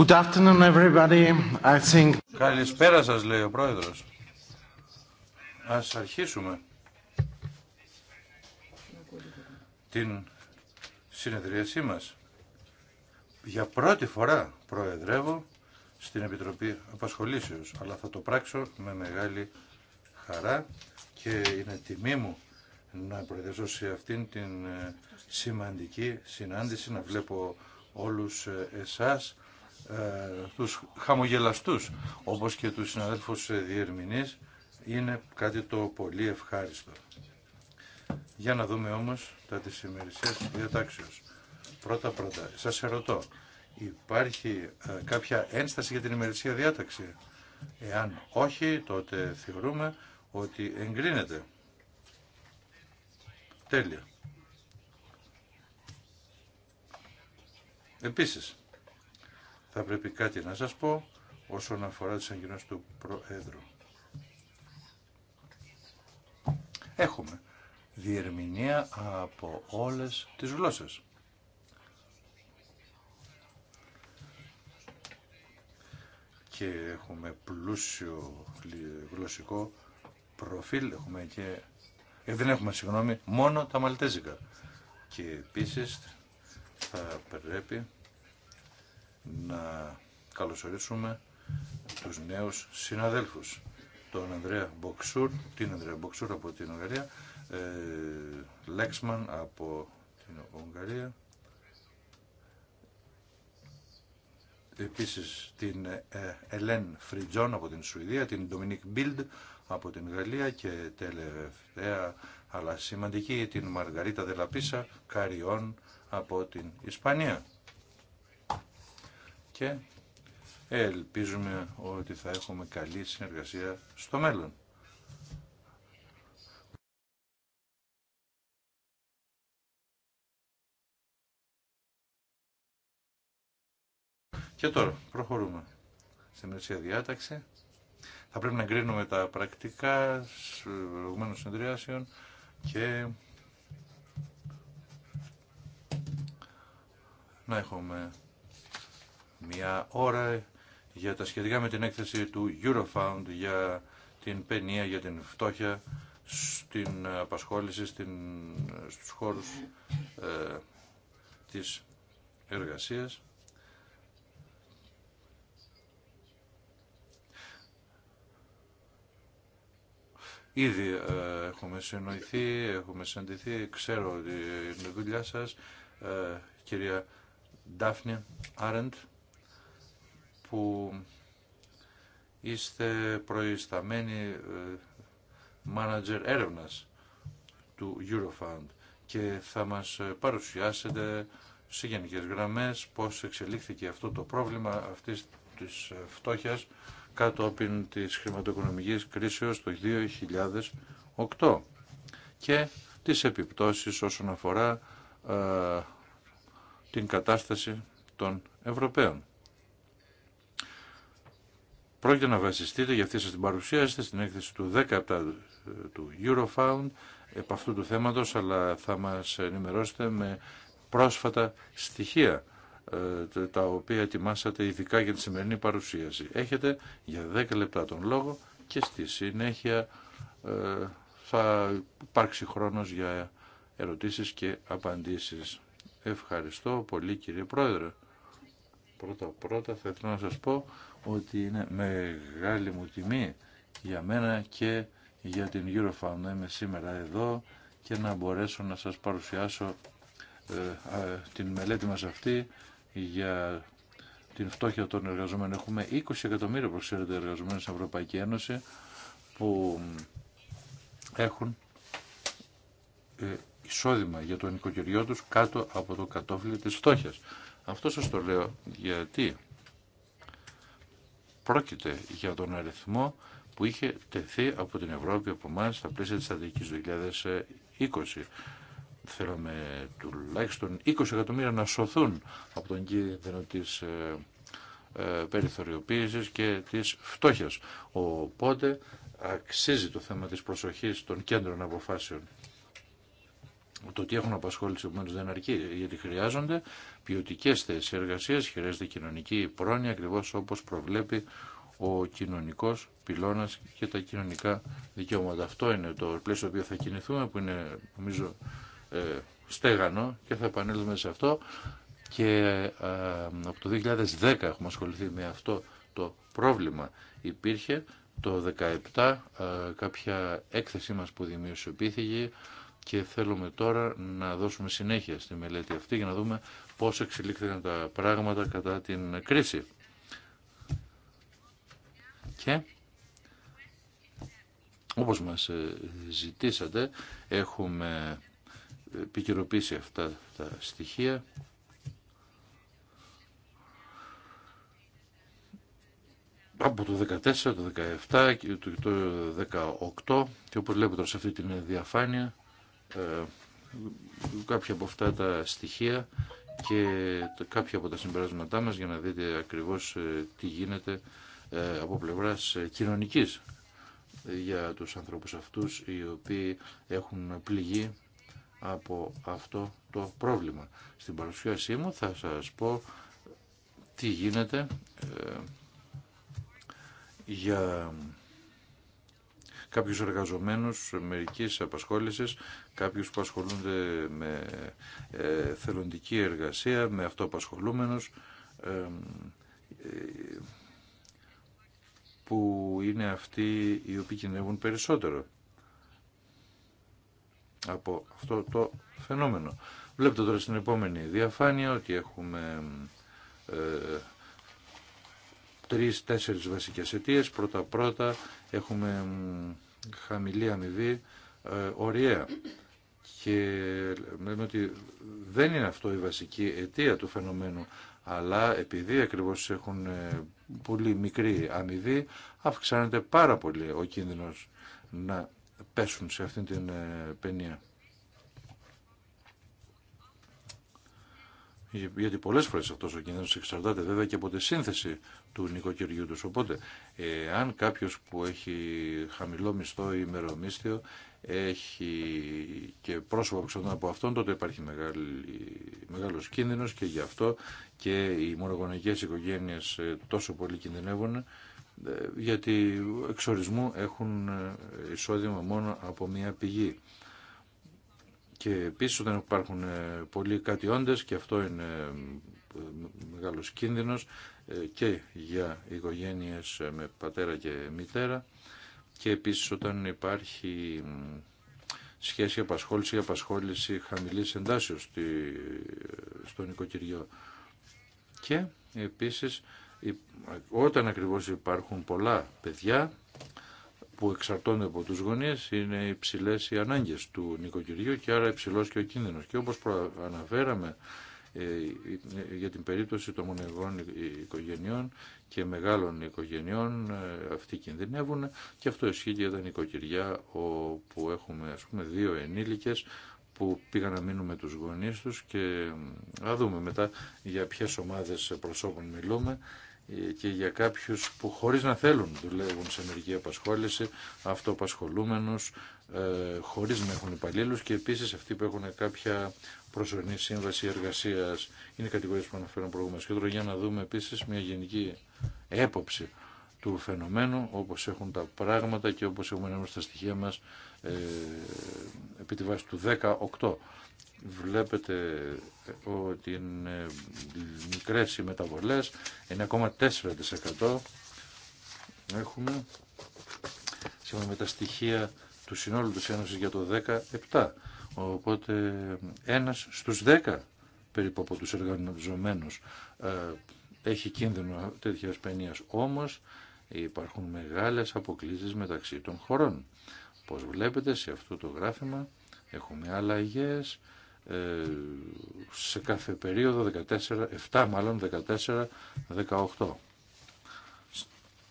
Good afternoon everybody. I think... Καλησπέρα σας λέει ο πρόεδρος. Ας αρχίσουμε την συνεδρίασή μας. Για πρώτη φορά προεδρεύω στην Επιτροπή Απασχολήσεως, αλλά θα το πράξω με μεγάλη χαρά και είναι τιμή μου να προεδρεύσω σε αυτήν την ε, σημαντική συνάντηση, να βλέπω όλους ε, εσάς ε, τους χαμογελαστούς όπως και τους συναδέλφους ε, διερμηνείς είναι κάτι το πολύ ευχάριστο. Για να δούμε όμως τα της ημερησίας διατάξεως. Πρώτα πρώτα, σας ερωτώ, υπάρχει ε, κάποια ένσταση για την ημερησία διάταξη. Εάν όχι, τότε θεωρούμε ότι εγκρίνεται. Τέλεια. Επίσης, θα πρέπει κάτι να σας πω όσον αφορά τις αγγελίες του Προέδρου. Έχουμε διερμηνία από όλες τις γλώσσες. Και έχουμε πλούσιο γλωσσικό προφίλ, έχουμε και... Ε, δεν έχουμε, συγγνώμη, μόνο τα μαλτέζικα. Και επίσης θα πρέπει να καλωσορίσουμε τους νέους συναδέλφους. Τον Ανδρέα Μποξούρ, την Ανδρέα Μποξούρ από την Ουγγαρία, ε, Λέξμαν από την Ουγγαρία, επίσης την ε, Ελέν Φριτζόν από την Σουηδία, την Ντομινίκ Μπίλντ από την Γαλλία και τελευταία αλλά σημαντική την Μαργαρίτα Δελαπίσα Καριόν από την Ισπανία και ελπίζουμε ότι θα έχουμε καλή συνεργασία στο μέλλον. Και τώρα προχωρούμε στην μερσία διάταξη. Θα πρέπει να εγκρίνουμε τα πρακτικά προηγουμένων συνεδριάσεων και να έχουμε μία ώρα για τα σχετικά με την έκθεση του Eurofound για την παινία, για την φτώχεια, στην απασχόληση, στην, στους χώρους ε, της εργασίας. Ήδη ε, έχουμε συνοηθεί, έχουμε συντηθεί, ξέρω ότι είναι δουλειά σας, ε, κυρία Ντάφνη Άρεντ που είστε προϊσταμένοι μάνατζερ έρευνας του Eurofund και θα μας ε, παρουσιάσετε σε γενικές γραμμές πώς εξελίχθηκε αυτό το πρόβλημα αυτής της ε, φτώχειας κατόπιν της χρηματοοικονομικής κρίσεως το 2008 και τις επιπτώσεις όσον αφορά ε, την κατάσταση των Ευρωπαίων. Πρόκειται να βασιστείτε, για αυτή σας την παρουσίασετε, στην έκθεση του 10 ε, του Eurofound, επ' αυτού του θέματος, αλλά θα μας ενημερώσετε με πρόσφατα στοιχεία ε, τα οποία ετοιμάσατε ειδικά για τη σημερινή παρουσίαση. Έχετε για 10 λεπτά τον λόγο και στη συνέχεια ε, θα υπάρξει χρόνος για ερωτήσεις και απαντήσεις. Ευχαριστώ πολύ κύριε Πρόεδρε. Πρώτα πρώτα θα ήθελα να σας πω ότι είναι μεγάλη μου τιμή για μένα και για την Eurofound να είμαι σήμερα εδώ και να μπορέσω να σας παρουσιάσω ε, την μελέτη μας αυτή για την φτώχεια των εργαζομένων. Έχουμε 20 εκατομμύρια, όπως ξέρετε, εργαζομένους στην Ευρωπαϊκή Ένωση που έχουν ε, εισόδημα για το νοικοκυριό τους κάτω από το κατόφλι της φτώχειας. Αυτό σας το λέω γιατί πρόκειται για τον αριθμό που είχε τεθεί από την Ευρώπη από εμά στα πλαίσια της του 2020. Θέλαμε τουλάχιστον 20 εκατομμύρια να σωθούν από τον κίνδυνο της ε, ε, περιθωριοποίησης και της φτώχειας. Οπότε αξίζει το θέμα της προσοχής των κέντρων αποφάσεων το ότι έχουν απασχόληση επομένω δεν αρκεί, γιατί χρειάζονται ποιοτικέ θέσει εργασία, χρειάζεται κοινωνική πρόνοια, ακριβώ όπω προβλέπει ο κοινωνικό πυλώνα και τα κοινωνικά δικαιώματα. Αυτό είναι το πλαίσιο στο οποίο θα κινηθούμε, που είναι νομίζω ε, στέγανο και θα επανέλθουμε σε αυτό. Και ε, από το 2010 έχουμε ασχοληθεί με αυτό το πρόβλημα. Υπήρχε το 2017 ε, κάποια έκθεσή μας που δημιουργήθηκε και θέλουμε τώρα να δώσουμε συνέχεια στη μελέτη αυτή για να δούμε πώς εξελίχθηκαν τα πράγματα κατά την κρίση. Και όπως μας ε, ζητήσατε έχουμε επικαιροποίησει αυτά τα στοιχεία από το 14, το 17 και το 18 και όπως βλέπετε σε αυτή την διαφάνεια ε, κάποια από αυτά τα στοιχεία και κάποια από τα συμπεράσματά μας για να δείτε ακριβώς ε, τι γίνεται ε, από πλευράς κοινωνικής για τους ανθρώπους αυτούς οι οποίοι έχουν πληγεί από αυτό το πρόβλημα. Στην παρουσίασή μου θα σας πω τι γίνεται για κάποιους εργαζομένους μερικής απασχόλησης κάποιους που ασχολούνται με ε, θελοντική εργασία, με αυτό αυτοαπασχολούμενους, ε, ε, που είναι αυτοί οι οποίοι κινδυνεύουν περισσότερο από αυτό το φαινόμενο. Βλέπετε τώρα στην επόμενη διαφάνεια ότι έχουμε ε, τρεις-τέσσερις βασικές αιτίες. Πρώτα-πρώτα έχουμε χαμηλή αμοιβή ε, και λέμε ότι δεν είναι αυτό η βασική αιτία του φαινομένου, αλλά επειδή ακριβώς έχουν ε, πολύ μικρή αμοιβή, αυξάνεται πάρα πολύ ο κίνδυνος να πέσουν σε αυτήν την ε, παινία. Γιατί πολλές φορές αυτός ο κίνδυνος εξαρτάται βέβαια και από τη σύνθεση του νοικοκυριού τους. Οπότε, αν κάποιος που έχει χαμηλό μισθό ή ημερομίσθιο έχει και πρόσωπα που από αυτόν, τότε υπάρχει μεγάλος κίνδυνος και γι' αυτό και οι μονογονικές οικογένειες ε, τόσο πολύ κινδυνεύουν ε, γιατί εξορισμού έχουν ε, εισόδημα μόνο από μία πηγή. Και επίση όταν υπάρχουν πολλοί κατιόντες και αυτό είναι μεγάλος κίνδυνος και για οικογένειες με πατέρα και μητέρα και επίσης όταν υπάρχει σχέση απασχόληση ή απασχόληση χαμηλής εντάσεως στη, στο νοικοκυριό. Και επίσης όταν ακριβώς υπάρχουν πολλά παιδιά που εξαρτώνται από τους γονείς είναι υψηλές οι ανάγκες του νοικοκυριού και άρα υψηλός και ο κίνδυνος. Και όπως αναφέραμε ε, για την περίπτωση των μονεγών οικογενειών και μεγάλων οικογενειών ε, αυτοί κινδυνεύουν και αυτό ισχύει για τα νοικοκυριά όπου έχουμε ας πούμε δύο ενήλικες που πήγαν να μείνουν με τους γονείς τους και θα δούμε μετά για ποιες ομάδες προσώπων μιλούμε ε, και για κάποιους που χωρίς να θέλουν δουλεύουν σε ενεργή απασχόληση, αυτοπασχολούμενους χωρίς να έχουν υπαλλήλους και επίσης αυτοί που έχουν κάποια προσωρινή σύμβαση εργασία. Είναι κατηγορίε που αναφέρουν προηγούμενο Και για να δούμε επίση μια γενική έποψη του φαινομένου, όπω έχουν τα πράγματα και όπω έχουμε ενώσει τα στοιχεία μα ε, επί τη βάση του 18. Βλέπετε ε, ότι είναι ε, μικρέ οι μεταβολέ, 9,4% έχουμε σύμφωνα με τα στοιχεία του συνόλου της Ένωσης για το 17 Οπότε ένας στους δέκα περίπου από τους εργαζομένους ε, έχει κίνδυνο τέτοια ασπενίας. Όμως υπάρχουν μεγάλες αποκλήσεις μεταξύ των χωρών. Πώς βλέπετε σε αυτό το γράφημα έχουμε αλλαγές ε, σε κάθε περίοδο 14, 7 μάλλον 14-18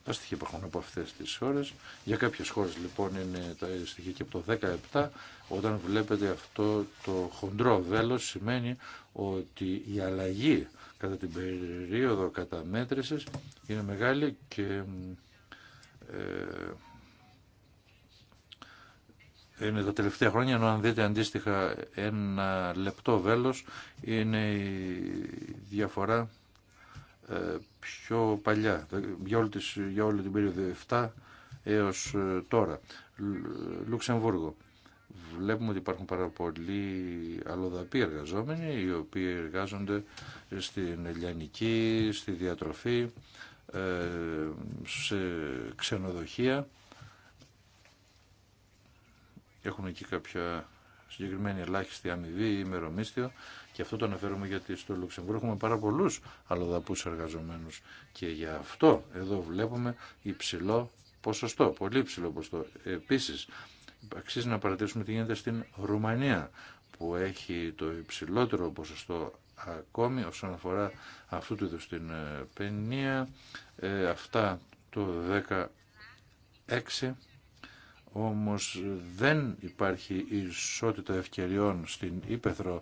τα στοιχεία που έχουν από αυτέ τι χώρε. Για κάποιε χώρε λοιπόν είναι τα στοιχεία και από το 17. Όταν βλέπετε αυτό το χοντρό βέλο σημαίνει ότι η αλλαγή κατά την περίοδο καταμέτρησης είναι μεγάλη και ε, είναι τα τελευταία χρόνια, ενώ αν δείτε αντίστοιχα ένα λεπτό βέλος, είναι η διαφορά ε, πιο παλιά, για όλη, της, για όλη την περίοδο 7 έως ε, τώρα. Λουξεμβούργο. Βλέπουμε ότι υπάρχουν πάρα πολλοί αλλοδαποί εργαζόμενοι, οι οποίοι εργάζονται στην ελληνική, στη διατροφή, ε, σε ξενοδοχεία. Έχουν εκεί κάποια συγκεκριμένη ελάχιστη αμοιβή ή ημερομίσθιο και αυτό το αναφέρουμε γιατί στο Λουξεμβούργο έχουμε πάρα πολλούς αλλοδαπούς εργαζομένους και γι' αυτό εδώ βλέπουμε υψηλό ποσοστό, πολύ υψηλό ποσοστό. Επίσης, αξίζει να παρατηρήσουμε τι γίνεται στην Ρουμανία που έχει το υψηλότερο ποσοστό ακόμη όσον αφορά αυτού του είδους την ε, παινία. Ε, αυτά το 16 όμως δεν υπάρχει ισότητα ευκαιριών στην Ήπεθρο,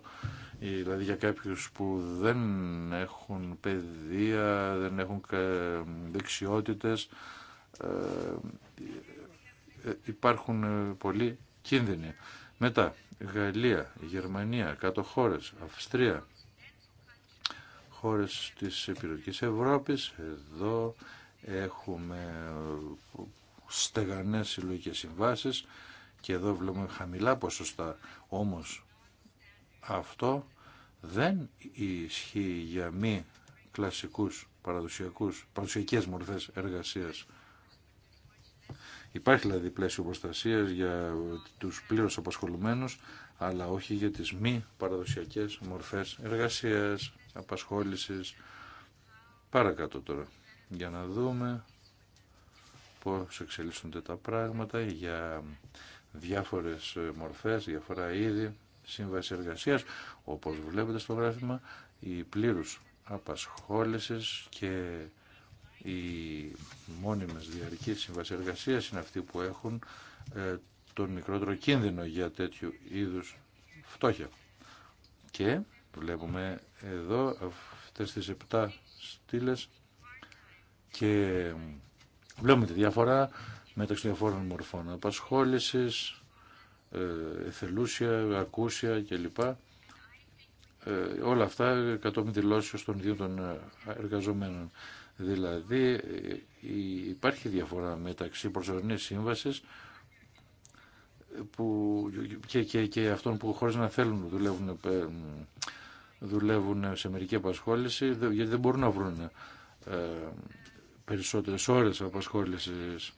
ε, δηλαδή για κάποιους που δεν έχουν παιδεία, δεν έχουν δεξιότητες, ε, ε, υπάρχουν πολλοί κίνδυνοι. Μετά, Γαλλία, Γερμανία, κάτω χώρες, Αυστρία, χώρες της Επιρροτικής Ευρώπης, εδώ έχουμε στεγανές συλλογικέ συμβάσεις και εδώ βλέπουμε χαμηλά ποσοστά. Όμως αυτό δεν ισχύει για μη κλασικούς παραδοσιακούς, παραδοσιακές μορφές εργασίας. Υπάρχει δηλαδή πλαίσιο προστασία για τους πλήρως απασχολουμένους, αλλά όχι για τις μη παραδοσιακές μορφές εργασίας, απασχόλησης. Παρακάτω τώρα, για να δούμε πώς εξελίσσονται τα πράγματα για διάφορες μορφές, διάφορα είδη σύμβαση εργασίας, όπως βλέπετε στο γράφημα, η πλήρους απασχόλησης και οι μόνιμες διαρκείς σύμβαση εργασίας είναι αυτοί που έχουν ε, τον μικρότερο κίνδυνο για τέτοιου είδους φτώχεια. Και βλέπουμε εδώ αυτές τις επτά στήλες και Βλέπουμε τη διαφορά μεταξύ διαφόρων μορφών απασχόληση, ε, εθελούσια, ακούσια κλπ. Ε, όλα αυτά κατόπιν δηλώσει των δύο των ε, εργαζομένων. Δηλαδή ε, υπάρχει διαφορά μεταξύ προσωρινής σύμβασης που, και, και, και αυτών που χωρίς να θέλουν δουλεύουν, δουλεύουν σε μερική απασχόληση γιατί δεν μπορούν να βρουν περισσότερες ώρες απασχόλησης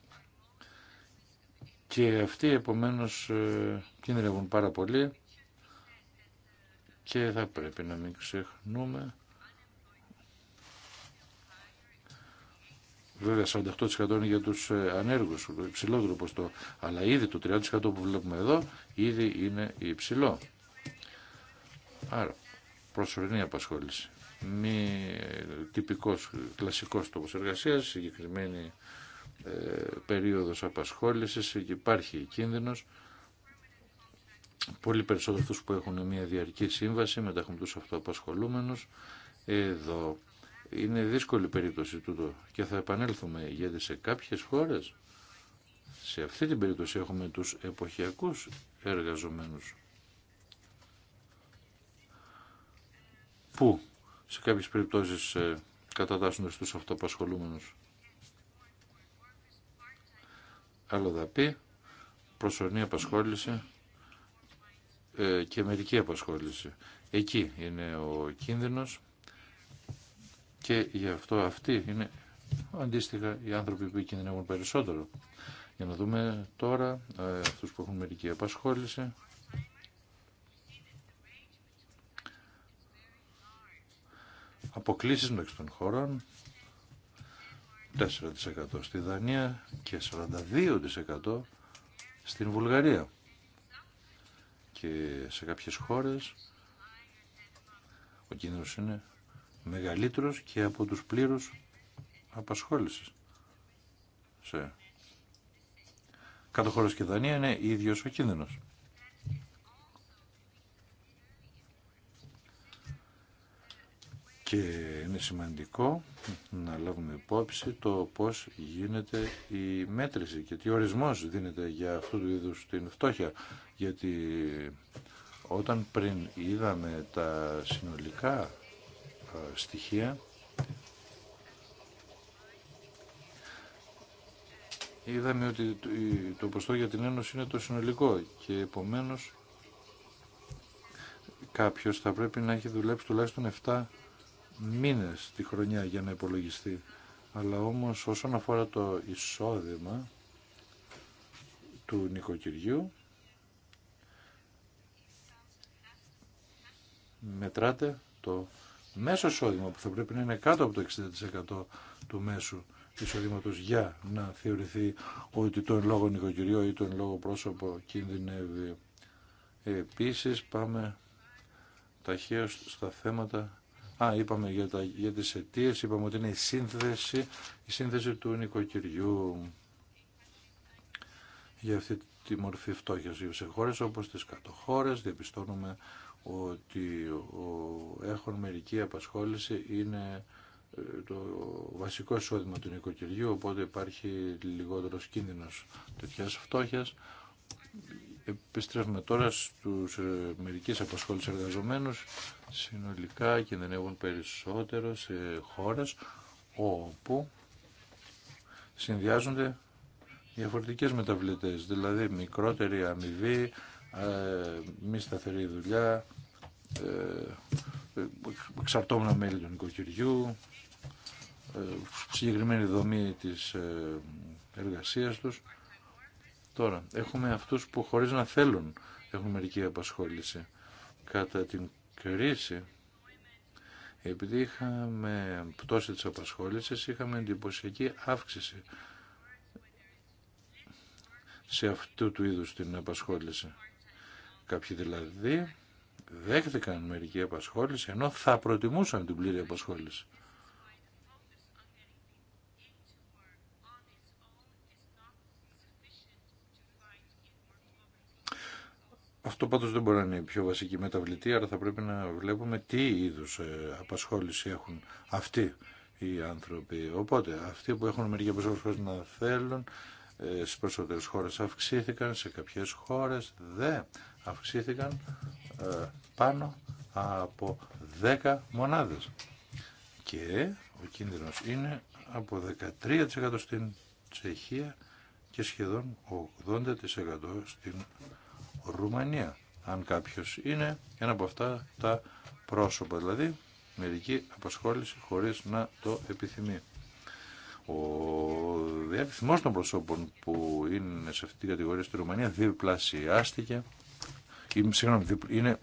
και αυτοί επομένως ε, κινδυνεύουν πάρα πολύ και θα πρέπει να μην ξεχνούμε Βέβαια 48% είναι για τους ε, ανέργους, υψηλότερο ποστό, αλλά ήδη το 30% που βλέπουμε εδώ ήδη είναι υψηλό. Άρα προσωρινή απασχόληση μη τυπικός κλασικός τόπος εργασίας, συγκεκριμένη ε, περίοδος απασχόλησης, υπάρχει κίνδυνος. Πολύ περισσότερο αυτούς που έχουν μια διαρκή σύμβαση, μετά έχουν τους αυτοαπασχολούμενους. Εδώ είναι δύσκολη περίπτωση τούτο και θα επανέλθουμε γιατί σε κάποιες χώρες, σε αυτή την περίπτωση έχουμε τους εποχιακούς εργαζομένους. Πού σε κάποιες περιπτώσεις ε, κατατάσσονται στους αυτοπασχολούμενους. Άλλο θα πει, προσωρινή απασχόληση ε, και μερική απασχόληση. Εκεί είναι ο κίνδυνος και γι' αυτό αυτοί είναι αντίστοιχα οι άνθρωποι που κινδυνεύουν περισσότερο. Για να δούμε τώρα ε, αυτούς που έχουν μερική απασχόληση. αποκλήσεις μεταξύ των χωρών 4% στη Δανία και 42% στην Βουλγαρία και σε κάποιες χώρες ο κίνδυνος είναι μεγαλύτερος και από τους πλήρους απασχόλησης. Σε... Κάτω χώρες και Δανία είναι ίδιος ο κίνδυνος. Και είναι σημαντικό να λάβουμε υπόψη το πώς γίνεται η μέτρηση και τι ορισμός δίνεται για αυτού του είδους την φτώχεια. Γιατί όταν πριν είδαμε τα συνολικά στοιχεία είδαμε ότι το ποστό για την Ένωση είναι το συνολικό και επομένως κάποιος θα πρέπει να έχει δουλέψει τουλάχιστον 7 μήνες τη χρονιά για να υπολογιστεί. Αλλά όμως όσον αφορά το εισόδημα του νοικοκυριού μετράτε το μέσο εισόδημα που θα πρέπει να είναι κάτω από το 60% του μέσου εισοδήματος για να θεωρηθεί ότι το εν λόγω νοικοκυριό ή το εν λόγω πρόσωπο κινδυνεύει. Επίσης πάμε ταχαίως στα θέματα Α, είπαμε για, τα, για τις αιτίε, είπαμε ότι είναι η σύνθεση, η σύνθεση του νοικοκυριού για αυτή τη μορφή φτώχεια. Σε χώρε όπω τι κατοχώρε, διαπιστώνουμε ότι έχουν μερική απασχόληση είναι ε, το βασικό εισόδημα του νοικοκυριού, οπότε υπάρχει λιγότερος κίνδυνος τέτοιας φτώχειας. Επιστρέφουμε τώρα στους ε, μερικές απασχόλησης εργαζομένους συνολικά κινδυνεύουν περισσότερο σε χώρες όπου συνδυάζονται διαφορετικές μεταβλητές, δηλαδή μικρότερη αμοιβή, ε, μη σταθερή δουλειά, ε, εξαρτώμενα μέλη του νοικοκυριού, ε, συγκεκριμένη δομή της εργασίας τους. Τώρα, έχουμε αυτούς που χωρίς να θέλουν έχουν μερική απασχόληση. Κατά την κρίση, επειδή είχαμε πτώση της απασχόλησης, είχαμε εντυπωσιακή αύξηση σε αυτού του είδους την απασχόληση. Κάποιοι δηλαδή δέχτηκαν μερική απασχόληση, ενώ θα προτιμούσαν την πλήρη απασχόληση. Αυτό πάντως δεν μπορεί να είναι η πιο βασική μεταβλητή, άρα θα πρέπει να βλέπουμε τι είδους ε, απασχόληση έχουν αυτοί οι άνθρωποι. Οπότε αυτοί που έχουν μερικές προσφορές να θέλουν, ε, στις περισσότερες χώρες αυξήθηκαν, σε κάποιες χώρες δεν αυξήθηκαν ε, πάνω από 10 μονάδες. Και ο κίνδυνος είναι από 13% στην Τσεχία και σχεδόν 80% στην Ρουμανία, αν κάποιος είναι ένα από αυτά τα πρόσωπα, δηλαδή μερική απασχόληση χωρίς να το επιθυμεί. Ο διάρκειθμός των προσώπων που είναι σε αυτή την κατηγορία στη Ρουμανία διπλασιάστηκε, ή, συγγνώμη, είναι,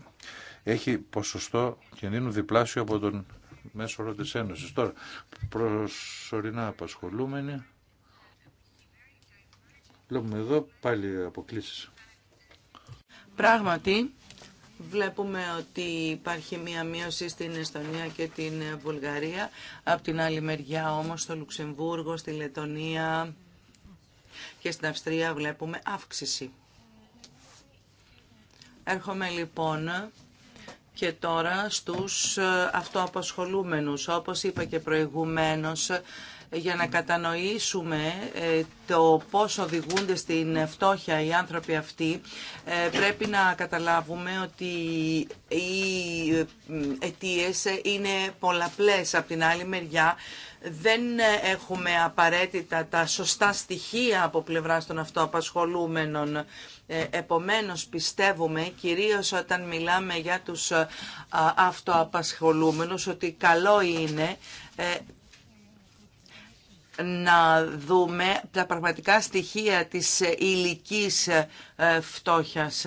έχει ποσοστό κινδύνου διπλάσιο από τον μέσο όρο της Ένωσης. Τώρα, προσωρινά απασχολούμενοι, βλέπουμε εδώ πάλι αποκλήσεις. Πράγματι, Βλέπουμε ότι υπάρχει μία μείωση στην Εστονία και την Βουλγαρία. Από την άλλη μεριά όμως στο Λουξεμβούργο, στη Λετωνία και στην Αυστρία βλέπουμε αύξηση. Έρχομαι λοιπόν και τώρα στους αυτοαπασχολούμενους. Όπως είπα και προηγουμένως, για να κατανοήσουμε ε, το πώς οδηγούνται στην φτώχεια οι άνθρωποι αυτοί, ε, πρέπει να καταλάβουμε ότι οι ε, αιτίες είναι πολλαπλές. Από την άλλη μεριά δεν έχουμε απαραίτητα τα σωστά στοιχεία από πλευράς των αυτοαπασχολούμενων. Επομένως πιστεύουμε, κυρίως όταν μιλάμε για τους αυτοαπασχολούμενους, ότι καλό είναι να δούμε τα πραγματικά στοιχεία της ηλικής ε, φτώχειας.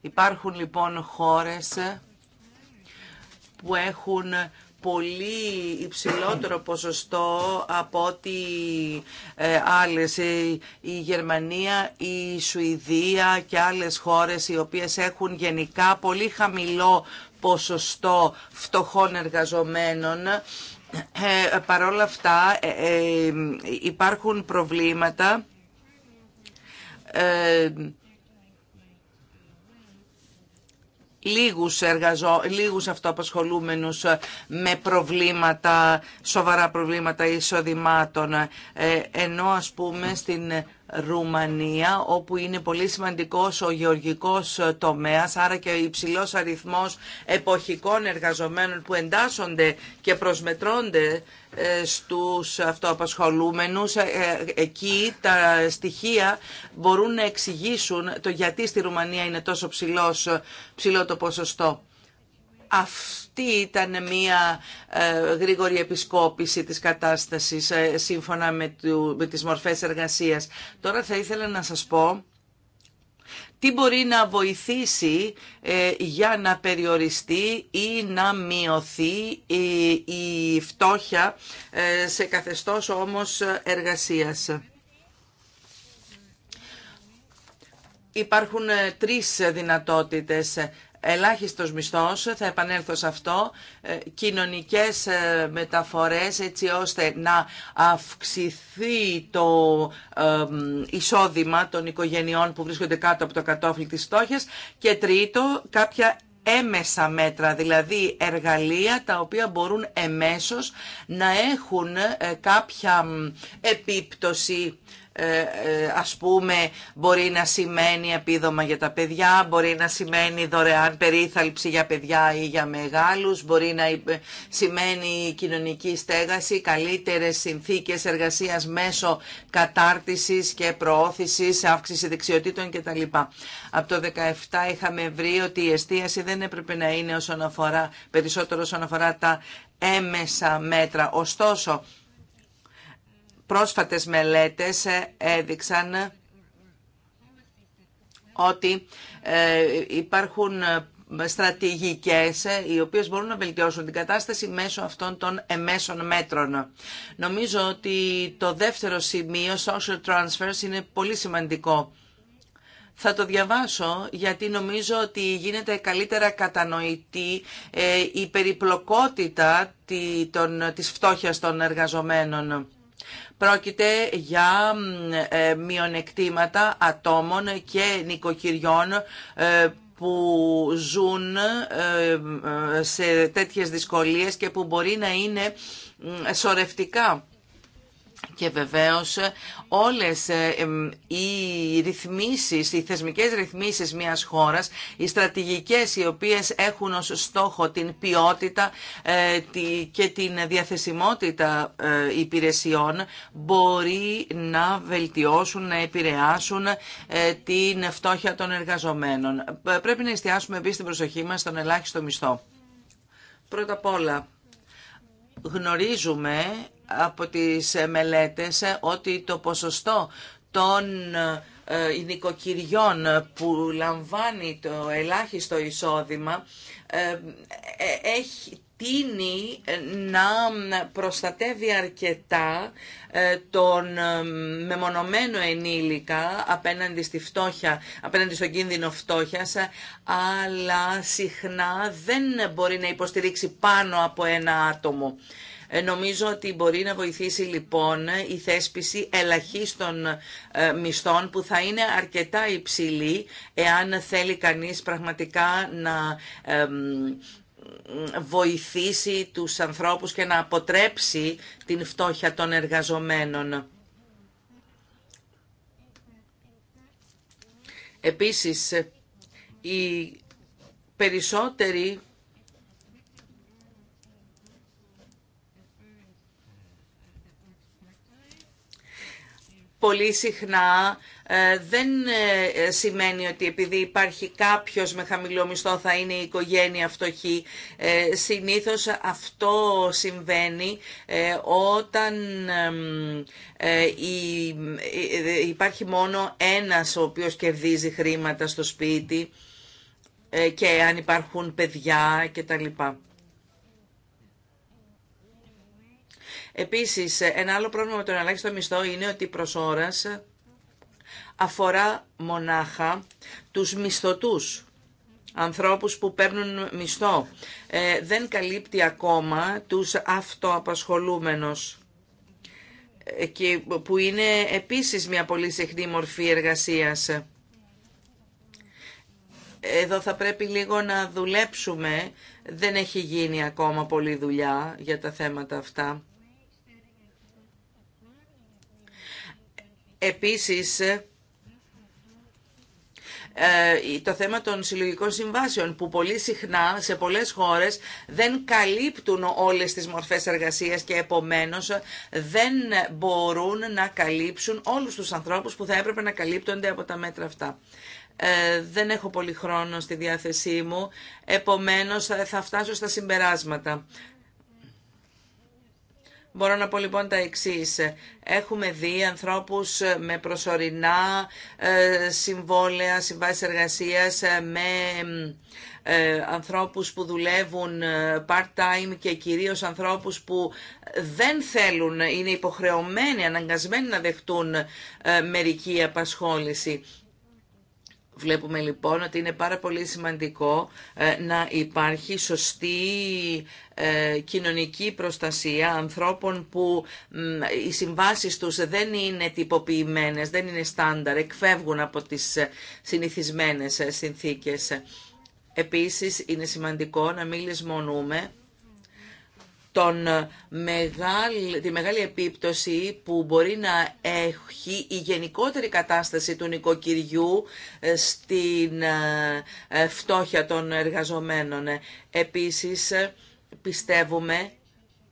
Υπάρχουν λοιπόν χώρες που έχουν πολύ υψηλότερο ποσοστό από ότι ε, άλλες. Ε, η Γερμανία, η Σουηδία και άλλες χώρες οι οποίες έχουν γενικά πολύ χαμηλό ποσοστό φτωχών εργαζομένων ε, παρόλα αυτά ε, ε, υπάρχουν προβλήματα ε, λίγους, εργαζό, λίγους αυτοαπασχολούμενους με προβλήματα, σοβαρά προβλήματα εισοδημάτων. ενώ ας πούμε στην Ρουμανία, όπου είναι πολύ σημαντικός ο γεωργικός τομέας, άρα και ο υψηλός αριθμός εποχικών εργαζομένων που εντάσσονται και προσμετρώνται ε, στους αυτοαπασχολούμενους. Ε, ε, εκεί τα στοιχεία μπορούν να εξηγήσουν το γιατί στη Ρουμανία είναι τόσο ψηλός, ψηλό το ποσοστό. Αυτό τι ήταν μια ε, γρήγορη επισκόπηση της κατάστασης ε, σύμφωνα με τις μορφές εργασίας. Τώρα θα ήθελα να σας πω τι μπορεί να βοηθήσει ε, για να περιοριστεί ή να μειωθεί η φτώχεια σε καθεστώς όμως εργασίας. Υπάρχουν τρεις δυνατότητες ελάχιστος μισθός, θα επανέλθω σε αυτό, ε, κοινωνικές ε, μεταφορές έτσι ώστε να αυξηθεί το ε, εισόδημα των οικογενειών που βρίσκονται κάτω από το κατόφλι της στόχης και τρίτο κάποια έμεσα μέτρα, δηλαδή εργαλεία τα οποία μπορούν εμέσως να έχουν κάποια επίπτωση ε, ε, ας πούμε μπορεί να σημαίνει επίδομα για τα παιδιά, μπορεί να σημαίνει δωρεάν περίθαλψη για παιδιά ή για μεγάλους, μπορεί να ε, σημαίνει κοινωνική στέγαση, καλύτερες συνθήκες εργασίας μέσω κατάρτισης και προώθησης, αύξηση δεξιοτήτων κτλ. Από το 17 είχαμε βρει ότι η εστίαση δεν έπρεπε να είναι όσον αφορά, περισσότερο όσον αφορά τα έμεσα μέτρα. Ωστόσο, πρόσφατες μελέτες έδειξαν ότι ε, υπάρχουν ε, στρατηγικές ε, οι οποίες μπορούν να βελτιώσουν την κατάσταση μέσω αυτών των εμέσων μέτρων. Νομίζω ότι το δεύτερο σημείο, social transfers, είναι πολύ σημαντικό. Θα το διαβάσω γιατί νομίζω ότι γίνεται καλύτερα κατανοητή η περιπλοκότητα των, της φτώχειας των εργαζομένων. Πρόκειται για ε, μειονεκτήματα ατόμων και νοικοκυριών ε, που ζουν ε, σε τέτοιες δυσκολίες και που μπορεί να είναι σορευτικά και βεβαίως όλες ε, οι ρυθμίσεις, οι θεσμικές ρυθμίσεις μιας χώρας, οι στρατηγικές οι οποίες έχουν ως στόχο την ποιότητα ε, και την διαθεσιμότητα ε, υπηρεσιών μπορεί να βελτιώσουν, να επηρεάσουν την φτώχεια των εργαζομένων. Πρέπει να εστιάσουμε επίσης την προσοχή μας στον ελάχιστο μισθό. Πρώτα απ' όλα, γνωρίζουμε από τις μελέτες ότι το ποσοστό των ε, ε, νοικοκυριών που λαμβάνει το ελάχιστο εισόδημα ε, έχει τίνει να προστατεύει αρκετά τον μεμονωμένο ενήλικα απέναντι στη φτώχεια, απέναντι στον κίνδυνο φτώχειας, αλλά συχνά δεν μπορεί να υποστηρίξει πάνω από ένα άτομο. Ε, νομίζω ότι μπορεί να βοηθήσει λοιπόν η θέσπιση ελαχίστων ε, μισθών που θα είναι αρκετά υψηλή εάν θέλει κανείς πραγματικά να βοηθήσει τους ανθρώπους και να αποτρέψει την φτώχεια των εργαζομένων. Επίσης, οι περισσότεροι πολύ συχνά ε, δεν ε, σημαίνει ότι επειδή υπάρχει κάποιος με χαμηλό μισθό θα είναι η οικογένεια φτωχή. Ε, συνήθως αυτό συμβαίνει όταν υπάρχει μόνο ένας ο οποίος κερδίζει χρήματα στο σπίτι και αν υπάρχουν παιδιά κτλ. Επίσης, ένα άλλο πρόβλημα με τον ελάχιστο μισθό είναι ότι προ ώρα αφορά μονάχα τους μισθωτούς ανθρώπους που παίρνουν μισθό. Ε, δεν καλύπτει ακόμα τους αυτοαπασχολούμενους ε, και που είναι επίσης μια πολύ συχνή μορφή εργασίας. Εδώ θα πρέπει λίγο να δουλέψουμε. Δεν έχει γίνει ακόμα πολλή δουλειά για τα θέματα αυτά. Επίσης, ε, το θέμα των συλλογικών συμβάσεων που πολύ συχνά σε πολλές χώρες δεν καλύπτουν όλες τις μορφές εργασίας και επομένως ε, δεν μπορούν να καλύψουν όλους τους ανθρώπους που θα έπρεπε να καλύπτονται από τα μέτρα αυτά. Ε, δεν έχω πολύ χρόνο στη διάθεσή μου, επομένως θα φτάσω στα συμπεράσματα. Μπορώ να πω λοιπόν τα εξής. Έχουμε δει ανθρώπους με προσωρινά ε, συμβόλαια, συμβάσει εργασίας, ε, με ε, ανθρώπους που δουλεύουν part-time και κυρίως ανθρώπους που δεν θέλουν, είναι υποχρεωμένοι, αναγκασμένοι να δεχτούν μερική απασχόληση. Βλέπουμε λοιπόν ότι είναι πάρα πολύ σημαντικό ε, να υπάρχει σωστή ε, κοινωνική προστασία ανθρώπων που οι συμβάσεις τους δεν είναι τυποποιημένες, δεν είναι στάνταρ, εκφεύγουν από τις ε, συνηθισμένες συνθήκες. Επίσης είναι σημαντικό να μην λησμονούμε τον ε, μεγάλη, τη μεγάλη επίπτωση που μπορεί να έχει η γενικότερη κατάσταση του νοικοκυριού ε, στην ε, φτώχεια των εργαζομένων. Επίσης, πιστεύουμε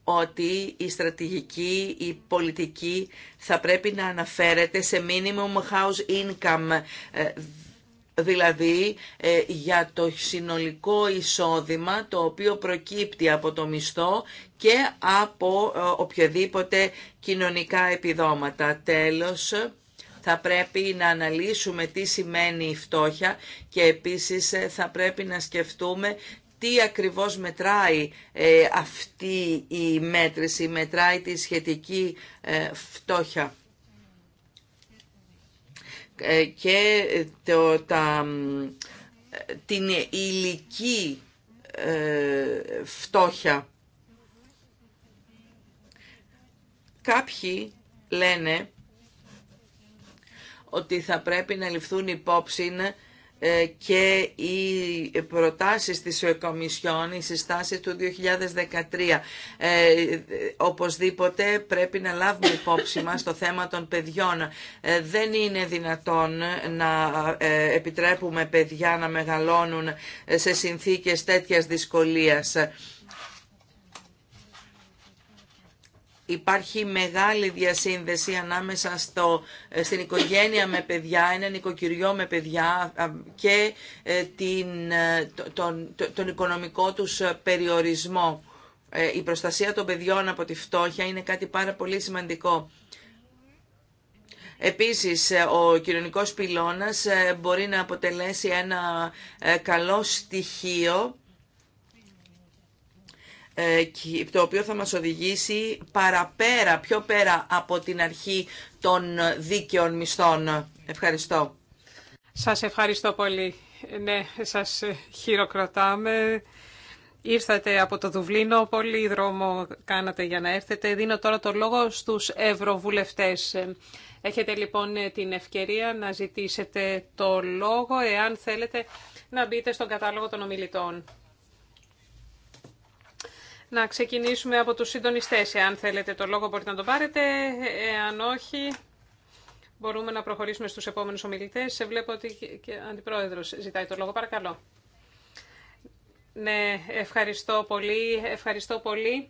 ότι η στρατηγική, η πολιτική θα πρέπει να αναφέρεται σε minimum house income, δηλαδή ε, για το συνολικό εισόδημα το οποίο προκύπτει από το μισθό και από ε, οποιοδήποτε κοινωνικά επιδόματα. Τέλος, θα πρέπει να αναλύσουμε τι σημαίνει η φτώχεια και επίσης ε, θα πρέπει να σκεφτούμε τι ακριβώς μετράει αυτή η μέτρηση, μετράει τη σχετική φτώχεια. Ε, και το, τα, την ηλική ε, φτώχεια. Κάποιοι λένε ότι θα πρέπει να ληφθούν υπόψη ε, και οι προτάσεις της Κομισιόν, οι συστάσεις του 2013. Ε, οπωσδήποτε πρέπει να λάβουμε υπόψη μας το θέμα των παιδιών. Ε, δεν είναι δυνατόν να επιτρέπουμε παιδιά να μεγαλώνουν σε συνθήκες τέτοιας δυσκολίας υπάρχει μεγάλη διασύνδεση ανάμεσα στο, ε, στην οικογένεια με παιδιά, ένα νοικοκυριό με παιδιά και ε, την, ε, τον, τον οικονομικό τους περιορισμό. Η προστασία των παιδιών από τη φτώχεια είναι κάτι πάρα πολύ σημαντικό. Επίσης, ο κοινωνικός πυλώνας μπορεί να αποτελέσει ένα καλό στοιχείο ε, το οποίο θα μας οδηγήσει παραπέρα, πιο πέρα από την αρχή των δίκαιων μισθών. Ευχαριστώ. Σας ευχαριστώ πολύ. Ναι, σας χειροκροτάμε. Ήρθατε από το Δουβλίνο, πολύ δρόμο κάνατε για να έρθετε. Δίνω τώρα το λόγο στους ευρωβουλευτές. Έχετε λοιπόν την ευκαιρία να ζητήσετε το λόγο εάν θέλετε να μπείτε στον κατάλογο των ομιλητών να ξεκινήσουμε από τους συντονιστές. Εάν θέλετε το λόγο μπορείτε να το πάρετε, εάν όχι μπορούμε να προχωρήσουμε στους επόμενους ομιλητές. Σε βλέπω ότι και αντιπρόεδρος ζητάει το λόγο. Παρακαλώ. Ναι, ευχαριστώ πολύ. Ευχαριστώ πολύ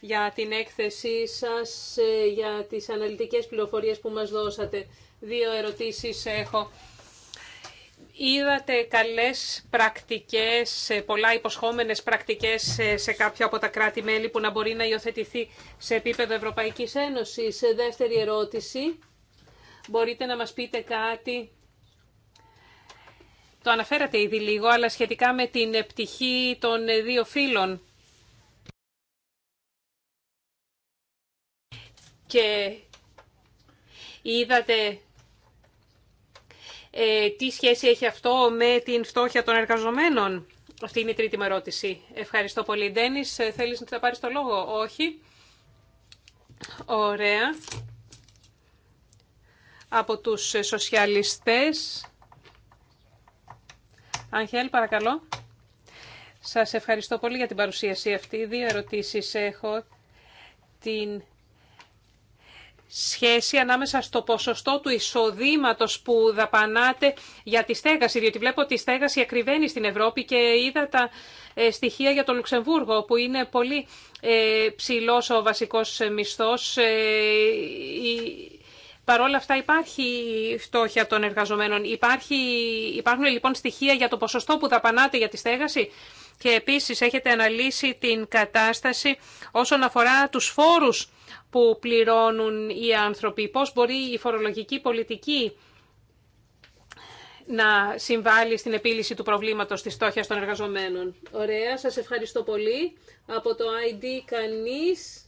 για την έκθεσή σας, για τις αναλυτικές πληροφορίες που μας δώσατε. Δύο ερωτήσεις έχω Είδατε καλές πρακτικές, πολλά υποσχόμενες πρακτικές σε κάποια από τα κράτη-μέλη που να μπορεί να υιοθετηθεί σε επίπεδο Ευρωπαϊκής Ένωσης. Σε Δεύτερη ερώτηση, μπορείτε να μας πείτε κάτι. Το αναφέρατε ήδη λίγο, αλλά σχετικά με την πτυχή των δύο φίλων. Και είδατε ε, τι σχέση έχει αυτό με την φτώχεια των εργαζομένων. Αυτή είναι η τρίτη μου ερώτηση. Ευχαριστώ πολύ. Ντένις, ε, θέλεις να πάρεις το λόγο. Όχι. Ωραία. Από τους σοσιαλιστές. Αγχέλ, παρακαλώ. Σας ευχαριστώ πολύ για την παρουσίαση αυτή. Δύο ερωτήσεις έχω. Την σχέση ανάμεσα στο ποσοστό του εισοδήματος που δαπανάτε για τη στέγαση, διότι βλέπω ότι η στέγαση ακριβένει στην Ευρώπη και είδα τα ε, στοιχεία για το Λουξεμβούργο, που είναι πολύ ε, ψηλός ο βασικός μισθός. Ε, Παρ' όλα αυτά υπάρχει φτώχεια των εργαζομένων. Υπάρχει, υπάρχουν λοιπόν στοιχεία για το ποσοστό που δαπανάτε για τη στέγαση και επίσης έχετε αναλύσει την κατάσταση όσον αφορά τους φόρους που πληρώνουν οι άνθρωποι. Πώς μπορεί η φορολογική πολιτική να συμβάλλει στην επίλυση του προβλήματος της στόχια των εργαζομένων. Ωραία, σας ευχαριστώ πολύ. Από το ID κανείς.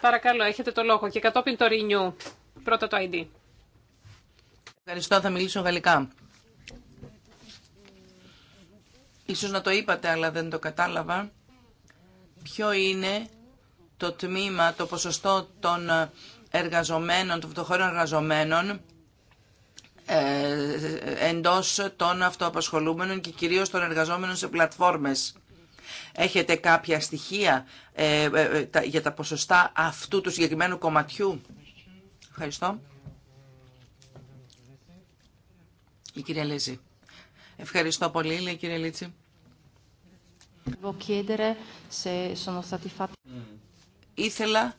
Παρακαλώ, έχετε το λόγο και κατόπιν το renew, Πρώτα το ID. Ευχαριστώ, θα μιλήσω γαλλικά. Ίσως να το είπατε αλλά δεν το κατάλαβα. Ποιο είναι το τμήμα, το ποσοστό των εργαζομένων, των φτωχών εργαζομένων ε, εντός των αυτοαπασχολούμενων και κυρίως των εργαζόμενων σε πλατφόρμες. Έχετε κάποια στοιχεία ε, ε, για τα ποσοστά αυτού του συγκεκριμένου κομματιού. Ευχαριστώ. Η κυρία Λέζη. Ευχαριστώ πολύ, λέει κύριε Λίτσι. Ήθελα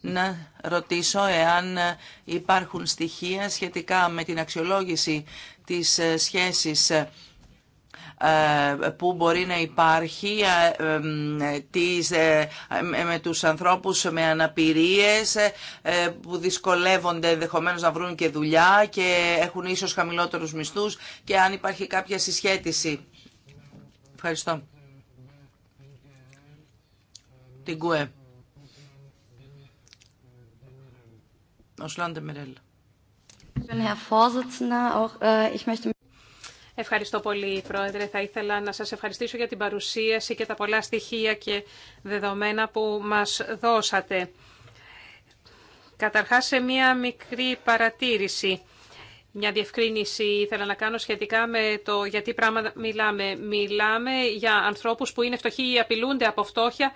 να ρωτήσω εάν υπάρχουν στοιχεία σχετικά με την αξιολόγηση της ε, σχέσης ε, ε, που μπορεί να υπάρχει ε, ε, με τους ανθρώπους με αναπηρίες που δυσκολεύονται ενδεχομένω να βρουν και δουλειά και έχουν ίσως χαμηλότερους μισθούς και αν υπάρχει κάποια συσχέτιση. Ευχαριστώ. Την ΚΟΕ. Ο Σλάντε Μερέλ. Ευχαριστώ πολύ, Πρόεδρε. Θα ήθελα να σας ευχαριστήσω για την παρουσίαση και τα πολλά στοιχεία και δεδομένα που μας δώσατε. Καταρχάς, σε μία μικρή παρατήρηση. Μια διευκρίνηση ήθελα να κάνω σχετικά με το γιατί πράγμα μιλάμε. Μιλάμε για ανθρώπους που είναι φτωχοί ή απειλούνται από φτώχεια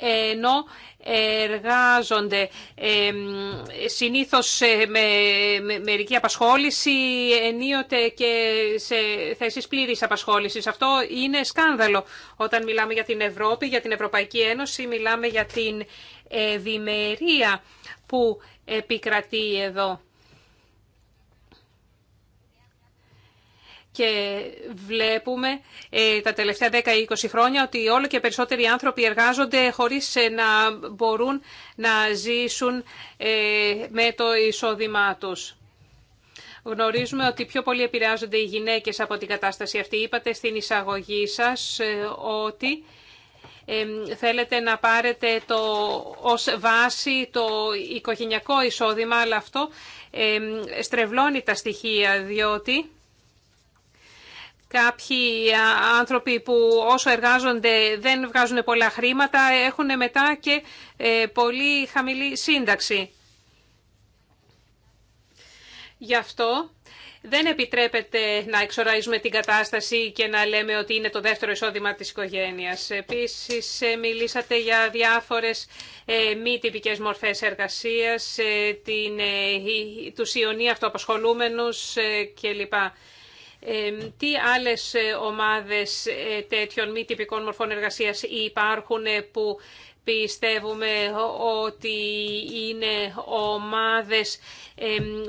ενώ εργάζονται συνήθως ε, με μερική απασχόληση, ενίοτε και σε θέσεις πλήρης απασχόλησης. Αυτό είναι σκάνδαλο όταν μιλάμε για την Ευρώπη, για την Ευρωπαϊκή Ένωση, μιλάμε για την ε, ευημερία που επικρατεί εδώ. και βλέπουμε ε, τα τελευταία 10-20 χρόνια ότι όλο και περισσότεροι άνθρωποι εργάζονται χωρίς ε, να μπορούν να ζήσουν ε, με το εισόδημά τους. Γνωρίζουμε ότι πιο πολύ επηρεάζονται οι γυναίκες από την κατάσταση αυτή. Είπατε στην εισαγωγή σας ότι θέλετε να πάρετε το, ως βάση το οικογενειακό εισόδημα, αλλά αυτό στρεβλώνει τα στοιχεία, διότι Κάποιοι άνθρωποι που όσο εργάζονται δεν βγάζουν πολλά χρήματα έχουν μετά και ε, πολύ χαμηλή σύνταξη. Γι' αυτό δεν επιτρέπεται να εξοραίζουμε την κατάσταση και να λέμε ότι είναι το δεύτερο εισόδημα της οικογένειας. Επίσης, ε, μιλήσατε για διάφορες ε, μη τυπικές μορφές εργασίας, την, τους ιονοί αυτοαπασχολούμενους κλπ τι άλλες ε, ομάδες ε, τέτοιων μη τυπικών μορφών εργασίας υπάρχουν ε, που πιστεύουμε ότι είναι ομάδες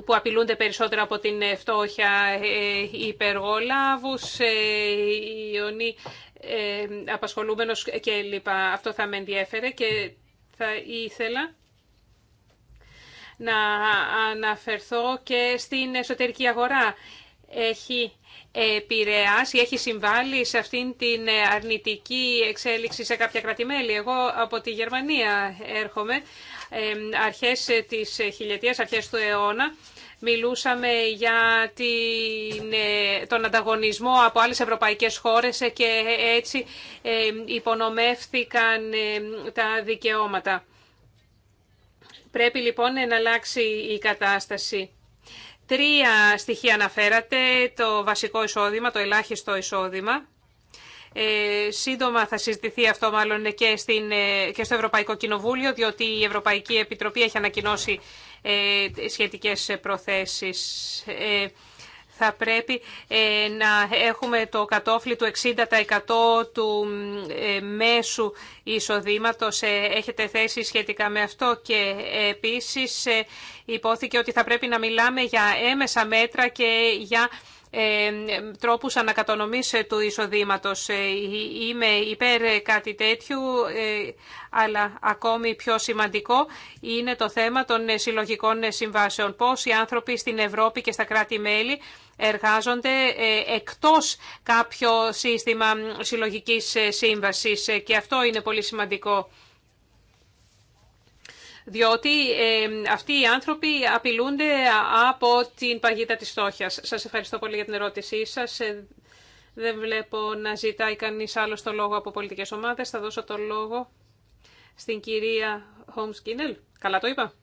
που απειλούνται περισσότερο από την φτώχεια υπεργολάβους, ιονί απασχολούμενος κλπ. Αυτό θα με ενδιέφερε και θα ήθελα να αναφερθώ και στην εσωτερική αγορά. Έχει επηρεάσει, έχει συμβάλει σε αυτήν την αρνητική εξέλιξη σε κάποια κρατημέλη. Εγώ από τη Γερμανία έρχομαι, αρχές της χιλιετίας, αρχές του αιώνα, Μιλούσαμε για την, ε, τον ανταγωνισμό από άλλες ευρωπαϊκές χώρες και έτσι υπονομεύθηκαν τα δικαιώματα. Πρέπει λοιπόν να αλλάξει η κατάσταση. Τρία στοιχεία αναφέρατε, το βασικό εισόδημα, το ελάχιστο εισόδημα. Ε, σύντομα θα συζητηθεί αυτό μάλλον και, στην, ε, και στο Ευρωπαϊκό Κοινοβούλιο, διότι η Ευρωπαϊκή Επιτροπή έχει ανακοινώσει ε, σχετικές προθέσεις. Ε, θα πρέπει ε, να έχουμε το κατόφλι του 60% του ε, μέσου εισοδήματος. Ε, έχετε θέση σχετικά με αυτό και επίσης υπόθηκε ότι θα πρέπει να μιλάμε για έμεσα μέτρα και για τρόπους ανακατονομής του εισοδήματος. Είμαι υπέρ κάτι τέτοιου, αλλά ακόμη πιο σημαντικό είναι το θέμα των συλλογικών συμβάσεων. Πώς οι άνθρωποι στην Ευρώπη και στα κράτη-μέλη εργάζονται ε, εκτός κάποιο σύστημα συλλογικής ε, σύμβασης ε, και αυτό είναι πολύ σημαντικό. Διότι αυτοί οι άνθρωποι απειλούνται από την παγίδα της στόχιας. Σας ευχαριστώ πολύ για την ερώτησή σας. Δεν βλέπω να ζητάει κανείς άλλο το λόγο από πολιτικές ομάδες. Θα δώσω το λόγο στην κυρία Χόμς Καλά το είπα.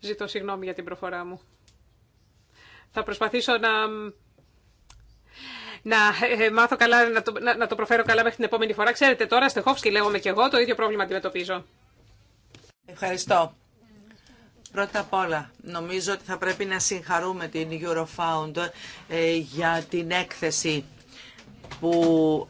Ζητώ συγγνώμη για την προφορά μου. Θα προσπαθήσω να, να ε, μάθω καλά, να το, να, το προφέρω καλά μέχρι την επόμενη φορά. Ξέρετε τώρα, Στεχόφσκι λέγομαι και εγώ, το ίδιο πρόβλημα αντιμετωπίζω. Ευχαριστώ. Πρώτα απ' όλα, νομίζω ότι θα πρέπει να συγχαρούμε την Eurofound ε, για την έκθεση που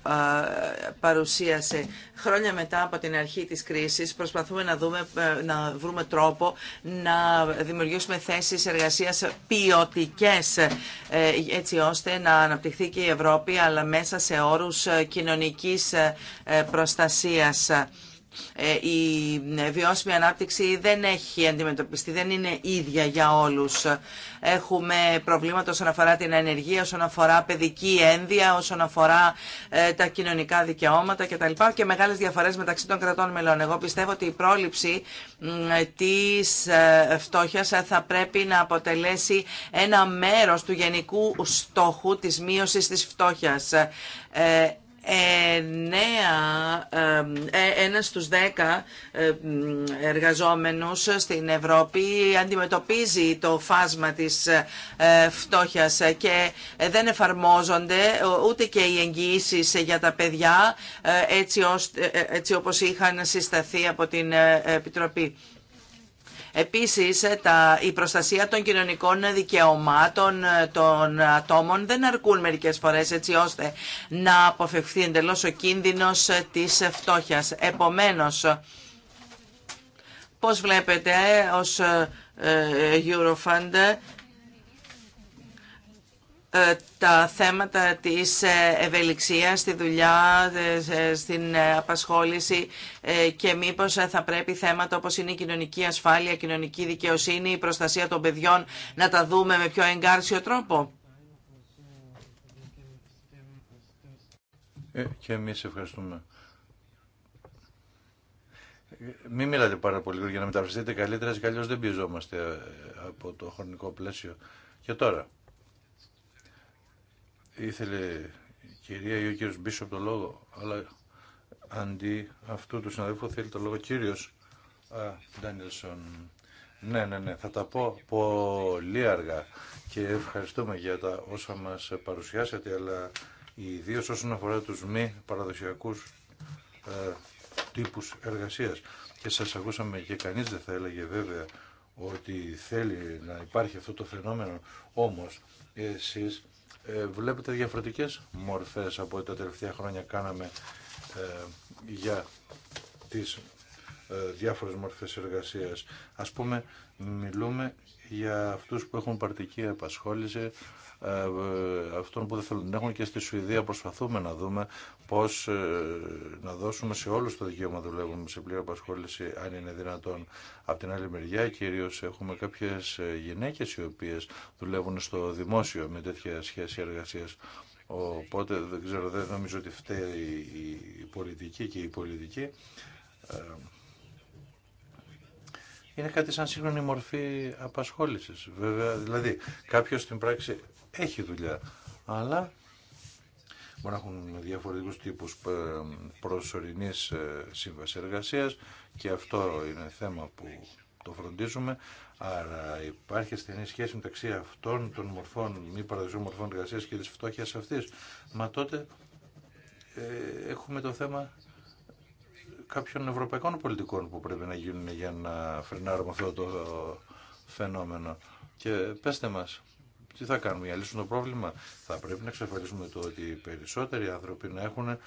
παρουσίασε χρόνια μετά από την αρχή της κρίσης προσπαθούμε να, δούμε, να βρούμε τρόπο να δημιουργήσουμε θέσεις εργασίας ποιοτικέ, ε, έτσι ώστε να αναπτυχθεί και η Ευρώπη αλλά μέσα σε όρους ε, κοινωνικής ε, προστασίας. Ε, η ε, βιώσιμη ανάπτυξη δεν έχει αντιμετωπιστεί, δεν είναι ίδια για όλους. Έχουμε προβλήματα όσον αφορά την ενεργία, όσον αφορά παιδική ένδυα, όσον αφορά ε, τα κοινωνικά δικαιώματα κτλ. και μεγάλες διαφορές μεταξύ των κρατών μελών. Εγώ πιστεύω ότι η πρόληψη της φτώχειας θα πρέπει να αποτελέσει ένα μέρος του γενικού στόχου της μείωσης της φτώχειας. Ε, ένας στους δέκα εργαζόμενους στην Ευρώπη αντιμετωπίζει το φάσμα της ε, φτώχειας και δεν εφαρμόζονται ούτε και οι εγγυήσει για τα παιδιά ε, έτσι, έτσι όπως είχαν συσταθεί από την Επιτροπή. Επίσης, ε, τα, η προστασία των κοινωνικών δικαιωμάτων ε, των ατόμων δεν αρκούν μερικές φορές έτσι ώστε να αποφευχθεί εντελώς ο κίνδυνος ε, της φτώχειας. Επομένως, πώς βλέπετε ως Eurofund ε, τα θέματα της ε, ευελιξίας στη δουλειά, ε, στην απασχόληση και μήπως θα πρέπει θέματα όπως είναι η κοινωνική ασφάλεια, η κοινωνική δικαιοσύνη, η προστασία των παιδιών να τα δούμε με πιο εγκάρσιο τρόπο. και εμείς ευχαριστούμε. Μην μιλάτε πάρα πολύ για να μεταφραστείτε καλύτερα, γιατί δεν πιεζόμαστε από το χρονικό πλαίσιο. Και τώρα ήθελε η κυρία ή ο κύριο Μπίσοπ το λόγο, αλλά αντί αυτού του συναδέλφου θέλει το λόγο κύριο Ντάνιελσον. Ναι, ναι, ναι, θα τα πω πολύ αργά και ευχαριστούμε για τα όσα μας παρουσιάσατε, αλλά ιδίω όσον αφορά τους μη παραδοσιακούς ε, τύπους εργασίας. Και σας ακούσαμε και κανείς δεν θα έλεγε βέβαια ότι θέλει να υπάρχει αυτό το φαινόμενο, όμως εσείς ε, βλέπετε διαφορετικές μορφές από ό,τι τα τελευταία χρόνια κάναμε ε, για τις ε, διάφορες μορφές εργασίας. Ας πούμε, μιλούμε για αυτούς που έχουν παρτική απασχόληση, ε, ε, αυτών που δεν θέλουν να έχουν και στη Σουηδία προσπαθούμε να δούμε πώς ε, να δώσουμε σε όλους το δικαίωμα δουλεύουν σε πλήρη απασχόληση αν είναι δυνατόν. Από την άλλη μεριά κυρίως έχουμε κάποιες γυναίκες οι οποίες δουλεύουν στο δημόσιο με τέτοια σχέση εργασίας Οπότε δεν ξέρω, δεν νομίζω ότι φταίει η πολιτική και η πολιτική. Είναι κάτι σαν σύγχρονη μορφή απασχόλησης. Βέβαια, δηλαδή κάποιος στην πράξη έχει δουλειά. Αλλά μπορεί να έχουν διαφορετικού τύπου ε, προσωρινή ε, σύμβαση εργασία και αυτό είναι θέμα που το φροντίζουμε. Άρα υπάρχει στενή σχέση μεταξύ αυτών των μορφών, μη παραδοσιακών μορφών εργασία και τη φτώχεια αυτή. Μα τότε ε, έχουμε το θέμα κάποιων ευρωπαϊκών πολιτικών που πρέπει να γίνουν για να φρενάρουμε αυτό το φαινόμενο. Και πέστε μας, τι θα κάνουμε για να λύσουμε το πρόβλημα. Θα πρέπει να εξασφαλίσουμε το ότι οι περισσότεροι άνθρωποι να έχουν ε,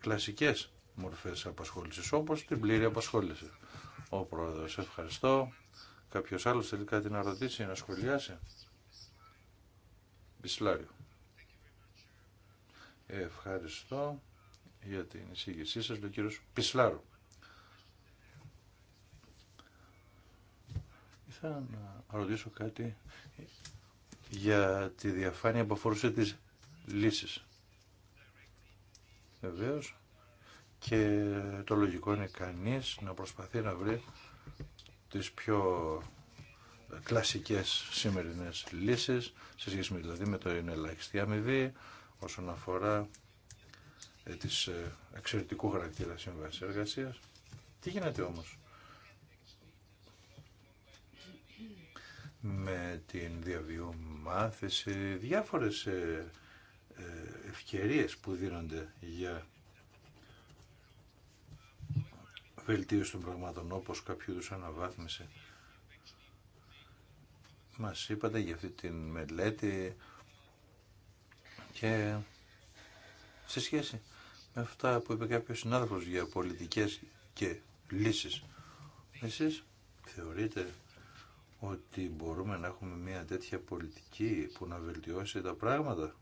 κλασικές μορφές απασχόλησης όπως την πλήρη απασχόληση. Ο Πρόεδρος, ευχαριστώ. Κάποιος άλλο θέλει κάτι να ρωτήσει, να σχολιάσει. Μπισλάριο. Ευχαριστώ για την εισήγησή σας, τον κύριο Πισλάρο. Ήθελα να ρωτήσω κάτι για τη διαφάνεια που αφορούσε τις λύσεις. Βεβαίω. Και το λογικό είναι κανείς να προσπαθεί να βρει τις πιο κλασικές σημερινές λύσεις σε σχέση με, δηλαδή, με το ελαχιστή αμοιβή όσον αφορά ε, τις ε, εξαιρετικού χαρακτήρα συμβάσης εργασίας. Τι γίνεται όμως με την διαβιού μάθηση, διάφορες ε, ε, ευκαιρίες που δίνονται για βελτίωση των πραγμάτων όπως κάποιο τους αναβάθμιση. Μας είπατε για αυτή την μελέτη και σε σχέση με αυτά που είπε κάποιος συνάδελφος για πολιτικές και λύσεις. Εσείς θεωρείτε ότι μπορούμε να έχουμε μια τέτοια πολιτική που να βελτιώσει τα πράγματα.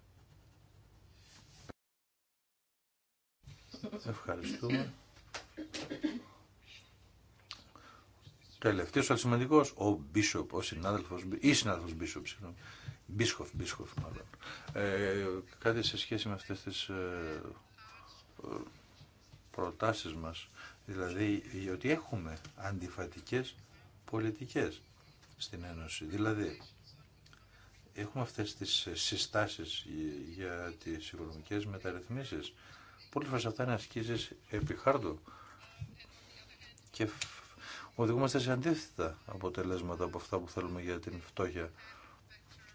Ευχαριστούμε. Τελευταίος αλλά ο Μπίσοπ, ο συνάδελφος, ή συνάδελφος Μπίσοπ, συγγνώμη. Μπίσκοφ, Μπίσκοφ μάλλον. Ε, κάτι σε σχέση με αυτές τις ε, ε, προτάσεις μας, δηλαδή ότι έχουμε αντιφατικές πολιτικές στην Ένωση. Δηλαδή, έχουμε αυτές τις συστάσεις για τις οικονομικές μεταρρυθμίσεις. πολλέ φορές αυτά είναι ασκήσεις επί χάρτου και οδηγούμαστε σε αντίθετα αποτελέσματα από αυτά που θέλουμε για την φτώχεια.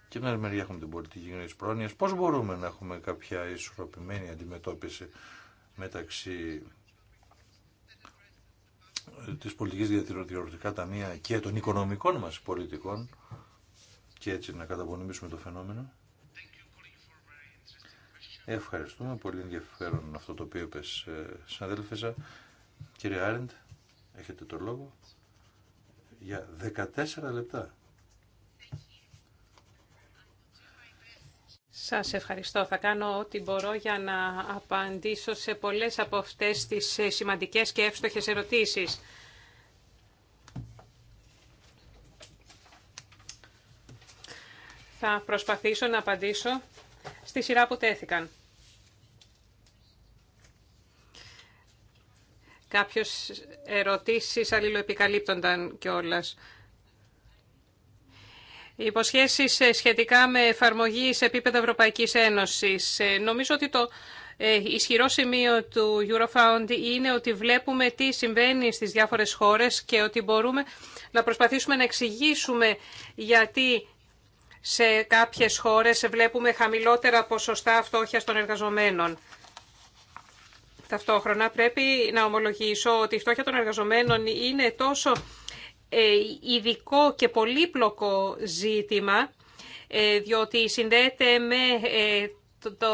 Και να άλλη μεριά έχουμε την πολιτική κοινωνία πρόνοια. Πώ μπορούμε να έχουμε κάποια ισορροπημένη αντιμετώπιση μεταξύ της πολιτικής διατηρητικά ταμεία και των οικονομικών μας πολιτικών και έτσι να καταπονημήσουμε το φαινόμενο. Ευχαριστούμε. Πολύ ενδιαφέρον αυτό το οποίο είπε, Συναδέλφες Κύριε Άρεντ, έχετε το λόγο για 14 λεπτά. Σας ευχαριστώ. Θα κάνω ό,τι μπορώ για να απαντήσω σε πολλές από αυτές τις σημαντικές και εύστοχες ερωτήσεις. Θα προσπαθήσω να απαντήσω στη σειρά που τέθηκαν. Κάποιες ερωτήσεις αλληλοεπικαλύπτονταν κιόλας υποσχέσει ε, σχετικά με εφαρμογή σε επίπεδο Ευρωπαϊκής Ένωσης. Ε, νομίζω ότι το ε, ισχυρό σημείο του Eurofound είναι ότι βλέπουμε τι συμβαίνει στις διάφορες χώρες και ότι μπορούμε να προσπαθήσουμε να εξηγήσουμε γιατί σε κάποιες χώρες βλέπουμε χαμηλότερα ποσοστά φτώχεια των εργαζομένων. Ταυτόχρονα πρέπει να ομολογήσω ότι η φτώχεια των εργαζομένων είναι τόσο ε, ειδικό και πολύπλοκο ζήτημα, ε, διότι συνδέεται με ε, το, το,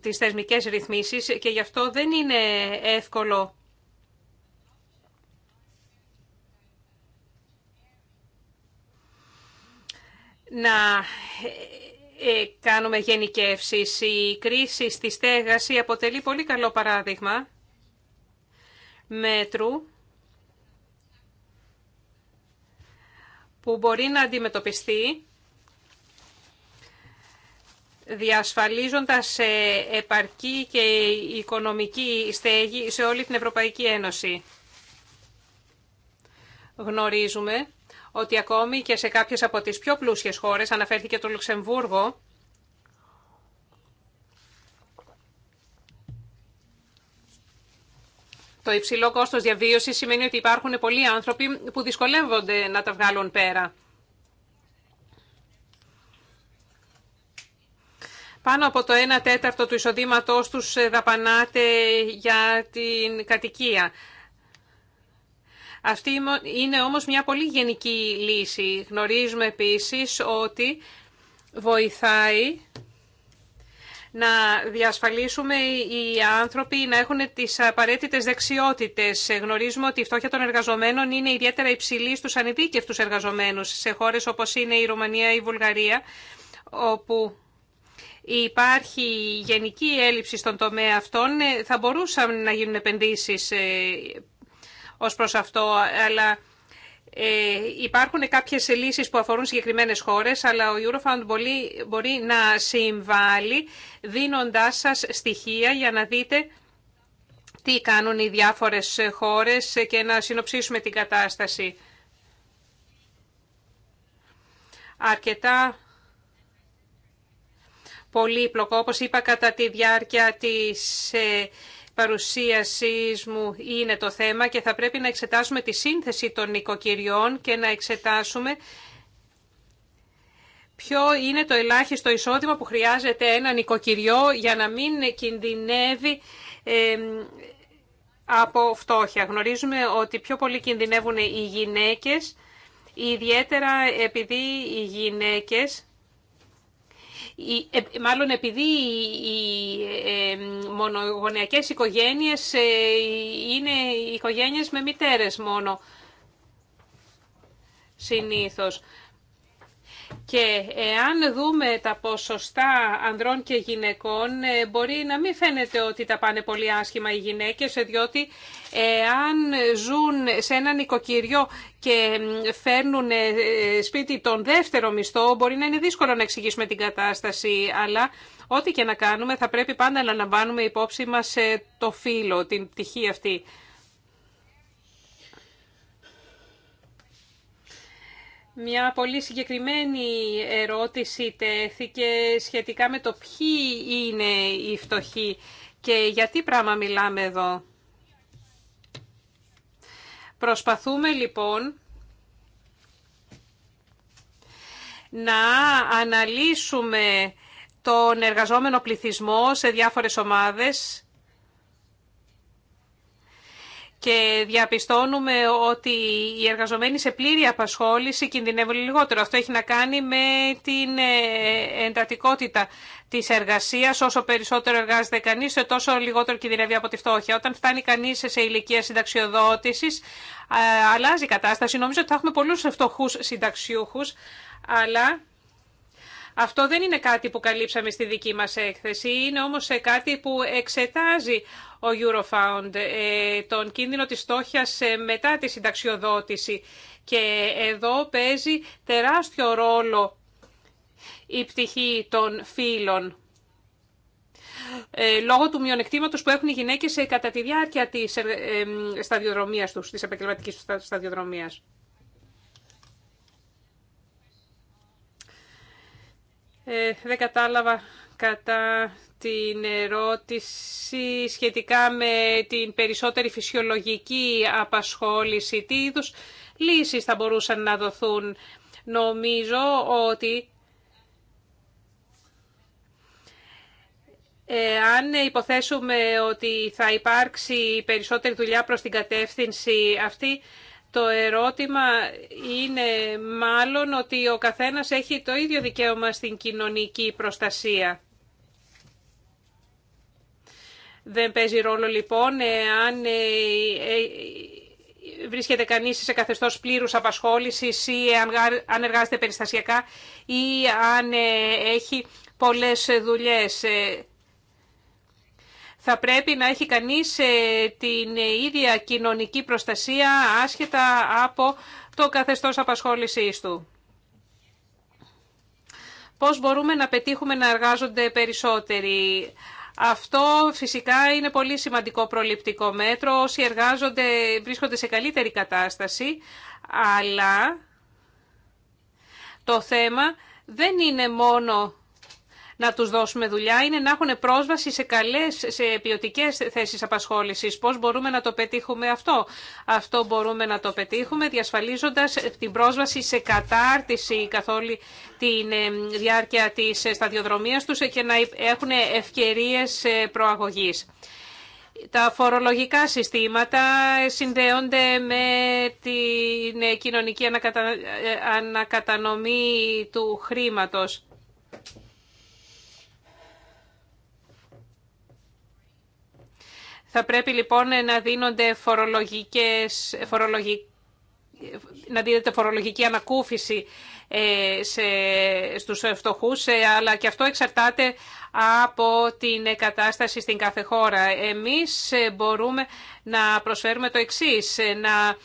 τις θεσμικές ρυθμίσεις και γι' αυτό δεν είναι εύκολο να κάνουμε γενικεύσεις. Η κρίση στη στέγαση αποτελεί πολύ καλό παράδειγμα μέτρου που μπορεί να αντιμετωπιστεί διασφαλίζοντας επαρκή και οικονομική στέγη σε όλη την Ευρωπαϊκή Ένωση. Γνωρίζουμε ότι ακόμη και σε κάποιες από τις πιο πλούσιες χώρες, αναφέρθηκε το Λουξεμβούργο, Το υψηλό κόστος διαβίωσης σημαίνει ότι υπάρχουν πολλοί άνθρωποι που δυσκολεύονται να τα βγάλουν πέρα. Πάνω από το 1 τέταρτο του εισοδήματός τους δαπανάται για την κατοικία. Αυτή είναι όμως μια πολύ γενική λύση. Γνωρίζουμε επίσης ότι βοηθάει να διασφαλίσουμε οι άνθρωποι να έχουν τις απαραίτητες δεξιότητες. Γνωρίζουμε ότι η φτώχεια των εργαζομένων είναι ιδιαίτερα υψηλή στους ανειδίκευτους εργαζομένους σε χώρες όπως είναι η Ρουμανία ή η Βουλγαρία, όπου υπάρχει γενική έλλειψη στον τομέα αυτών. Ε, θα μπορούσαν να γίνουν επενδύσεις ε, ως προς αυτό, αλλά... Ε, υπάρχουν κάποιες λύσεις που αφορούν συγκεκριμένες χώρες, αλλά ο Eurofound μπορεί, να συμβάλλει δίνοντάς σας στοιχεία για να δείτε τι κάνουν οι διάφορες χώρες και να συνοψίσουμε την κατάσταση. Αρκετά πολύπλοκο, όπως είπα, κατά τη διάρκεια της ε, παρουσίασής μου είναι το θέμα και θα πρέπει να εξετάσουμε τη σύνθεση των οικοκυριών και να εξετάσουμε ποιο είναι το ελάχιστο εισόδημα που χρειάζεται ένα νοικοκυριό για να μην κινδυνεύει από φτώχεια. Γνωρίζουμε ότι πιο πολύ κινδυνεύουν οι γυναίκες, ιδιαίτερα επειδή οι γυναίκες ε, μάλλον επειδή οι ε, ε, μονογονεακές οικογένειες είναι οικογένειες με μητέρες μόνο συνήθως. Και εάν δούμε τα ποσοστά ανδρών και γυναικών, ε, μπορεί να μην φαίνεται ότι τα πάνε πολύ άσχημα οι γυναίκες, ε, διότι εάν ζουν σε ένα οικοκυριό και φέρνουν ε, σπίτι τον δεύτερο μισθό, μπορεί να είναι δύσκολο να εξηγήσουμε την κατάσταση, αλλά ό,τι και να κάνουμε θα πρέπει πάντα να λαμβάνουμε υπόψη μας το φύλλο, την πτυχή αυτή. Μια πολύ συγκεκριμένη ερώτηση τέθηκε σχετικά με το ποιοι είναι οι φτωχοί και για τι πράγμα μιλάμε εδώ. Προσπαθούμε λοιπόν να αναλύσουμε τον εργαζόμενο πληθυσμό σε διάφορες ομάδες και διαπιστώνουμε ότι οι εργαζομένοι σε πλήρη απασχόληση κινδυνεύουν λιγότερο. Αυτό έχει να κάνει με την ε, εντατικότητα της εργασίας. Όσο περισσότερο εργάζεται κανείς, τόσο λιγότερο κινδυνεύει από τη φτώχεια. Όταν φτάνει κανείς σε ηλικία συνταξιοδότηση, ε, αλλάζει η κατάσταση. Νομίζω ότι θα έχουμε πολλούς φτωχού συνταξιούχους, αλλά αυτό δεν είναι κάτι που καλύψαμε στη δική μας έκθεση, είναι όμως κάτι που εξετάζει ο Eurofound, ε, τον κίνδυνο της στόχιας ε, μετά τη συνταξιοδότηση. Και εδώ παίζει τεράστιο ρόλο η πτυχή των φύλων. Ε, λόγω του μειονεκτήματος που έχουν οι γυναίκες κατά τη διάρκεια της σταδιοδρομίας τους, της επαγγελματικής σταδιοδρομίας. Ε, δεν κατάλαβα κατά την ερώτηση σχετικά με την περισσότερη φυσιολογική απασχόληση. Τι είδους λύσεις θα μπορούσαν να δοθούν. Νομίζω ότι αν υποθέσουμε ότι θα υπάρξει περισσότερη δουλειά προς την κατεύθυνση αυτή, το ερώτημα είναι μάλλον ότι ο καθένας έχει το ίδιο δικαίωμα στην κοινωνική προστασία. Δεν παίζει ρόλο λοιπόν αν ε, ε, βρίσκεται κανείς σε καθεστώς πλήρους απασχόλησης ή αν εργάζεται περιστασιακά ή αν ε, έχει πολλές δουλειές θα πρέπει να έχει κανείς ε, την ίδια κοινωνική προστασία άσχετα από το καθεστώς απασχόλησής του. Πώς μπορούμε να πετύχουμε να εργάζονται περισσότεροι. Αυτό φυσικά είναι πολύ σημαντικό προληπτικό μέτρο. Όσοι εργάζονται βρίσκονται σε καλύτερη κατάσταση, αλλά το θέμα δεν είναι μόνο να τους δώσουμε δουλειά είναι να έχουν πρόσβαση σε καλές, σε ποιοτικέ θέσεις απασχόλησης. Πώς μπορούμε να το πετύχουμε αυτό. Αυτό μπορούμε να το πετύχουμε διασφαλίζοντας την πρόσβαση σε κατάρτιση καθ' όλη τη ε, διάρκεια της ε, σταδιοδρομίας τους ε, και να έχουν ευκαιρίες προαγωγής. Τα φορολογικά συστήματα συνδέονται με την κοινωνική ανακατανομή του χρήματος. Θα πρέπει λοιπόν να δίνονται φορολογικές, να δίνεται φορολογική ανακούφιση ε, σε, στους φτωχούς, ε, αλλά και αυτό εξαρτάται από την κατάσταση στην κάθε χώρα. Εμείς ε, μπορούμε να προσφέρουμε το εξής, να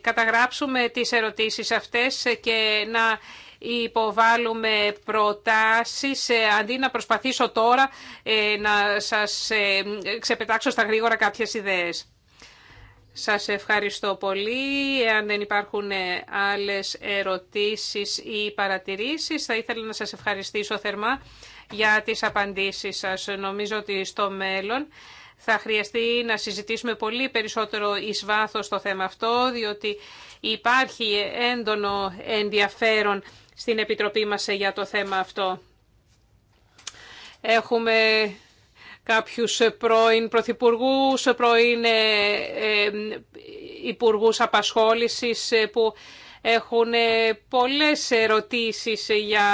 καταγράψουμε τις ερωτήσεις αυτές και να υποβάλλουμε προτάσεις ε, αντί να προσπαθήσω τώρα ε, να σας ε, ξεπετάξω στα γρήγορα κάποιες ιδέες. Σας ευχαριστώ πολύ. Εάν δεν υπάρχουν άλλες ερωτήσεις ή παρατηρήσεις, θα ήθελα να σας ευχαριστήσω θερμά για τις απαντήσεις σας. Νομίζω ότι στο μέλλον θα χρειαστεί να συζητήσουμε πολύ περισσότερο εις βάθος το θέμα αυτό, διότι υπάρχει έντονο ενδιαφέρον στην Επιτροπή μας για το θέμα αυτό. Έχουμε κάποιους πρώην πρωθυπουργούς, πρώην ε, ε, υπουργούς απασχόλησης ε, που έχουν πολλές ερωτήσεις για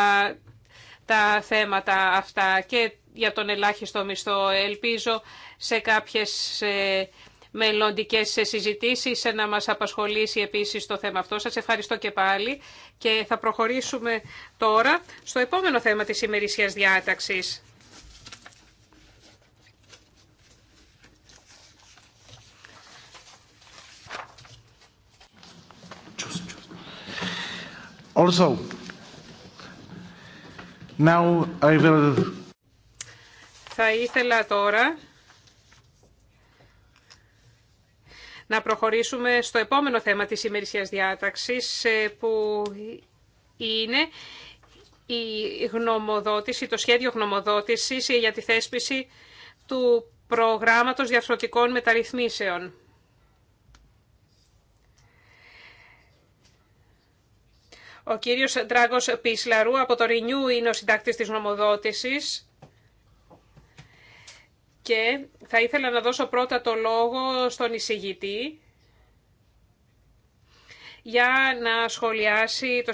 τα θέματα αυτά και για τον ελάχιστο μισθό. Ελπίζω σε κάποιες μελλοντικέ συζητήσεις ε, να μας απασχολήσει επίσης το θέμα αυτό. Σας ευχαριστώ και πάλι και θα προχωρήσουμε τώρα στο επόμενο θέμα της ημερησίας διάταξης. Also, now I will... Θα ήθελα τώρα να προχωρήσουμε στο επόμενο θέμα της ημερησίας διάταξης ε, που είναι η γνωμοδότηση, το σχέδιο γνωμοδότησης για τη θέσπιση του προγράμματος διαφορετικών μεταρρυθμίσεων. Ο κύριος Δράγος Πίσλαρου από το Ρινιού είναι ο συντάκτης της γνωμοδότησης. Και θα ήθελα να δώσω πρώτα το λόγο στον εισηγητή για να σχολιάσει το,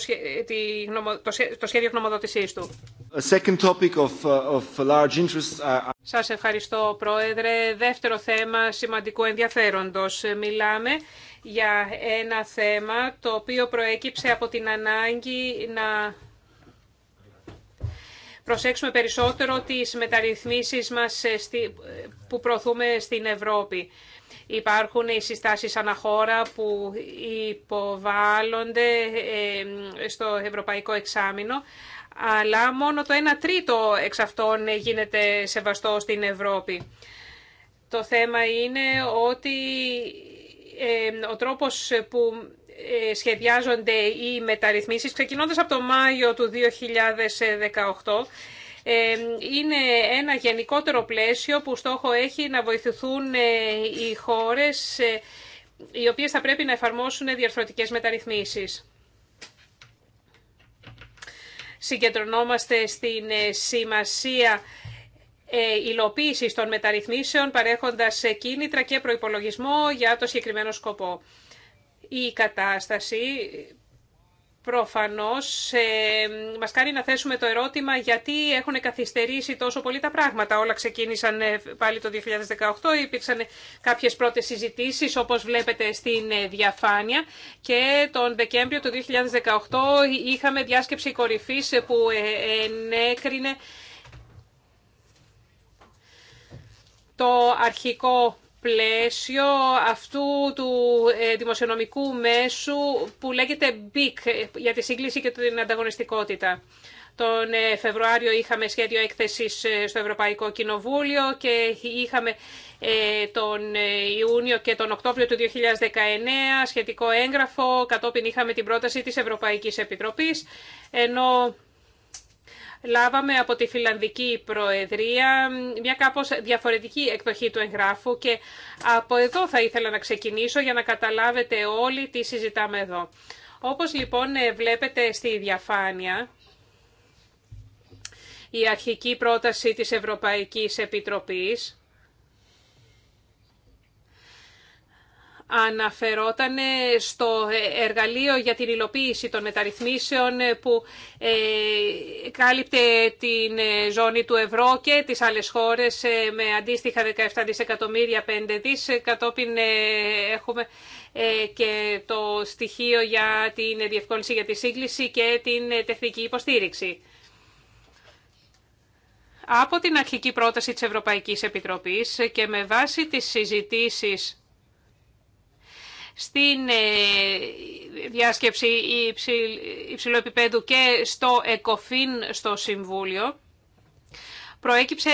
το σχέδιο γνωμοδότησής του. Σας ευχαριστώ, Πρόεδρε. Δεύτερο θέμα σημαντικού ενδιαφέροντος. Μιλάμε για ένα θέμα το οποίο προέκυψε από την ανάγκη να προσέξουμε περισσότερο τις μεταρρυθμίσεις μας ε, ε, που προωθούμε στην Ευρώπη. Υπάρχουν οι συστάσεις αναχώρα που υποβάλλονται ε, στο Ευρωπαϊκό Εξάμεινο, αλλά μόνο το 1 τρίτο εξ αυτών γίνεται σεβαστό στην Ευρώπη. Το θέμα είναι ότι ο τρόπος που ε, σχεδιάζονται οι μεταρρυθμίσεις, ξεκινώντας από το Μάιο του 2018, ε, είναι ένα γενικότερο πλαίσιο που στόχο έχει να βοηθηθούν ε, οι χώρες οι οποίες θα πρέπει να εφαρμόσουν διαρθρωτικές μεταρρυθμίσεις. Συγκεντρωνόμαστε στην σημασία υλοποίησης των μεταρρυθμίσεων παρέχοντας κίνητρα και προϋπολογισμό για το συγκεκριμένο σκοπό η κατάσταση προφανώς ε, μας κάνει να θέσουμε το ερώτημα γιατί έχουν καθυστερήσει τόσο πολύ τα πράγματα. Όλα ξεκίνησαν ε, πάλι το 2018, υπήρξαν κάποιες πρώτες συζητήσεις όπως βλέπετε στην ε, διαφάνεια και τον Δεκέμβριο του 2018 είχαμε διάσκεψη κορυφής που ενέκρινε το αρχικό πλαίσιο αυτού του ε, δημοσιονομικού μέσου που λέγεται BIC ε, για τη σύγκληση και την ανταγωνιστικότητα. Τον ε, Φεβρουάριο είχαμε σχέδιο έκθεσης στο Ευρωπαϊκό Κοινοβούλιο και είχαμε τον Ιούνιο και τον Οκτώβριο του 2019 σχετικό έγγραφο. Κατόπιν είχαμε την πρόταση της Ευρωπαϊκής Επιτροπής, ενώ λάβαμε από τη Φιλανδική Προεδρία μια κάπως διαφορετική εκδοχή του εγγράφου και από εδώ θα ήθελα να ξεκινήσω για να καταλάβετε όλοι τι συζητάμε εδώ. Όπως λοιπόν βλέπετε στη διαφάνεια, η αρχική πρόταση της Ευρωπαϊκής Επιτροπής αναφερόταν στο εργαλείο για την υλοποίηση των μεταρρυθμίσεων που ε, κάλυπτε την ε, ζώνη του ευρώ και τις άλλες χώρες ε, με αντίστοιχα 17 δισεκατομμύρια 5 δις. Κατόπιν έχουμε και το στοιχείο για την διευκόλυνση για τη σύγκληση και την τεχνική υποστήριξη. Από την αρχική πρόταση της Ευρωπαϊκής Επιτροπής και με βάση τις συζητήσεις στην ε, διάσκεψη υψηλού επίπεδου και στο ΕΚΟΦΗΝ στο Συμβούλιο, προέκυψε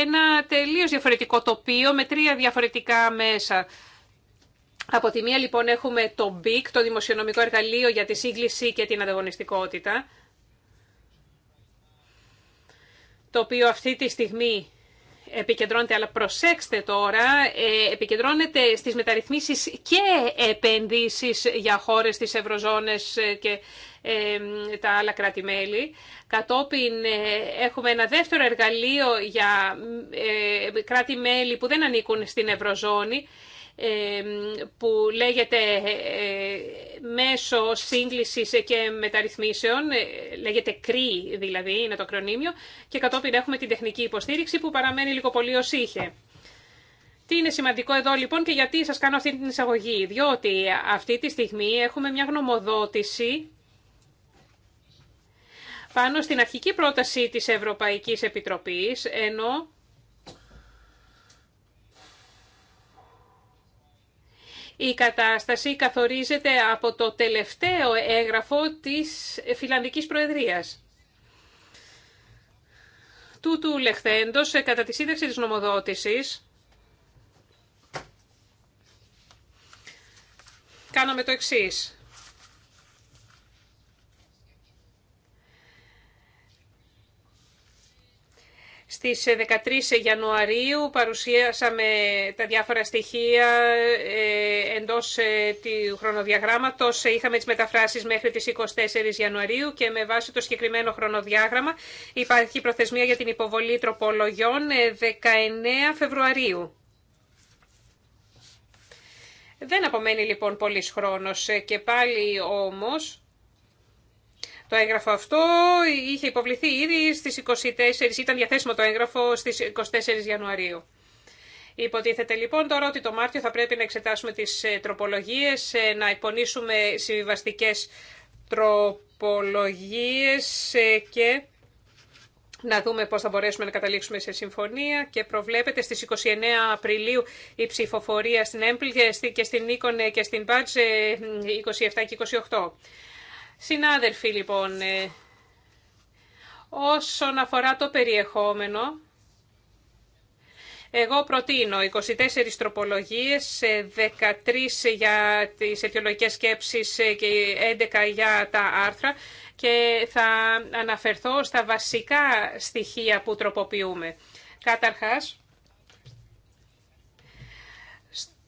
ένα τελείως διαφορετικό τοπίο με τρία διαφορετικά μέσα. Από τη μία λοιπόν έχουμε το BIC, το Δημοσιονομικό Εργαλείο για τη Σύγκληση και την Ανταγωνιστικότητα, το οποίο αυτή τη στιγμή επικεντρώνεται, αλλά προσέξτε τώρα, ε, επικεντρώνεται στις μεταρρυθμίσεις και επενδύσεις για χώρες της Ευρωζώνης ε, και ε, τα άλλα κράτη-μέλη. Κατόπιν έχουμε ένα δεύτερο εργαλείο για κράτη-μέλη που δεν ανήκουν στην Ευρωζώνη που λέγεται ε, μέσω σύγκλησης και μεταρρυθμίσεων, ε, λέγεται κρί δηλαδή, είναι το ακρονίμιο, και κατόπιν έχουμε την τεχνική υποστήριξη που παραμένει λίγο πολύ είχε. Τι είναι σημαντικό εδώ λοιπόν και γιατί σας κάνω αυτή την εισαγωγή, διότι αυτή τη στιγμή έχουμε μια γνωμοδότηση πάνω στην αρχική πρόταση της Ευρωπαϊκής Επιτροπής, ενώ Η κατάσταση καθορίζεται από το τελευταίο έγγραφο της Φιλανδικής Προεδρίας. Τούτου λεχθέντος, κατά τη σύνταξη της νομοδότησης, κάνουμε το εξής. Στις 13 ε, Ιανουαρίου παρουσίασαμε τα διάφορα στοιχεία ε, εντός ε, του χρονοδιαγράμματος. Είχαμε τις μεταφράσεις μέχρι τις 24 Ιανουαρίου και με βάση το συγκεκριμένο χρονοδιάγραμμα υπάρχει προθεσμία για την υποβολή τροπολογιών 19 Φεβρουαρίου. Δεν απομένει λοιπόν πολύς χρόνος και πάλι όμως το έγγραφο αυτό είχε υποβληθεί ήδη στις 24, ήταν διαθέσιμο το έγγραφο στις 24 Ιανουαρίου. Υποτίθεται λοιπόν τώρα ότι το Μάρτιο θα πρέπει να εξετάσουμε τις ε, τροπολογίες, ε, να εκπονήσουμε συμβιβαστικές τροπολογίες ε, και να δούμε πώς θα μπορέσουμε να καταλήξουμε σε συμφωνία και προβλέπεται στις 29 Απριλίου η ψηφοφορία στην ΕΜΠΛ και στην Νίκον και στην Μπάτζ 27 και 28. Συνάδελφοι, λοιπόν, ε, όσον αφορά το περιεχόμενο, εγώ προτείνω 24 τροπολογίες, 13 ε, για τις αιτιολογικές σκέψεις ε, και 11 για τα άρθρα και θα αναφερθώ στα βασικά στοιχεία που τροποποιούμε. Καταρχάς,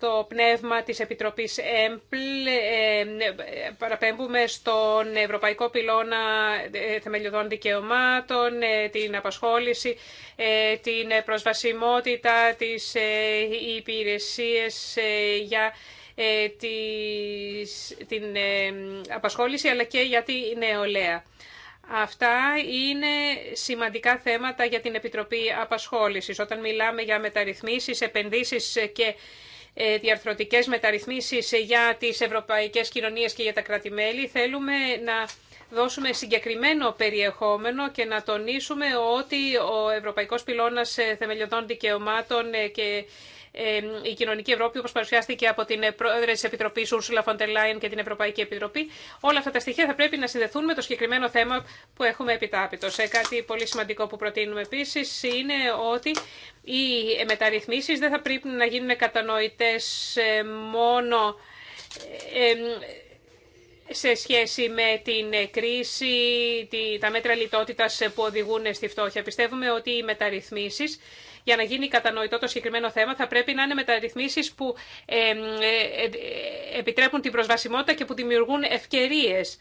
το πνεύμα της Επιτροπής ΕΜΠΛ ε, ε, παραπέμπουμε στον Ευρωπαϊκό Πυλώνα ε, Θεμελιωδών Δικαιωμάτων, την απασχόληση, την προσβασιμότητα της υπηρεσίες για την απασχόληση αλλά και για την νεολαία. Αυτά είναι σημαντικά θέματα για την Επιτροπή Απασχόλησης. Όταν μιλάμε για μεταρρυθμίσεις, επενδύσεις και ε, διαρθρωτικές μεταρρυθμίσεις για τις ευρωπαϊκές κοινωνίες και για τα κράτη-μέλη. Θέλουμε να δώσουμε συγκεκριμένο περιεχόμενο και να τονίσουμε ότι ο Ευρωπαϊκός Πυλώνας ε, Θεμελιωδών Δικαιωμάτων ε, και η κοινωνική Ευρώπη, όπω παρουσιάστηκε από την πρόεδρε τη Επιτροπή Ursula von der Leyen και την Ευρωπαϊκή Επιτροπή. Όλα αυτά τα στοιχεία θα πρέπει να συνδεθούν με το συγκεκριμένο θέμα που έχουμε επιτάπητο. Ε, κάτι πολύ σημαντικό που προτείνουμε επίση είναι ότι οι μεταρρυθμίσει δεν θα πρέπει να γίνουν κατανοητέ ε, μόνο ε, σε σχέση με την κρίση, τα μέτρα λιτότητας που οδηγούν στη φτώχεια. Πιστεύουμε ότι οι μεταρρυθμίσεις για να γίνει κατανοητό το συγκεκριμένο θέμα θα πρέπει να είναι μεταρρυθμίσει που ε, ε, επιτρέπουν την προσβασιμότητα και που δημιουργούν ευκαιρίες.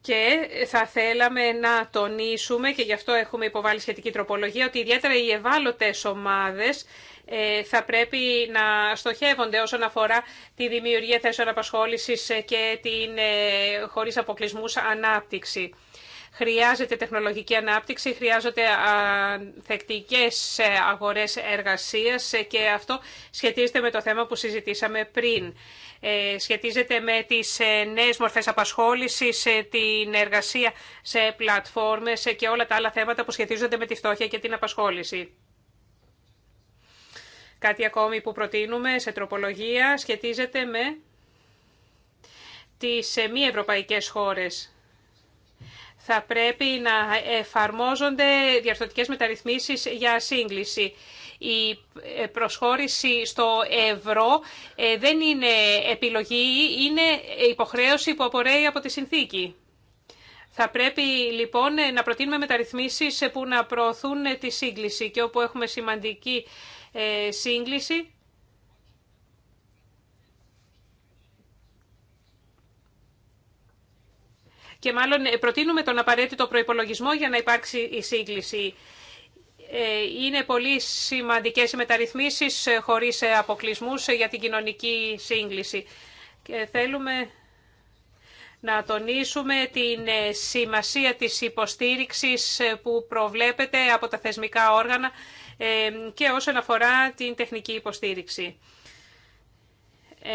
Και θα θέλαμε να τονίσουμε, και γι' αυτό έχουμε υποβάλει σχετική τροπολογία, ότι ιδιαίτερα οι ευάλωτε ομάδες ε, θα πρέπει να στοχεύονται όσον αφορά τη δημιουργία θέσεων απασχόλησης ε, και την ε, χωρίς αποκλεισμούς ανάπτυξη. Χρειάζεται τεχνολογική ανάπτυξη, χρειάζονται θεκτικές αγορές εργασίας και αυτό σχετίζεται με το θέμα που συζητήσαμε πριν. Σχετίζεται με τις νέες μορφές απασχόλησης, την εργασία σε πλατφόρμες και όλα τα άλλα θέματα που σχετίζονται με τη φτώχεια και την απασχόληση. Κάτι ακόμη που προτείνουμε σε τροπολογία σχετίζεται με τις ε, μη ευρωπαϊκές χώρες. Θα πρέπει να εφαρμόζονται διαρθρωτικές μεταρρυθμίσεις για σύγκληση. Η ε, προσχώρηση στο ευρώ ε, δεν είναι επιλογή, είναι υποχρέωση που απορρέει από τη συνθήκη. Θα πρέπει λοιπόν να προτείνουμε μεταρρυθμίσεις που να προωθούν τη σύγκληση και όπου έχουμε σημαντική ε, σύγκληση. Και μάλλον ε, προτείνουμε τον απαραίτητο προϋπολογισμό για να υπάρξει η σύγκληση. Ε, είναι πολύ σημαντικές οι μεταρρυθμίσεις χωρίς αποκλεισμούς για την κοινωνική σύγκληση. Και θέλουμε να τονίσουμε την σημασία της υποστήριξης που προβλέπεται από τα θεσμικά όργανα και όσον αφορά την τεχνική υποστήριξη.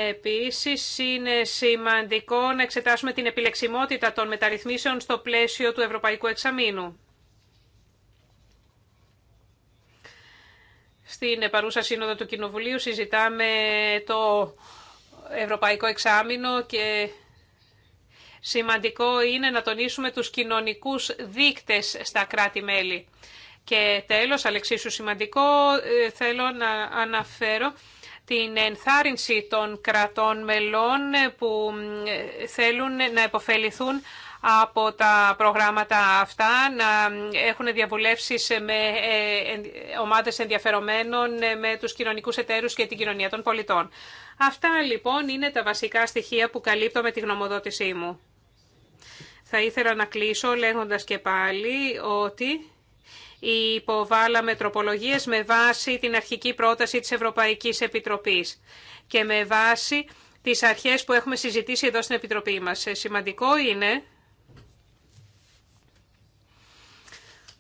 Επίσης, είναι σημαντικό να εξετάσουμε την επιλεξιμότητα των μεταρρυθμίσεων στο πλαίσιο του Ευρωπαϊκού Εξαμήνου. Στην παρούσα σύνοδο του Κοινοβουλίου συζητάμε το Ευρωπαϊκό Εξάμεινο και σημαντικό είναι να τονίσουμε τους κοινωνικούς δείκτες στα κράτη-μέλη. Και τέλος, αλεξίσου σημαντικό, ε, θέλω να αναφέρω την ενθάρρυνση των κρατών μελών ε, που ε, θέλουν να επωφεληθούν από τα προγράμματα αυτά, να έχουν διαβουλεύσεις με ομάδες ενδιαφερομένων, με τους κοινωνικούς εταίρους και την κοινωνία των πολιτών. Αυτά λοιπόν είναι τα βασικά στοιχεία που καλύπτω με τη γνωμοδότησή μου. Θα ήθελα να κλείσω λέγοντας και πάλι ότι υποβάλαμε τροπολογίες με βάση την αρχική πρόταση της Ευρωπαϊκής Επιτροπής και με βάση τις αρχές που έχουμε συζητήσει εδώ στην Επιτροπή μας. Ε, σημαντικό είναι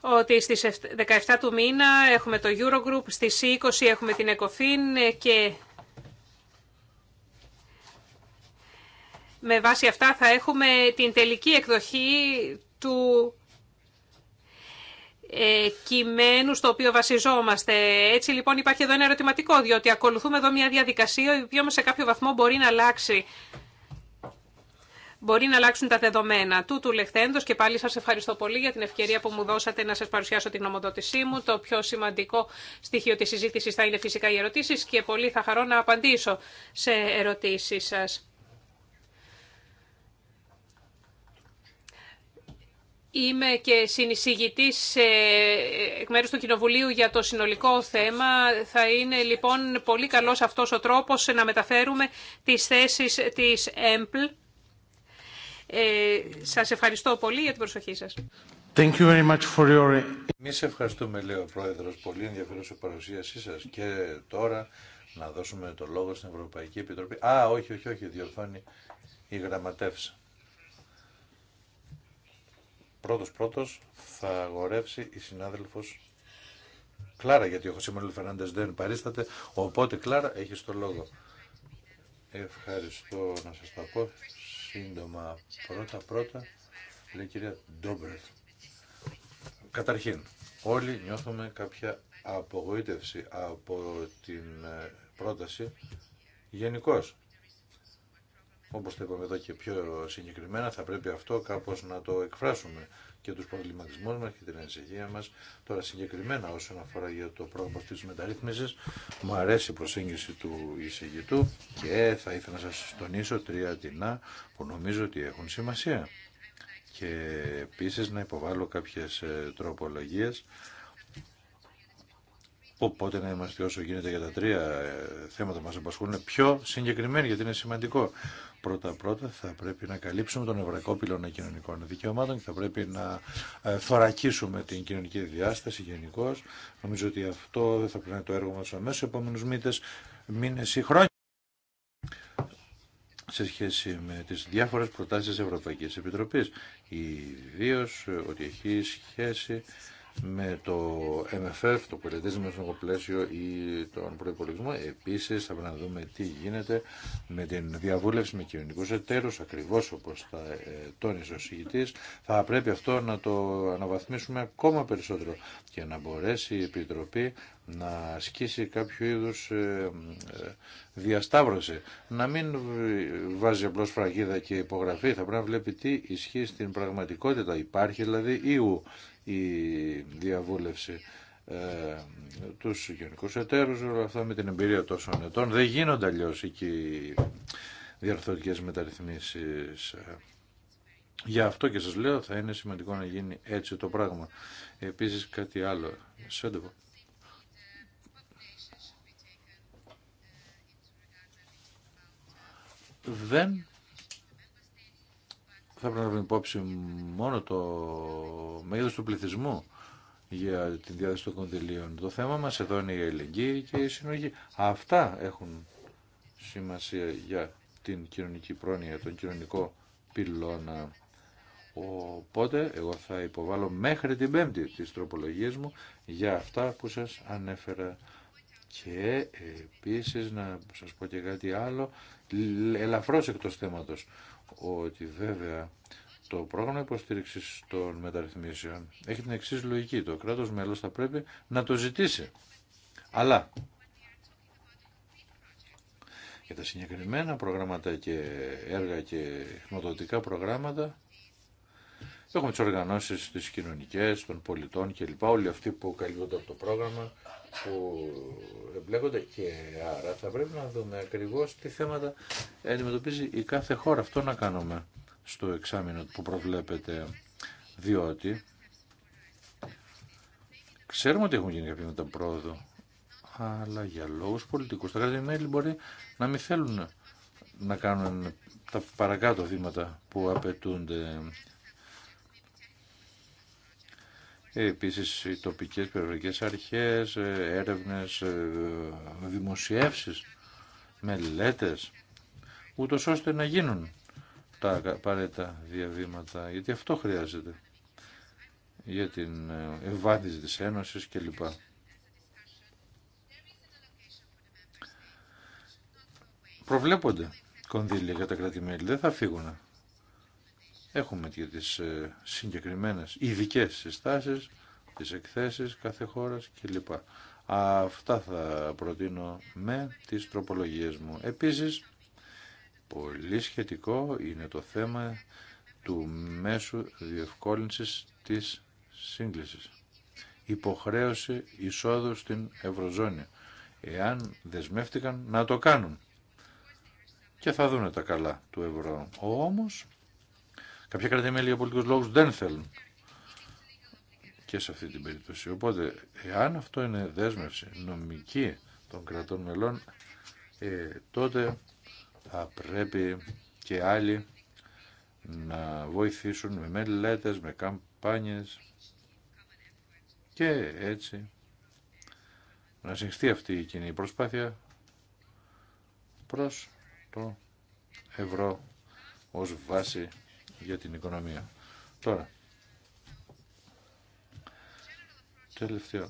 ότι στις 17 του μήνα έχουμε το Eurogroup, στις 20 έχουμε την ECOFIN και με βάση αυτά θα έχουμε την τελική εκδοχή του ε, κειμένου στο οποίο βασιζόμαστε. Έτσι λοιπόν υπάρχει εδώ ένα ερωτηματικό, διότι ακολουθούμε εδώ μια διαδικασία η οποία σε κάποιο βαθμό μπορεί να αλλάξει. Μπορεί να αλλάξουν τα δεδομένα. Τούτου λεχθέντος και πάλι σας ευχαριστώ πολύ για την ευκαιρία που μου δώσατε να σας παρουσιάσω την νομοδότησή μου. Το πιο σημαντικό στοιχείο της συζήτησης θα είναι φυσικά οι ερωτήσεις και πολύ θα χαρώ να απαντήσω σε ερωτήσεις σας. Είμαι και συνεισηγητής ε, εκ μέρους του Κοινοβουλίου για το συνολικό θέμα. Θα είναι λοιπόν πολύ καλός αυτός ο τρόπος να μεταφέρουμε τις θέσεις της ΕΜΠΛ. Ε, σας ευχαριστώ πολύ για την προσοχή σας. Thank your... Εμείς ευχαριστούμε, λέει ο Πρόεδρο, πολύ ενδιαφέρουσα παρουσίασή σας και τώρα να δώσουμε το λόγο στην Ευρωπαϊκή Επιτροπή. Α, όχι, όχι, όχι, διορθώνει η γραμματεύσα πρώτος πρώτος θα αγορεύσει η συνάδελφος Κλάρα, γιατί ο Χωσιμον Φερνάντες δεν παρίσταται, οπότε Κλάρα έχει το λόγο. Ευχαριστώ να σας τα πω σύντομα πρώτα πρώτα, λέει η κυρία Ντόμπερτ. Καταρχήν, όλοι νιώθουμε κάποια απογοήτευση από την ε, πρόταση γενικώς όπως το είπαμε εδώ και πιο συγκεκριμένα, θα πρέπει αυτό κάπως να το εκφράσουμε και τους προβληματισμούς μας και την ανησυχία μας. Τώρα συγκεκριμένα όσον αφορά για το πρόγραμμα της μεταρρύθμισης, μου αρέσει η προσέγγιση του εισηγητού και θα ήθελα να σας τονίσω τρία τεινά που νομίζω ότι έχουν σημασία. Και επίσης να υποβάλω κάποιες ε, τροπολογίες Οπότε να είμαστε όσο γίνεται για τα τρία ε, θέματα που μας απασχολούν πιο συγκεκριμένοι γιατί είναι σημαντικό. Πρώτα-πρώτα θα πρέπει να καλύψουμε τον ευρωπαϊκό πυλώνα κοινωνικών δικαιωμάτων και θα πρέπει να ε, θωρακίσουμε την κοινωνική διάσταση γενικώ. Νομίζω ότι αυτό θα πρέπει να είναι το έργο μας αμέσω επόμενους μήνες, μήνες ή χρόνια σε σχέση με τις διάφορες προτάσεις της Ευρωπαϊκής Επιτροπής, ιδίω ότι έχει σχέση με το MFF, το πολιτισμό με πλαίσιο ή τον προπολογισμό. Επίση, θα πρέπει να δούμε τι γίνεται με την διαβούλευση με κοινωνικού εταίρου, ακριβώ όπω τα ε, τόνισε ο Θα πρέπει αυτό να το αναβαθμίσουμε ακόμα περισσότερο και να μπορέσει η Επιτροπή να ασκήσει κάποιο είδου ε, ε, διασταύρωση. Να μην βάζει απλώ φραγίδα και υπογραφή. Θα πρέπει να βλέπει τι ισχύει στην πραγματικότητα. Υπάρχει δηλαδή η διαβούλευση ε, τους γενικούς εταίρους, όλα αυτά με την εμπειρία τόσων ετών. Δεν γίνονται αλλιώ εκεί διαρθρωτικές μεταρρυθμίσεις. γι' αυτό και σας λέω θα είναι σημαντικό να γίνει έτσι το πράγμα. Επίσης κάτι άλλο. Σέντεβο. Δεν θα πρέπει να λάβουμε υπόψη μόνο το μέγεθο του πληθυσμού για την διάθεση των κονδυλίων. Το θέμα μας εδώ είναι η ελεγγύη και η συνοχή. Αυτά έχουν σημασία για την κοινωνική πρόνοια, τον κοινωνικό πυλώνα. Οπότε εγώ θα υποβάλω μέχρι την πέμπτη της τροπολογίες μου για αυτά που σας ανέφερα. Και επίσης να σας πω και κάτι άλλο, ελαφρώς εκτός θέματος ότι βέβαια το πρόγραμμα υποστήριξη των μεταρρυθμίσεων έχει την εξή λογική. Το κράτο μέλο θα πρέπει να το ζητήσει. Αλλά για τα συγκεκριμένα προγράμματα και έργα και χρηματοδοτικά προγράμματα Έχουμε τι οργανώσει τι κοινωνικέ, των πολιτών κλπ. Όλοι αυτοί που καλύπτονται από το πρόγραμμα, που εμπλέκονται και άρα θα πρέπει να δούμε ακριβώ τι θέματα αντιμετωπίζει η κάθε χώρα. Αυτό να κάνουμε στο εξάμεινο που προβλέπετε, διότι ξέρουμε ότι έχουν γίνει κάποια με πρόοδο, αλλά για λόγους πολιτικούς τα κράτη-μέλη μπορεί να μην θέλουν να κάνουν τα παρακάτω βήματα που απαιτούνται ε, επίσης οι τοπικές περιφερειακές αρχές, ε, έρευνες, ε, δημοσιεύσεις, μελέτες, ούτως ώστε να γίνουν τα απαραίτητα διαβήματα, γιατί αυτό χρειάζεται για την ευάδειση της Ένωσης κλπ. Προβλέπονται κονδύλια για τα κράτη-μέλη, δεν θα φύγουν Έχουμε και τις ε, συγκεκριμένες ειδικέ συστάσεις, τις εκθέσεις κάθε χώρας κλπ. Αυτά θα προτείνω με τις τροπολογίες μου. Επίσης, πολύ σχετικό είναι το θέμα του μέσου διευκόλυνσης της σύγκλησης. Υποχρέωση εισόδου στην Ευρωζώνη. Εάν δεσμεύτηκαν να το κάνουν. Και θα δούνε τα καλά του ευρώ. Όμως Κάποια κρατημέλη για πολιτικούς λόγους δεν θέλουν και σε αυτή την περίπτωση. Οπότε, εάν αυτό είναι δέσμευση νομική των κρατών μελών, ε, τότε θα πρέπει και άλλοι να βοηθήσουν με μελέτες, με καμπάνιες και έτσι να συγχθεί αυτή η κοινή προσπάθεια προς το ευρώ ως βάση για την οικονομία. Τώρα, τελευταίο.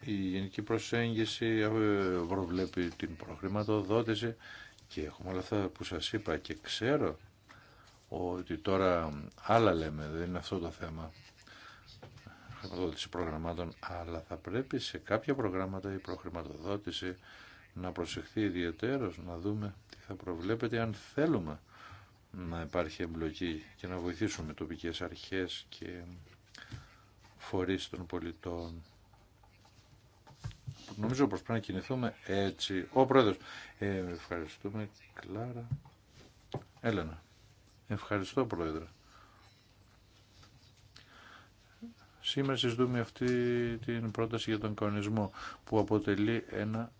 Η γενική προσέγγιση ε, προβλέπει την προχρηματοδότηση και έχουμε όλα αυτά που σας είπα και ξέρω ότι τώρα άλλα λέμε, δεν είναι αυτό το θέμα προχρηματοδότηση προγραμμάτων, αλλά θα πρέπει σε κάποια προγράμματα η προχρηματοδότηση να προσεχθεί ιδιαίτερος, να δούμε τι θα προβλέπετε αν θέλουμε να υπάρχει εμπλοκή και να βοηθήσουμε τοπικές αρχές και φορείς των πολιτών. Νομίζω πως πρέπει να κινηθούμε έτσι. Ο Πρόεδρος, ε, ευχαριστούμε Κλάρα. Έλενα, ευχαριστώ Πρόεδρε. Σήμερα συζητούμε αυτή την πρόταση για τον κανονισμό που αποτελεί ένα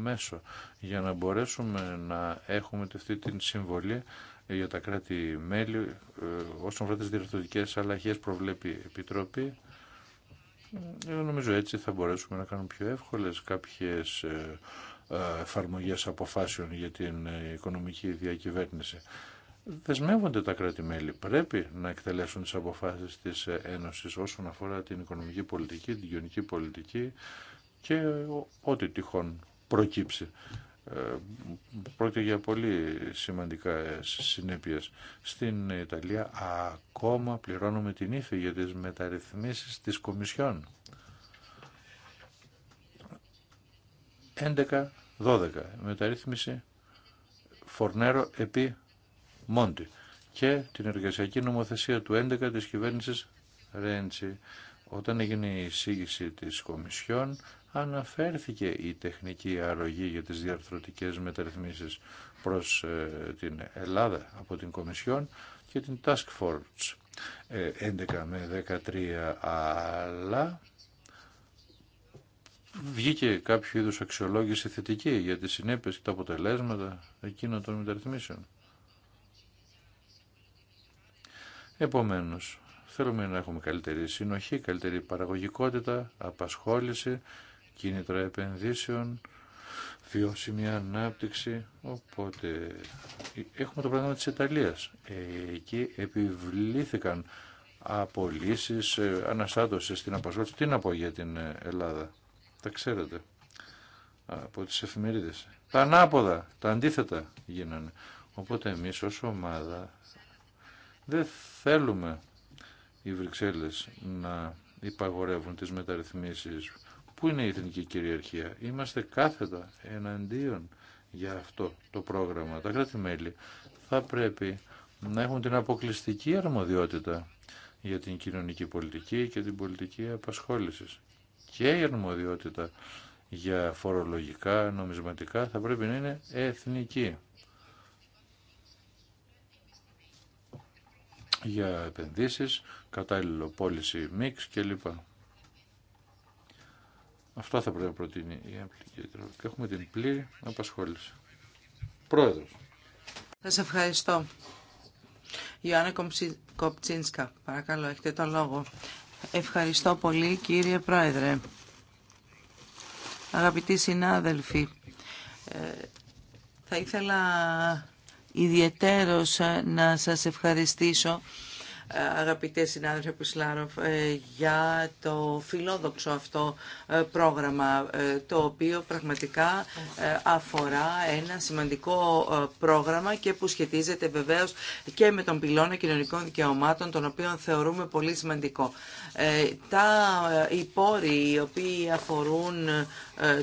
μέσο για να μπορέσουμε να έχουμε αυτή την συμβολή ε, για τα κράτη-μέλη ε, όσον αφορά τις διευθυντικές αλλαγές προβλέπει η Επιτροπή. Εγώ νομίζω έτσι θα μπορέσουμε να κάνουμε πιο εύκολες κάποιες ε, εφαρμογές αποφάσεων για την οικονομική διακυβέρνηση. Δεσμεύονται τα κράτη-μέλη. Πρέπει να εκτελέσουν τις αποφάσεις της Ένωσης όσον αφορά την οικονομική πολιτική, την κοινωνική πολιτική και ό,τι τυχόν προκύψει. Ε, πρόκειται για πολύ σημαντικά ε, συνέπειες. Στην Ιταλία ακόμα πληρώνουμε την ύφη για τις μεταρρυθμίσεις της Κομισιόν. 11-12 μεταρρύθμιση Φορνέρο επί Μόντι και την εργασιακή νομοθεσία του 11 της κυβέρνησης Ρέντσι. Όταν έγινε η εισήγηση της Κομισιόν αναφέρθηκε η τεχνική αρρωγή για τις διαρθρωτικές μεταρρυθμίσεις προς ε, την Ελλάδα από την Κομισιόν και την Task Force 11 ε, με 13 αλλά βγήκε κάποιο είδους αξιολόγηση θετική για τις συνέπειες και τα αποτελέσματα εκείνων των μεταρρυθμίσεων. Επομένως, θέλουμε να έχουμε καλύτερη συνοχή, καλύτερη παραγωγικότητα, απασχόληση, κίνητρα επενδύσεων, βιώσιμη ανάπτυξη. Οπότε έχουμε το πράγμα της Ιταλίας. Ε, εκεί επιβλήθηκαν απολύσεις, ε, αναστάτωση στην απασχόληση. Τι να πω για την ε, Ελλάδα. Τα ξέρετε από τις εφημερίδες. Τα ανάποδα, τα αντίθετα γίνανε. Οπότε εμείς ως ομάδα δεν θέλουμε οι Βρυξέλλες να υπαγορεύουν τις μεταρρυθμίσεις Πού είναι η εθνική κυριαρχία. Είμαστε κάθετα εναντίον για αυτό το πρόγραμμα. Τα κράτη-μέλη θα πρέπει να έχουν την αποκλειστική αρμοδιότητα για την κοινωνική πολιτική και την πολιτική απασχόλησης. Και η αρμοδιότητα για φορολογικά, νομισματικά θα πρέπει να είναι εθνική. Για επενδύσεις, κατάλληλο πώληση μίξ κλπ. Αυτό θα πρέπει να προτείνει η Εμπλική Και Έχουμε την πλήρη απασχόληση. Πρόεδρος. σε ευχαριστώ. Ιωάννα Κοπτσίνσκα, παρακαλώ, έχετε το λόγο. Ευχαριστώ πολύ κύριε Πρόεδρε. Αγαπητοί συνάδελφοι, ε, θα ήθελα ιδιαιτέρως ε, να σας ευχαριστήσω ε, αγαπητέ συνάδελφε Πισλάροφ, ε, για το φιλόδοξο αυτό ε, πρόγραμμα, το οποίο πραγματικά αφορά ένα σημαντικό πρόγραμμα και που σχετίζεται βεβαίως και με τον πυλώνα κοινωνικών δικαιωμάτων, τον οποίο θεωρούμε πολύ σημαντικό. Τα υπόροι οι οποίοι αφορούν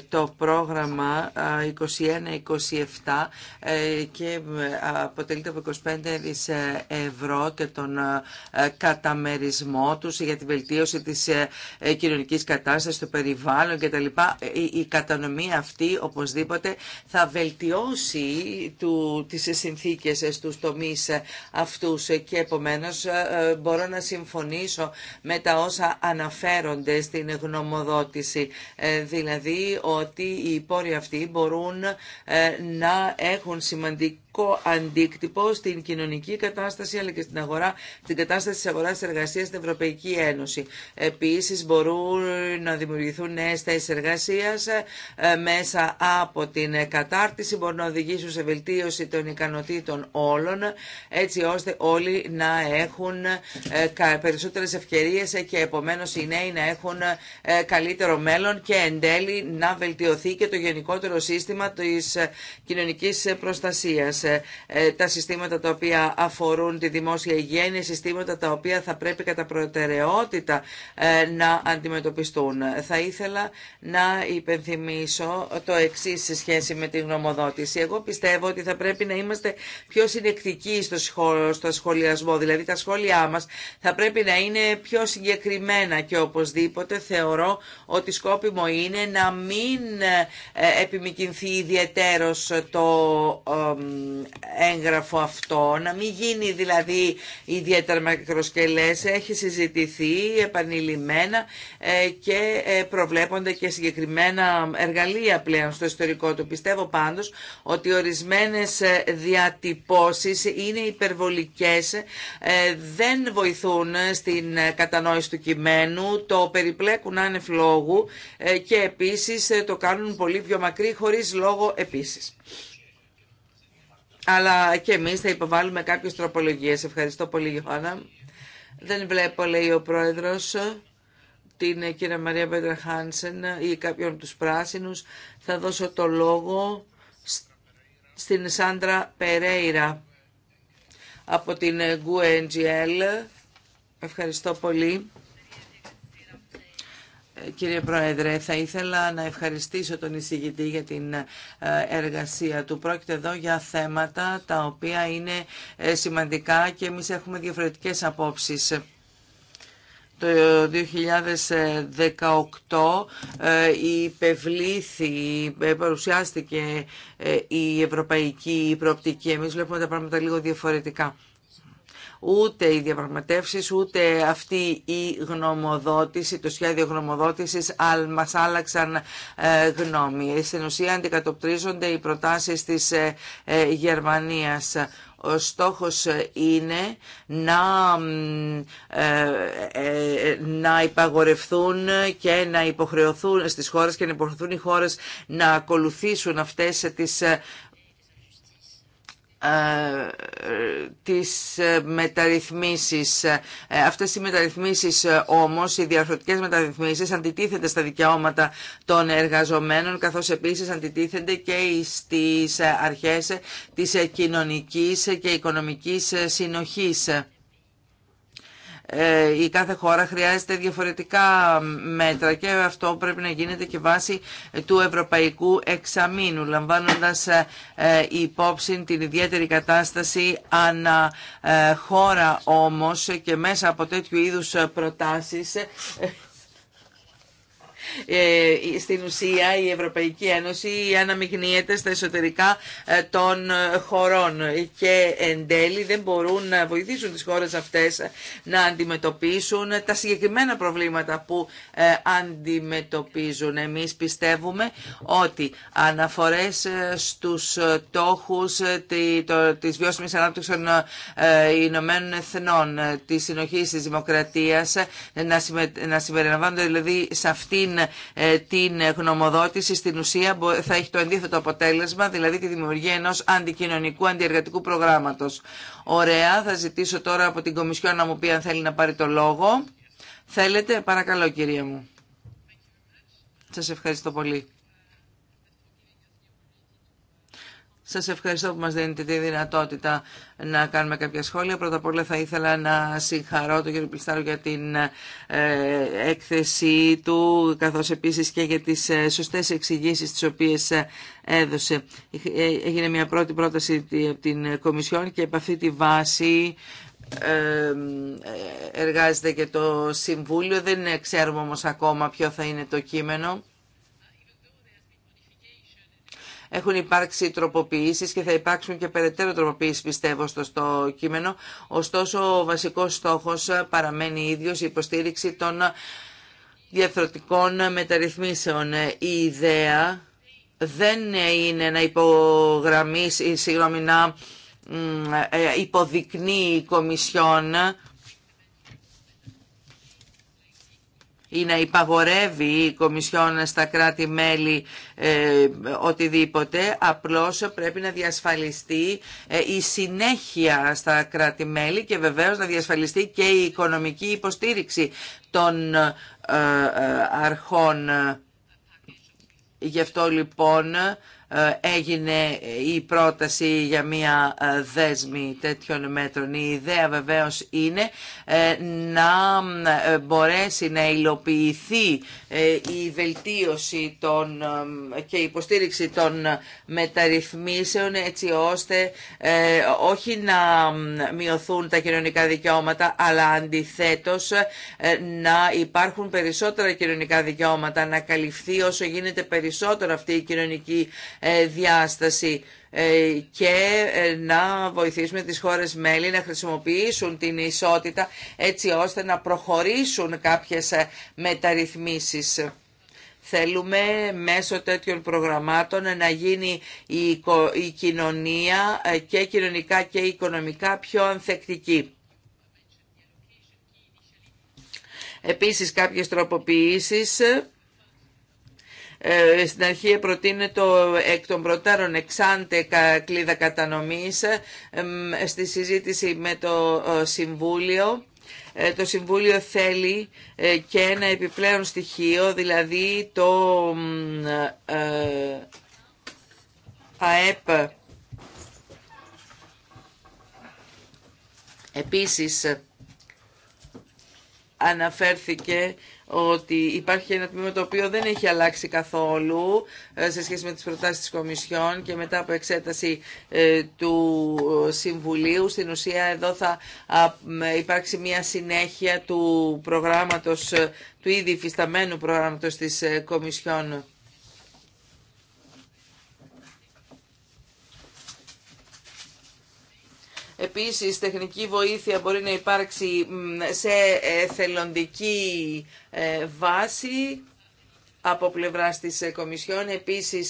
το πρόγραμμα 21-27 και αποτελείται από 25 ευρώ και τον ε, καταμερισμό τους, για την βελτίωση της ε, ε, κοινωνικής κατάστασης, του περιβάλλον κτλ. Η κατανομή αυτή οπωσδήποτε θα βελτιώσει τις συνθήκες στους τομείς αυτούς και επομένως μπορώ να συμφωνήσω με τα όσα αναφέρονται στην γνωμοδότηση. Δηλαδή ότι οι πόροι αυτοί μπορούν να έχουν σημαντική αντίκτυπο στην κοινωνική κατάσταση αλλά και στην, αγορά, την κατάσταση της αγοράς της εργασίας στην Ευρωπαϊκή Ένωση. Επίσης μπορούν να δημιουργηθούν νέες θέσεις εργασίας ε, μέσα από την κατάρτιση, μπορούν να οδηγήσουν σε βελτίωση των ικανοτήτων όλων έτσι ώστε όλοι να έχουν ε, περισσότερες ευκαιρίες και επομένως οι νέοι να έχουν ε, καλύτερο μέλλον και εν τέλει να βελτιωθεί και το γενικότερο σύστημα της κοινωνικής προστασίας. Ε, ε, τα συστήματα τα οποία αφορούν τη δημόσια υγεία είναι συστήματα τα οποία θα πρέπει κατά προτεραιότητα ε, να αντιμετωπιστούν. Θα ήθελα να υπενθυμίσω το εξή σε σχέση με την γνωμοδότηση. Εγώ πιστεύω ότι θα πρέπει να είμαστε πιο συνεκτικοί στο, σχολιασμό, δηλαδή τα σχόλιά μας θα πρέπει να είναι πιο συγκεκριμένα και οπωσδήποτε θεωρώ ότι σκόπιμο είναι να μην επιμηκυνθεί ιδιαίτερος το έγγραφο αυτό, να μην γίνει δηλαδή ιδιαίτερα μακροσκελές, έχει συζητηθεί επανειλημμένα ε, και ε, προβλέπονται και συγκεκριμένα εργαλεία πλέον στο ιστορικό το Πιστεύω πάντως ότι ορισμένες ε, διατυπώσεις είναι υπερβολικές, δεν βοηθούν στην κατανόηση του κειμένου, το περιπλέκουν άνευ λόγου και επίσης το κάνουν πολύ πιο μακρύ χωρίς λόγο επίσης. Αλλά και εμείς θα υποβάλουμε κάποιες τροπολογίες. Ευχαριστώ πολύ, Γιώνα. Δεν βλέπω, λέει ο Πρόεδρος, την κυρία Μαρία Μπέγκρα Χάνσεν ή κάποιον από τους πράσινους. Θα δώσω το λόγο στην Σάντρα Περέιρα από την GUNGL. Ευχαριστώ πολύ. Ε, κύριε Πρόεδρε, θα ήθελα να ευχαριστήσω τον εισηγητή για την ε, εργασία του. Πρόκειται εδώ για θέματα τα οποία είναι ε, σημαντικά και εμείς έχουμε διαφορετικές απόψεις. Το 2018 υπευλήθη, παρουσιάστηκε η ευρωπαϊκή προοπτική. Εμείς βλέπουμε τα πράγματα λίγο διαφορετικά. Ούτε οι διαπραγματεύσεις, ούτε αυτή η γνωμοδότηση, το σχέδιο γνωμοδότησης μας άλλαξαν ε, γνώμη. Στην ουσία αντικατοπτρίζονται οι προτάσεις της ε, ε, Γερμανίας ο στόχος είναι να, να υπαγορευθούν και να υποχρεωθούν στις χώρες και να υποχρεωθούν οι χώρες να ακολουθήσουν αυτές τις ε, τις μεταρρυθμίσεις. Ε, αυτές οι μεταρρυθμίσεις ε, όμως, οι διαρθρωτικές μεταρρυθμίσεις αντιτίθενται στα δικαιώματα των εργαζομένων καθώς επίσης αντιτίθενται και στις αρχές της κοινωνικής και οικονομικής συνοχής. Ε, η κάθε χώρα χρειάζεται διαφορετικά μέτρα και αυτό πρέπει να γίνεται και βάσει του Ευρωπαϊκού Εξαμήνου, λαμβάνοντας ε, ε, υπόψη την ιδιαίτερη κατάσταση ανά χώρα όμως και μέσα από τέτοιου είδους προτάσεις ε, στην ουσία η Ευρωπαϊκή Ένωση αναμειγνύεται στα εσωτερικά ε, των ε, χωρών και εν τέλει δεν μπορούν να βοηθήσουν τις χώρες αυτές να αντιμετωπίσουν τα συγκεκριμένα προβλήματα που αντιμετωπίζουν. Εμείς πιστεύουμε ότι αναφορές στους τόχους της βιώσιμης ανάπτυξης των Ηνωμένων Εθνών, της συνοχής της δημοκρατίας, να συμπεριλαμβάνονται δηλαδή σε αυτήν ε, την γνωμοδότηση στην ουσία θα έχει το αντίθετο αποτέλεσμα, δηλαδή τη δημιουργία ενός αντικοινωνικού, αντιεργατικού προγράμματος. Ωραία, θα ζητήσω τώρα από την Κομισιό να μου πει αν θέλει να πάρει το λόγο. Θέλετε, παρακαλώ κυρία μου. Σας ευχαριστώ πολύ. Σας ευχαριστώ που μας δίνετε τη δυνατότητα να κάνουμε κάποια σχόλια. Πρώτα απ' όλα θα ήθελα να συγχαρώ τον κύριο Πλιστάρο για την ε, έκθεσή του, καθώς επίσης και για τις ε, σωστές εξηγήσεις τις οποίες ε, έδωσε. Έγινε μια πρώτη πρόταση από την Κομισιόν και από αυτή τη βάση εργάζεται και το Συμβούλιο. Δεν ξέρουμε όμως ακόμα ποιο θα είναι το κείμενο. Έχουν υπάρξει τροποποιήσεις και θα υπάρξουν και περαιτέρω τροποποιήσεις πιστεύω στο, κείμενο. Ωστόσο ο βασικός στόχος παραμένει ίδιος η υποστήριξη των διαφθορτικών μεταρρυθμίσεων. Η ιδέα δεν είναι να υπογραμμίσει, συγγνώμη, να ε, ε, υποδεικνύει η Κομισιόν ή να υπαγορεύει η Κομισιόν στα κράτη-μέλη ε, οτιδήποτε, απλώς πρέπει να διασφαλιστεί ε, η συνέχεια στα κράτη-μέλη και βεβαίως να διασφαλιστεί και η οικονομική υποστήριξη των ε, ε, αρχών. Γι' αυτό λοιπόν ε, έγινε η πρόταση για μια ε, δέσμη τέτοιων μέτρων. Η ιδέα βεβαίως είναι ε, να μπορέσει να υλοποιηθεί η βελτίωση των, και η υποστήριξη των μεταρρυθμίσεων έτσι ώστε όχι να μειωθούν τα κοινωνικά δικαιώματα αλλά αντιθέτως να υπάρχουν περισσότερα κοινωνικά δικαιώματα, να καλυφθεί όσο γίνεται περισσότερο αυτή η κοινωνική ε, διάσταση ε, και ε, να βοηθήσουμε τις χώρες μέλη να χρησιμοποιήσουν την ισότητα έτσι ώστε να προχωρήσουν κάποιες μεταρρυθμίσεις. Θέλουμε μέσω τέτοιων προγραμμάτων να γίνει η κοινωνία και κοινωνικά και οικονομικά πιο ανθεκτική. Επίσης κάποιες τροποποιήσεις ε, στην αρχή προτείνεται εκ των προτέρων εξάντε κλίδα κατανομής στη συζήτηση με το ε, Συμβούλιο. Ε, το Συμβούλιο θέλει και ένα επιπλέον στοιχείο, δηλαδή το ΑΕΠ. Επίσης αναφέρθηκε ότι υπάρχει ένα τμήμα το οποίο δεν έχει αλλάξει καθόλου ε, σε σχέση με τις προτάσεις της Κομισιόν και μετά από εξέταση ε, του ε, Συμβουλίου. Στην ουσία εδώ θα υπάρξει μια συνέχεια του προγράμματος, του ήδη υφισταμένου προγράμματος της Κομισιόν. Επίσης, τεχνική βοήθεια μπορεί να υπάρξει σε θελοντική ε, βάση από πλευρά της ε, Κομισιόν. Επίση,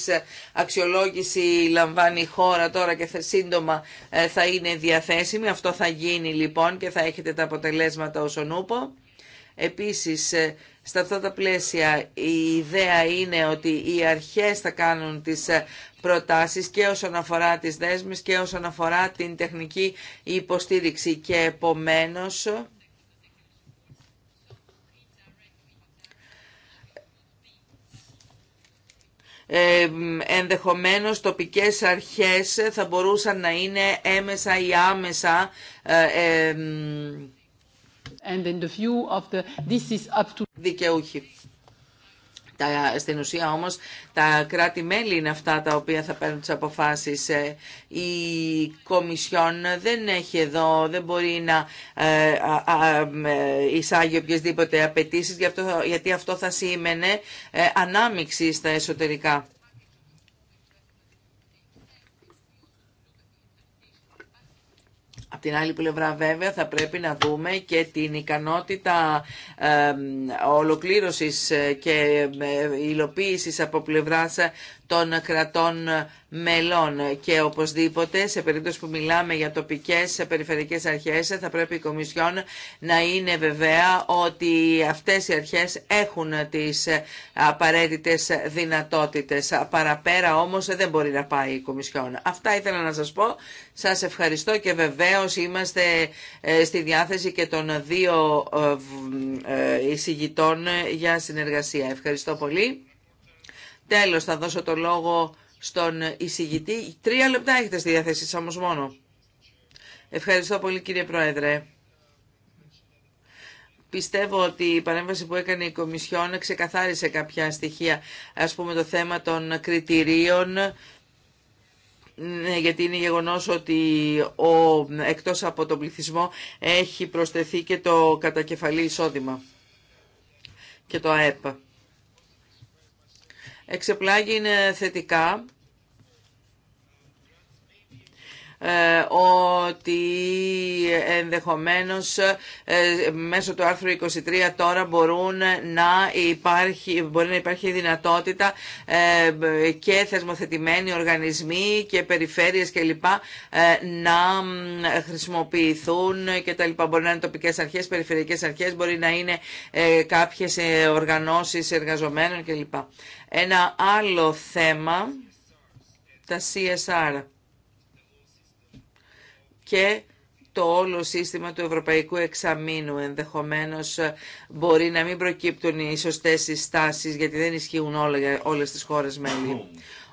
αξιολόγηση λαμβάνει η χώρα τώρα και σύντομα ε, θα είναι διαθέσιμη. Αυτό θα γίνει λοιπόν και θα έχετε τα αποτελέσματα όσον ούπο. Επίσης, σε αυτά τα πλαίσια η ιδέα είναι ότι οι αρχές θα κάνουν τις ε, προτάσεις και όσον αφορά τις δέσμες και όσον αφορά την τεχνική υποστήριξη και επομένως Ε, ενδεχομένως τοπικές αρχές θα μπορούσαν να είναι έμεσα ή άμεσα ε, ε, δικαιούχοι. Τα, στην ουσία όμως τα κράτη-μέλη είναι αυτά τα οποία θα παίρνουν τις αποφάσεις. Ε. Η Κομισιόν δεν έχει εδώ, δεν μπορεί να ε, ε, εισάγει οποιασδήποτε απαιτήσει, γιατί αυτό θα σήμαινε ανάμειξη στα εσωτερικά Από την άλλη πλευρά βέβαια θα πρέπει να δούμε και την ικανότητα ολοκλήρωσης ε, και ε, υλοποίησης από πλευράς των κρατών μελών και οπωσδήποτε σε περίπτωση που μιλάμε για τοπικές περιφερειακές αρχές θα πρέπει η Κομισιόν να είναι βεβαία ότι αυτές οι αρχές έχουν τις απαραίτητες δυνατότητες. Παραπέρα όμως δεν μπορεί να πάει η Κομισιόν. Αυτά ήθελα να σας πω. Σας ευχαριστώ και βεβαίως είμαστε ε, στη διάθεση και των δύο ε, ε, εισηγητών για συνεργασία. Ευχαριστώ πολύ. Τέλος θα δώσω το λόγο στον εισηγητή. Τρία λεπτά έχετε στη διάθεσή σας μόνο. Ευχαριστώ πολύ κύριε Πρόεδρε. Πιστεύω ότι η παρέμβαση που έκανε η Κομισιόν ξεκαθάρισε κάποια στοιχεία, ας πούμε το θέμα των κριτηρίων, ναι, γιατί είναι γεγονός ότι ο, εκτός από τον πληθυσμό έχει προσθεθεί και το κατακεφαλή εισόδημα και το ΑΕΠ εξεπλάγει είναι θετικά Ε, ότι ενδεχομένως ε, μέσω του άρθρου 23 τώρα μπορούν να υπάρχει, μπορεί να υπάρχει δυνατότητα ε, και θεσμοθετημένοι οργανισμοί και περιφέρειες κλπ. να χρησιμοποιηθούν λοιπά Μπορεί να είναι τοπικές αρχές, περιφερειακές αρχές, μπορεί να είναι κάποιες οργανώσεις εργαζομένων κλπ. Ένα άλλο θέμα, τα CSR και το όλο σύστημα του Ευρωπαϊκού Εξαμήνου. Ενδεχομένως ε, μπορεί να μην προκύπτουν οι σωστές συστάσεις γιατί δεν ισχύουν όλα, όλες τις χώρες μέλη.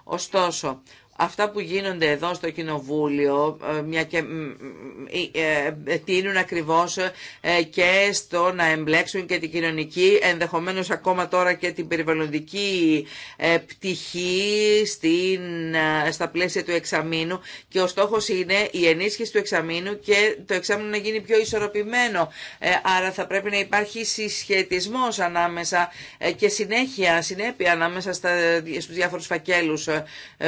Ωστόσο, αυτά που γίνονται εδώ στο Κοινοβούλιο ε, μια και, ε, ε, τείνουν ακριβώς και στο να εμπλέξουν και την κοινωνική, ενδεχομένως ακόμα τώρα και την περιβαλλοντική πτυχή στην, στα πλαίσια του εξαμήνου και ο στόχος είναι η ενίσχυση του εξαμήνου και το εξάμεινο να γίνει πιο ισορροπημένο. Άρα θα πρέπει να υπάρχει συσχετισμός ανάμεσα και συνέχεια, συνέπεια ανάμεσα στα, στους διάφορους φακέλους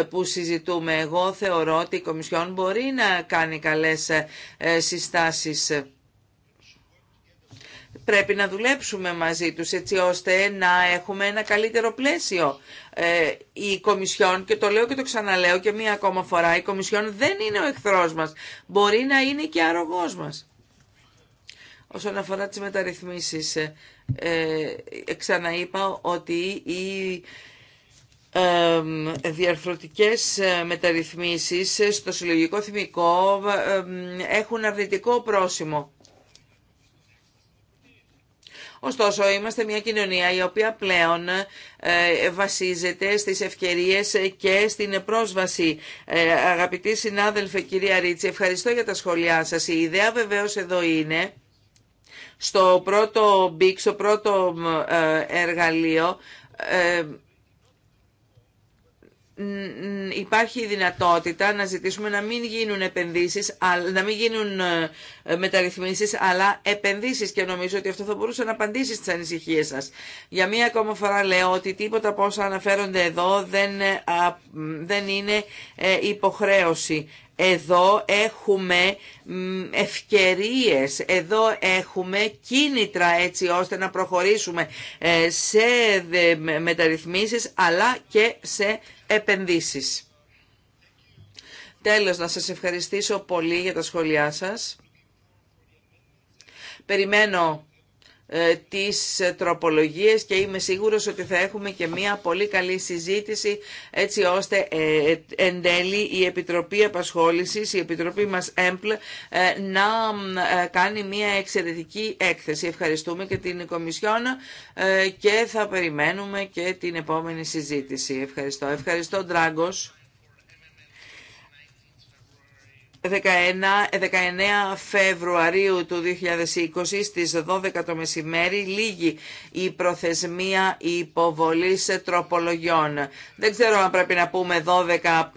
που συζητούν εγώ θεωρώ ότι η Κομισιόν μπορεί να κάνει καλές ε, συστάσεις πρέπει να δουλέψουμε μαζί τους έτσι ώστε να έχουμε ένα καλύτερο πλαίσιο. Ε, η Κομισιόν, και το λέω και το ξαναλέω και μία ακόμα φορά, η Κομισιόν δεν είναι ο εχθρός μας. Μπορεί να είναι και αρρωγός μας. Όσον αφορά τις μεταρρυθμίσεις, ε, ε ξαναείπα ότι η διαρθρωτικές ε, μεταρρυθμίσεις στο συλλογικό θυμικό έχουν αρνητικό πρόσημο. Ωστόσο, είμαστε μια κοινωνία η οποία πλέον ε, βασίζεται στις ευκαιρίες και στην πρόσβαση. Ε, αγαπητοί συνάδελφοι, κυρία Ρίτσι, ευχαριστώ για τα σχόλιά σας. Η ιδέα βεβαίως εδώ είναι στο πρώτο μπίξ, στο πρώτο εργαλείο, υπάρχει η δυνατότητα να ζητήσουμε να μην γίνουν επενδύσεις, να μην γίνουν ε, ε, μεταρρυθμίσεις, αλλά επενδύσεις και νομίζω ότι αυτό θα μπορούσε να απαντήσει στις ανησυχίες σας. Για μία ακόμα φορά λέω ότι τίποτα από όσα αναφέρονται εδώ δεν, ε, δεν είναι υποχρέωση. Εδώ έχουμε ευκαιρίες, εδώ έχουμε κίνητρα έτσι ώστε να προχωρήσουμε σε μεταρρυθμίσεις αλλά και σε επενδύσεις. Τέλος, να σας ευχαριστήσω πολύ για τα σχόλιά σας. Περιμένω ε, τις τροπολογίες και είμαι σίγουρος ότι θα έχουμε και μια πολύ καλή συζήτηση έτσι ώστε ε, εν τέλει η Επιτροπή Απασχόλησης, η Επιτροπή μας ΕΜΠΛ ε, να κάνει μια εξαιρετική έκθεση. Ευχαριστούμε και την Κομισιόν και θα περιμένουμε και την επόμενη συζήτηση. Ευχαριστώ. Ευχαριστώ Ντράγκος. 19, Φεβρουαρίου του 2020 στις 12 το μεσημέρι λίγη η προθεσμία υποβολής τροπολογιών. Δεν ξέρω αν πρέπει να πούμε 12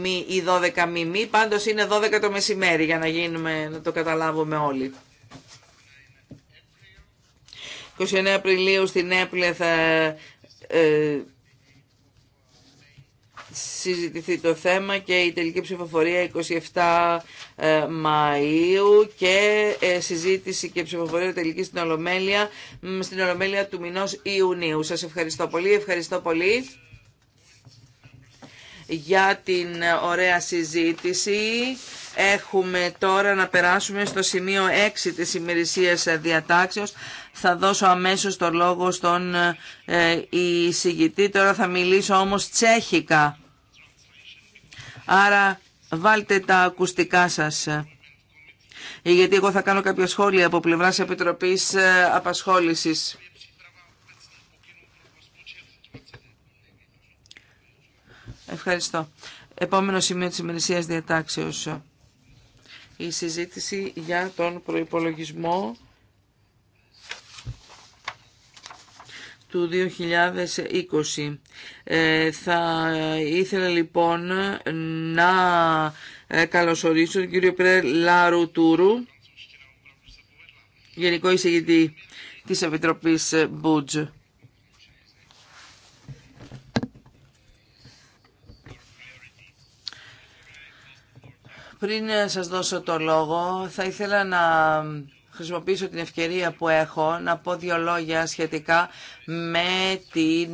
μη ή 12 μη μη, πάντως είναι 12 το μεσημέρι για να, γίνουμε, να το καταλάβουμε όλοι. 29 Απριλίου στην Έπλεθα... ε, συζητηθεί το θέμα και η τελική ψηφοφορία 27 ε, Μαΐου και ε, συζήτηση και ψηφοφορία τελική στην Ολομέλεια, στην Ολομέλεια του μηνός Ιουνίου. Σας ευχαριστώ πολύ, ευχαριστώ πολύ για την ε, ωραία συζήτηση. Έχουμε τώρα να περάσουμε στο σημείο 6 της ημερησίας διατάξεως. Θα δώσω αμέσως το λόγο στον εισηγητή. Τώρα θα μιλήσω όμως τσέχικα. Άρα βάλτε τα ακουστικά σας. Ε, γιατί εγώ θα κάνω κάποια σχόλια από πλευράς Επιτροπής ε, Απασχόλησης. Ευχαριστώ. Επόμενο σημείο της ημερησίας διατάξεως. Η συζήτηση για τον προϋπολογισμό του 2020. Ε, θα ήθελα λοιπόν να ε, καλωσορίσω τον κύριο Πρέ Λάρου Τούρου, Γενικό Εισηγητή της Επιτροπής Μπούτζ. Πριν σας δώσω το λόγο, θα ήθελα να χρησιμοποιήσω την ευκαιρία που έχω να πω δύο λόγια σχετικά με τη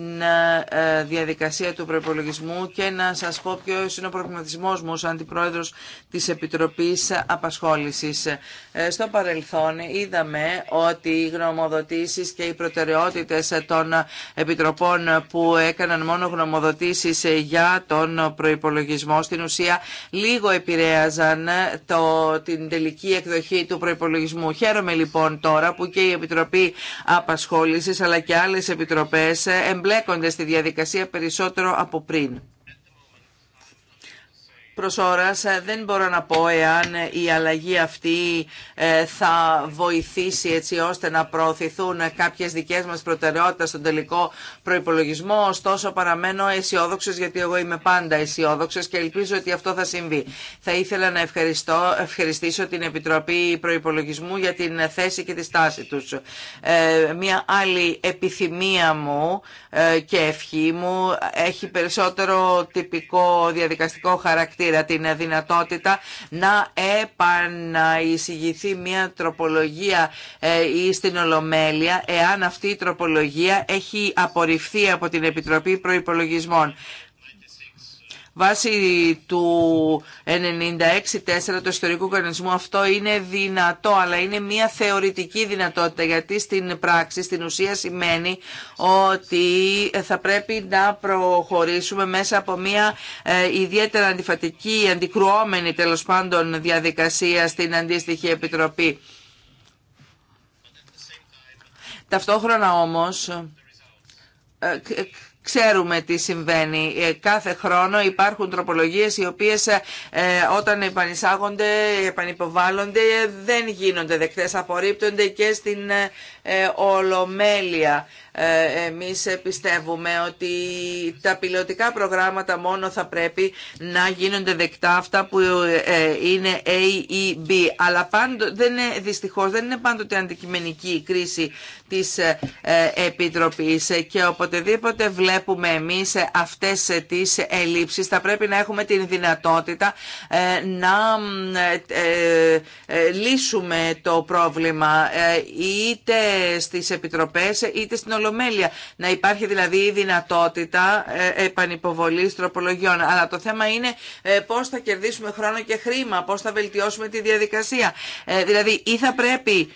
ε, διαδικασία του προπολογισμού και να σας πω ποιο είναι ο προβληματισμός μου ως Αντιπρόεδρος της Επιτροπής Απασχόλησης. Ε, στο παρελθόν είδαμε ότι οι γνωμοδοτήσεις και οι προτεραιότητες των επιτροπών που έκαναν μόνο γνωμοδοτήσεις για τον προϋπολογισμό στην ουσία λίγο επηρέαζαν το, την τελική εκδοχή του προπολογισμού. Χαίρομαι λοιπόν τώρα που και η Επιτροπή Απασχόλησης αλλά και άλλες επιτροπές εμπλέκονται στη διαδικασία περισσότερο από πριν προς ώρας ε, δεν μπορώ να πω εάν η αλλαγή αυτή ε, θα βοηθήσει έτσι ώστε να προωθηθούν κάποιες δικές μας προτεραιότητες στον τελικό προϋπολογισμό. Ωστόσο παραμένω αισιόδοξο γιατί εγώ είμαι πάντα αισιόδοξο και ελπίζω ότι αυτό θα συμβεί. Θα ήθελα να ευχαριστώ, ευχαριστήσω την Επιτροπή Προϋπολογισμού για την θέση και τη στάση τους. Ε, μια άλλη επιθυμία μου και ευχή μου έχει περισσότερο τυπικό διαδικαστικό χαρακτήρα για την δυνατότητα να επαναεισηγηθεί μια τροπολογία ή ε, στην Ολομέλεια εάν αυτή η τροπολογία έχει απορριφθεί από την Επιτροπή Προϋπολογισμών. Βάσει του 4 του ιστορικού κανονισμού αυτό είναι δυνατό, αλλά είναι μια θεωρητική δυνατότητα, γιατί στην πράξη, στην ουσία σημαίνει ότι θα πρέπει να προχωρήσουμε μέσα από μια ε, ιδιαίτερα αντιφατική, αντικρουόμενη τέλο πάντων διαδικασία στην αντίστοιχη επιτροπή. Ταυτόχρονα όμως ε, ε, Ξέρουμε τι συμβαίνει. Ε, κάθε χρόνο υπάρχουν τροπολογίες οι οποίες ε, όταν επανεισάγονται, επανυποβάλλονται δεν γίνονται δεκτές, απορρίπτονται και στην ε, Ολομέλεια. Ε, εμείς πιστεύουμε ότι τα πιλωτικά προγράμματα μόνο θα πρέπει να γίνονται δεκτά αυτά που ε, είναι A ή e B. Αλλά πάντο, δεν είναι, δυστυχώς δεν είναι πάντοτε αντικειμενική η κρίση της ε, Επιτροπής και οποτεδήποτε βλέπουμε εμείς αυτές τις ελλείψεις θα πρέπει να έχουμε την δυνατότητα να λύσουμε το πρόβλημα είτε στις Επιτροπές είτε στην να υπάρχει δηλαδή η δυνατότητα ε, επανυποβολή τροπολογιών. Αλλά το θέμα είναι ε, πώς θα κερδίσουμε χρόνο και χρήμα, πώς θα βελτιώσουμε τη διαδικασία. Ε, δηλαδή ή θα πρέπει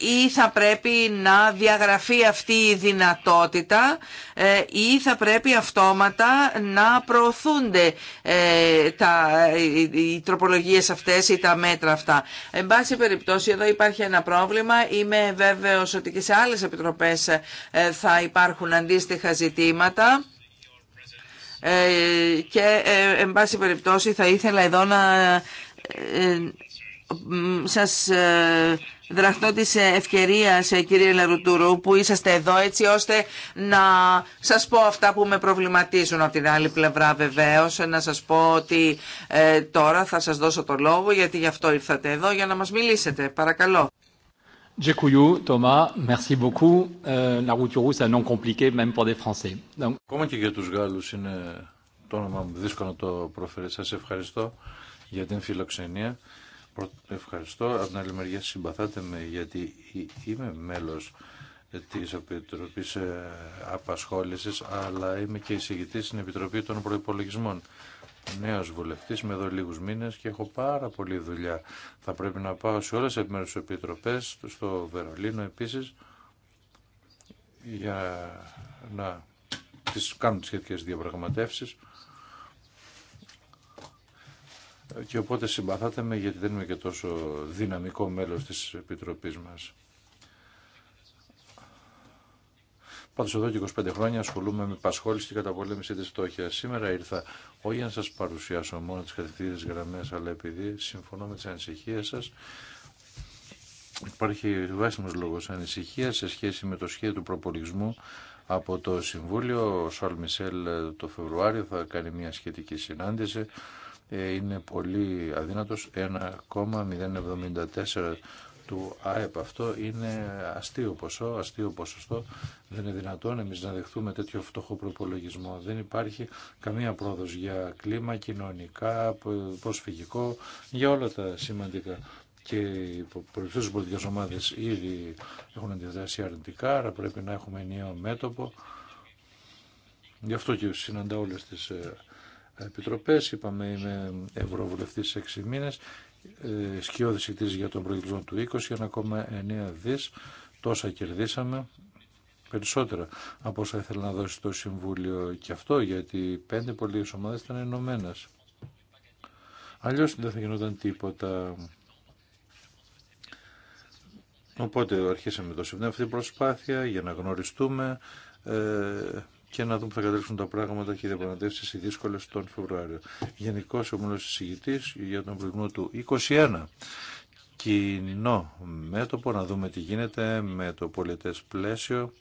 ή θα πρέπει να διαγραφεί αυτή η δυνατότητα ε, ή θα πρέπει αυτόματα να προωθούνται ε, τα, οι τροπολογίες αυτές ή τα μέτρα αυτά. Εν πάση περιπτώσει εδώ υπάρχει ένα πρόβλημα. Είμαι βέβαιος ότι και σε άλλες επιτροπές ε, θα υπάρχουν αντίστοιχα ζητήματα και εν πάση περιπτώσει θα ήθελα εδώ να σας δραχτώ τη ε, ευκαιρία ε, κύριε Λαρουτουρού που είσαστε εδώ έτσι ώστε να σα πω αυτά που με προβληματίζουν από την άλλη πλευρά βεβαίω. να σα πω ότι ε, τώρα θα σα δώσω το λόγο γιατί γι' αυτό ήρθατε εδώ για να μα μιλήσετε παρακαλώ Ακόμα και για του Γάλλου είναι το όνομα μου δύσκολο να το προφέρει. Σα ευχαριστώ για την φιλοξενία Ευχαριστώ. Από την άλλη μεριά συμπαθάτε με γιατί είμαι μέλος ε, της Επιτροπής ε, Απασχόλησης αλλά είμαι και εισηγητής στην Επιτροπή των Προϋπολογισμών. Νέος βουλευτής, είμαι εδώ λίγους μήνες και έχω πάρα πολλή δουλειά. Θα πρέπει να πάω σε όλες τις επιμέρους επιτροπές, στο Βερολίνο επίσης, για να τις κάνω τις σχετικές διαπραγματεύσεις και οπότε συμπαθάτε με γιατί δεν είμαι και τόσο δυναμικό μέλος της Επιτροπής μας. Πάντως εδώ και 25 χρόνια ασχολούμαι με πασχόληση και καταπολέμηση της φτώχειας. Σήμερα ήρθα όχι να σας παρουσιάσω μόνο τις κατευθύνες γραμμές, αλλά επειδή συμφωνώ με τις ανησυχίες σας, υπάρχει βάσιμος λόγος ανησυχία σε σχέση με το σχέδιο του προπολισμού από το Συμβούλιο. Ο Σολ Μισελ το Φεβρουάριο θα κάνει μια σχετική συνάντηση ε, είναι πολύ αδύνατος 1,074 του ΑΕΠ. Αυτό είναι αστείο ποσό, αστείο ποσοστό. Δεν είναι δυνατόν εμείς να δεχτούμε τέτοιο φτωχό προπολογισμό. Δεν υπάρχει καμία πρόοδος για κλίμα, κοινωνικά, προσφυγικό, για όλα τα σημαντικά. Και οι προηγουμένες πολιτικές ομάδες ήδη έχουν αντιδράσει αρνητικά, άρα πρέπει να έχουμε ενίο μέτωπο. Γι' αυτό και συναντά όλες τις ε, Επιτροπέ, Είπαμε είμαι ευρωβουλευτή σε 6 μήνε. ε, τη για τον προηγούμενο του 20, 1,9 δι τόσα κερδίσαμε, περισσότερα από όσα ήθελα να δώσει το Συμβούλιο και αυτό, γιατί πέντε πολλοί ομάδες ήταν ενωμένε. Αλλιώς δεν θα γινόταν τίποτα. Οπότε αρχίσαμε το Συμβουλίο αυτή την προσπάθεια για να γνωριστούμε. Ε, και να δούμε θα καταλήξουν τα πράγματα και οι διαπραγματεύσει οι δύσκολε τον Φεβρουάριο. Γενικώ ο μόνο εισηγητή για τον προηγούμενο του 21. Κοινό μέτωπο, να δούμε τι γίνεται με το πολιτέ πλαίσιο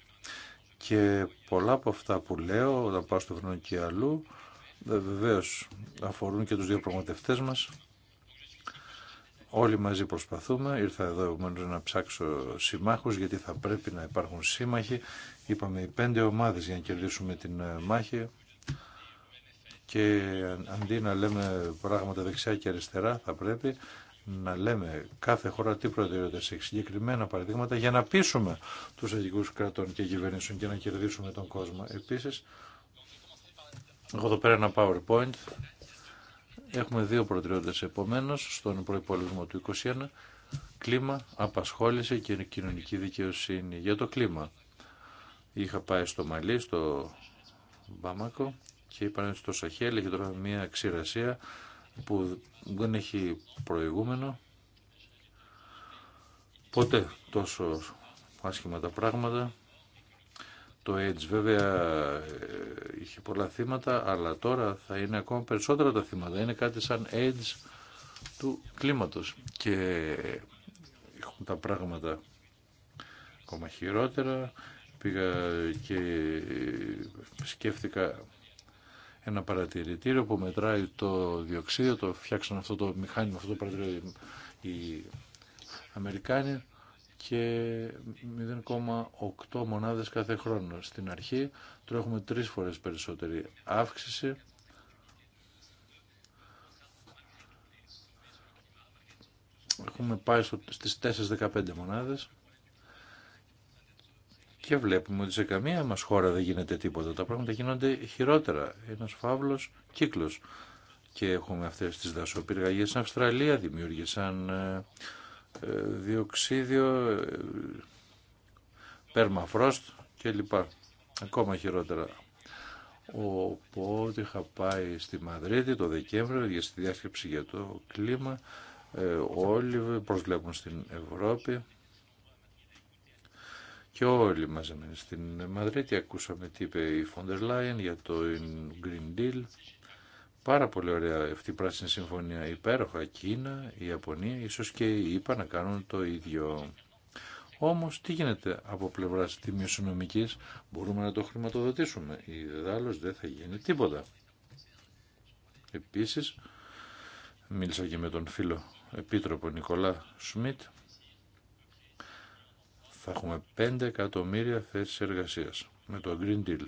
και πολλά από αυτά που λέω όταν πάω στο χρόνο και αλλού βεβαίω αφορούν και τους διαπραγματευτέ μας Όλοι μαζί προσπαθούμε. Ήρθα εδώ μόνο να ψάξω συμμάχους γιατί θα πρέπει να υπάρχουν σύμμαχοι. Είπαμε οι πέντε ομάδες για να κερδίσουμε την ε, μάχη και αντί να λέμε πράγματα δεξιά και αριστερά θα πρέπει να λέμε κάθε χώρα τι προτεραιότητες έχει συγκεκριμένα παραδείγματα για να πείσουμε τους αγικού κρατών και κυβερνήσεων και να κερδίσουμε τον κόσμο. Επίσης, έχω εδώ πέρα ένα PowerPoint Έχουμε δύο προτεραιότητε επομένως στον προϋπολογισμό του 2021. Κλίμα, απασχόληση και κοινωνική δικαιοσύνη. Για το κλίμα. Είχα πάει στο Μαλί, στο Μπαμάκο και είπαν στο Σαχέλ έχει τώρα μια ξηρασία που δεν έχει προηγούμενο. Ποτέ τόσο άσχημα τα πράγματα το AIDS βέβαια ε, είχε πολλά θύματα, αλλά τώρα θα είναι ακόμα περισσότερα τα θύματα. Είναι κάτι σαν AIDS του κλίματος και έχουν τα πράγματα ακόμα χειρότερα. Πήγα και σκέφτηκα ένα παρατηρητήριο που μετράει το διοξείδιο. το φτιάξαν αυτό το μηχάνημα, αυτό το παρατηρητήριο οι Αμερικάνοι και 0,8 μονάδες κάθε χρόνο. Στην αρχή τώρα έχουμε τρεις φορές περισσότερη αύξηση έχουμε πάει στις 4-15 μονάδες και βλέπουμε ότι σε καμία μας χώρα δεν γίνεται τίποτα. Τα πράγματα γίνονται χειρότερα. Ένας φαύλος κύκλος. Και έχουμε αυτές τις δασοπυργαγίες στην Αυστραλία, δημιούργησαν ε, ε, διοξίδιο, ε, περμαφρόστ λοιπά. Ακόμα χειρότερα. Οπότε είχα πάει στη Μαδρίτη το Δεκέμβριο για στη διάσκεψη για το κλίμα. Ε, όλοι προσβλέπουν στην Ευρώπη και όλοι μαζεμένοι στην Μαδρίτη ακούσαμε τι είπε η Φόντερ Λάιεν για το Green Deal Πάρα πολύ ωραία αυτή η πράσινη συμφωνία. Υπέροχα Κίνα, η Ιαπωνία, ίσως και οι ΙΠΑ να κάνουν το ίδιο. Όμως τι γίνεται από πλευράς συνομικής μπορούμε να το χρηματοδοτήσουμε. Ιδάλλως δεν θα γίνει τίποτα. Επίσης, μίλησα και με τον φίλο επίτροπο Νικολά Σμιτ, θα έχουμε 5 εκατομμύρια θέσεις εργασίας με το Green Deal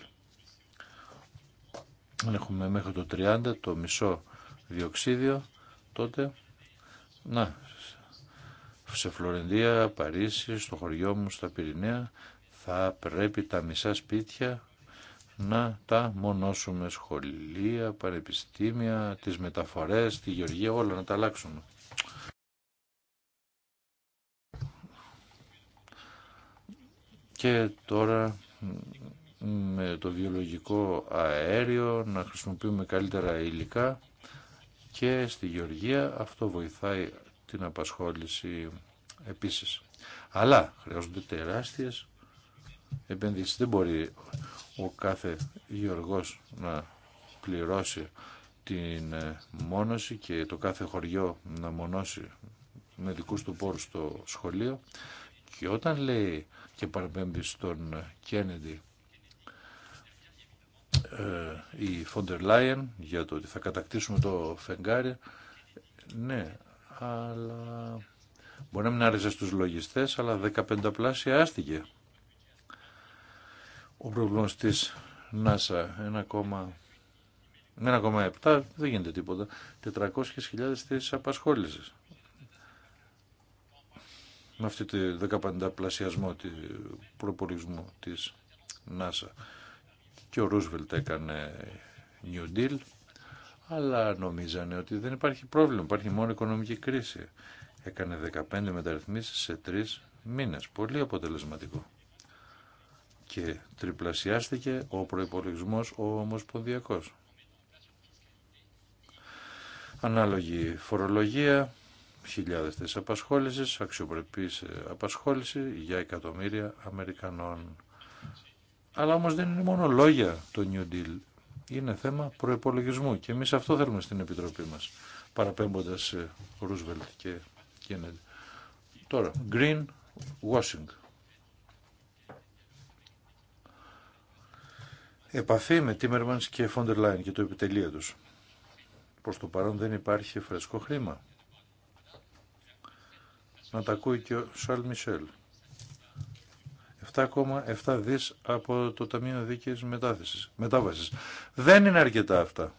αν έχουμε μέχρι το 30 το μισό διοξίδιο, τότε να, σε Φλωρεντία, Παρίσι, στο χωριό μου, στα Πυρηναία, θα πρέπει τα μισά σπίτια να τα μονώσουμε σχολεία, πανεπιστήμια, τις μεταφορές, τη γεωργία, όλα να τα αλλάξουμε. Και τώρα με το βιολογικό αέριο, να χρησιμοποιούμε καλύτερα υλικά και στη γεωργία αυτό βοηθάει την απασχόληση επίσης. Αλλά χρειάζονται τεράστιες επενδύσεις. Δεν μπορεί ο κάθε γεωργός να πληρώσει την ε, μόνωση και το κάθε χωριό να μονώσει με δικούς του πόρους στο σχολείο και όταν λέει και παραπέμπει στον Κέννιντι ε, η Φόντερ Λάιεν για το ότι θα κατακτήσουμε το φεγγάρι. Ναι, αλλά μπορεί να μην άρεσε στους λογιστές, αλλά 15 πλάσια άστηκε. Ο προβλήμος της NASA 1,7 δεν γίνεται τίποτα. 400.000 θέσεις απασχόλησης. Με αυτή τη 15 πλασιασμό του προπολισμού της NASA. Και ο Ρούσβελτ έκανε New Deal, αλλά νομίζανε ότι δεν υπάρχει πρόβλημα, υπάρχει μόνο οικονομική κρίση. Έκανε 15 μεταρρυθμίσεις σε τρει μήνες, πολύ αποτελεσματικό. Και τριπλασιάστηκε ο προϋπολογισμός ο ομοσπονδιακός. Ανάλογη φορολογία, χιλιάδες της απασχόλησης, αξιοπρεπής απασχόληση για εκατομμύρια Αμερικανών. Αλλά όμως δεν είναι μόνο λόγια το New Deal. Είναι θέμα προϋπολογισμού και εμείς αυτό θέλουμε στην Επιτροπή μας, παραπέμποντας Ρούσβελτ και Κέννεντ. Τώρα, Green Washing. Επαφή με Τίμερμανς και Φόντερ Λάιν και το επιτελείο τους. Προς το παρόν δεν υπάρχει φρέσκο χρήμα. Να τα ακούει και ο Σαλ Μισελ. 7,7 δις από το Ταμείο Δίκαιης Μετάθεσης, Μετάβασης. Δεν είναι αρκετά αυτά.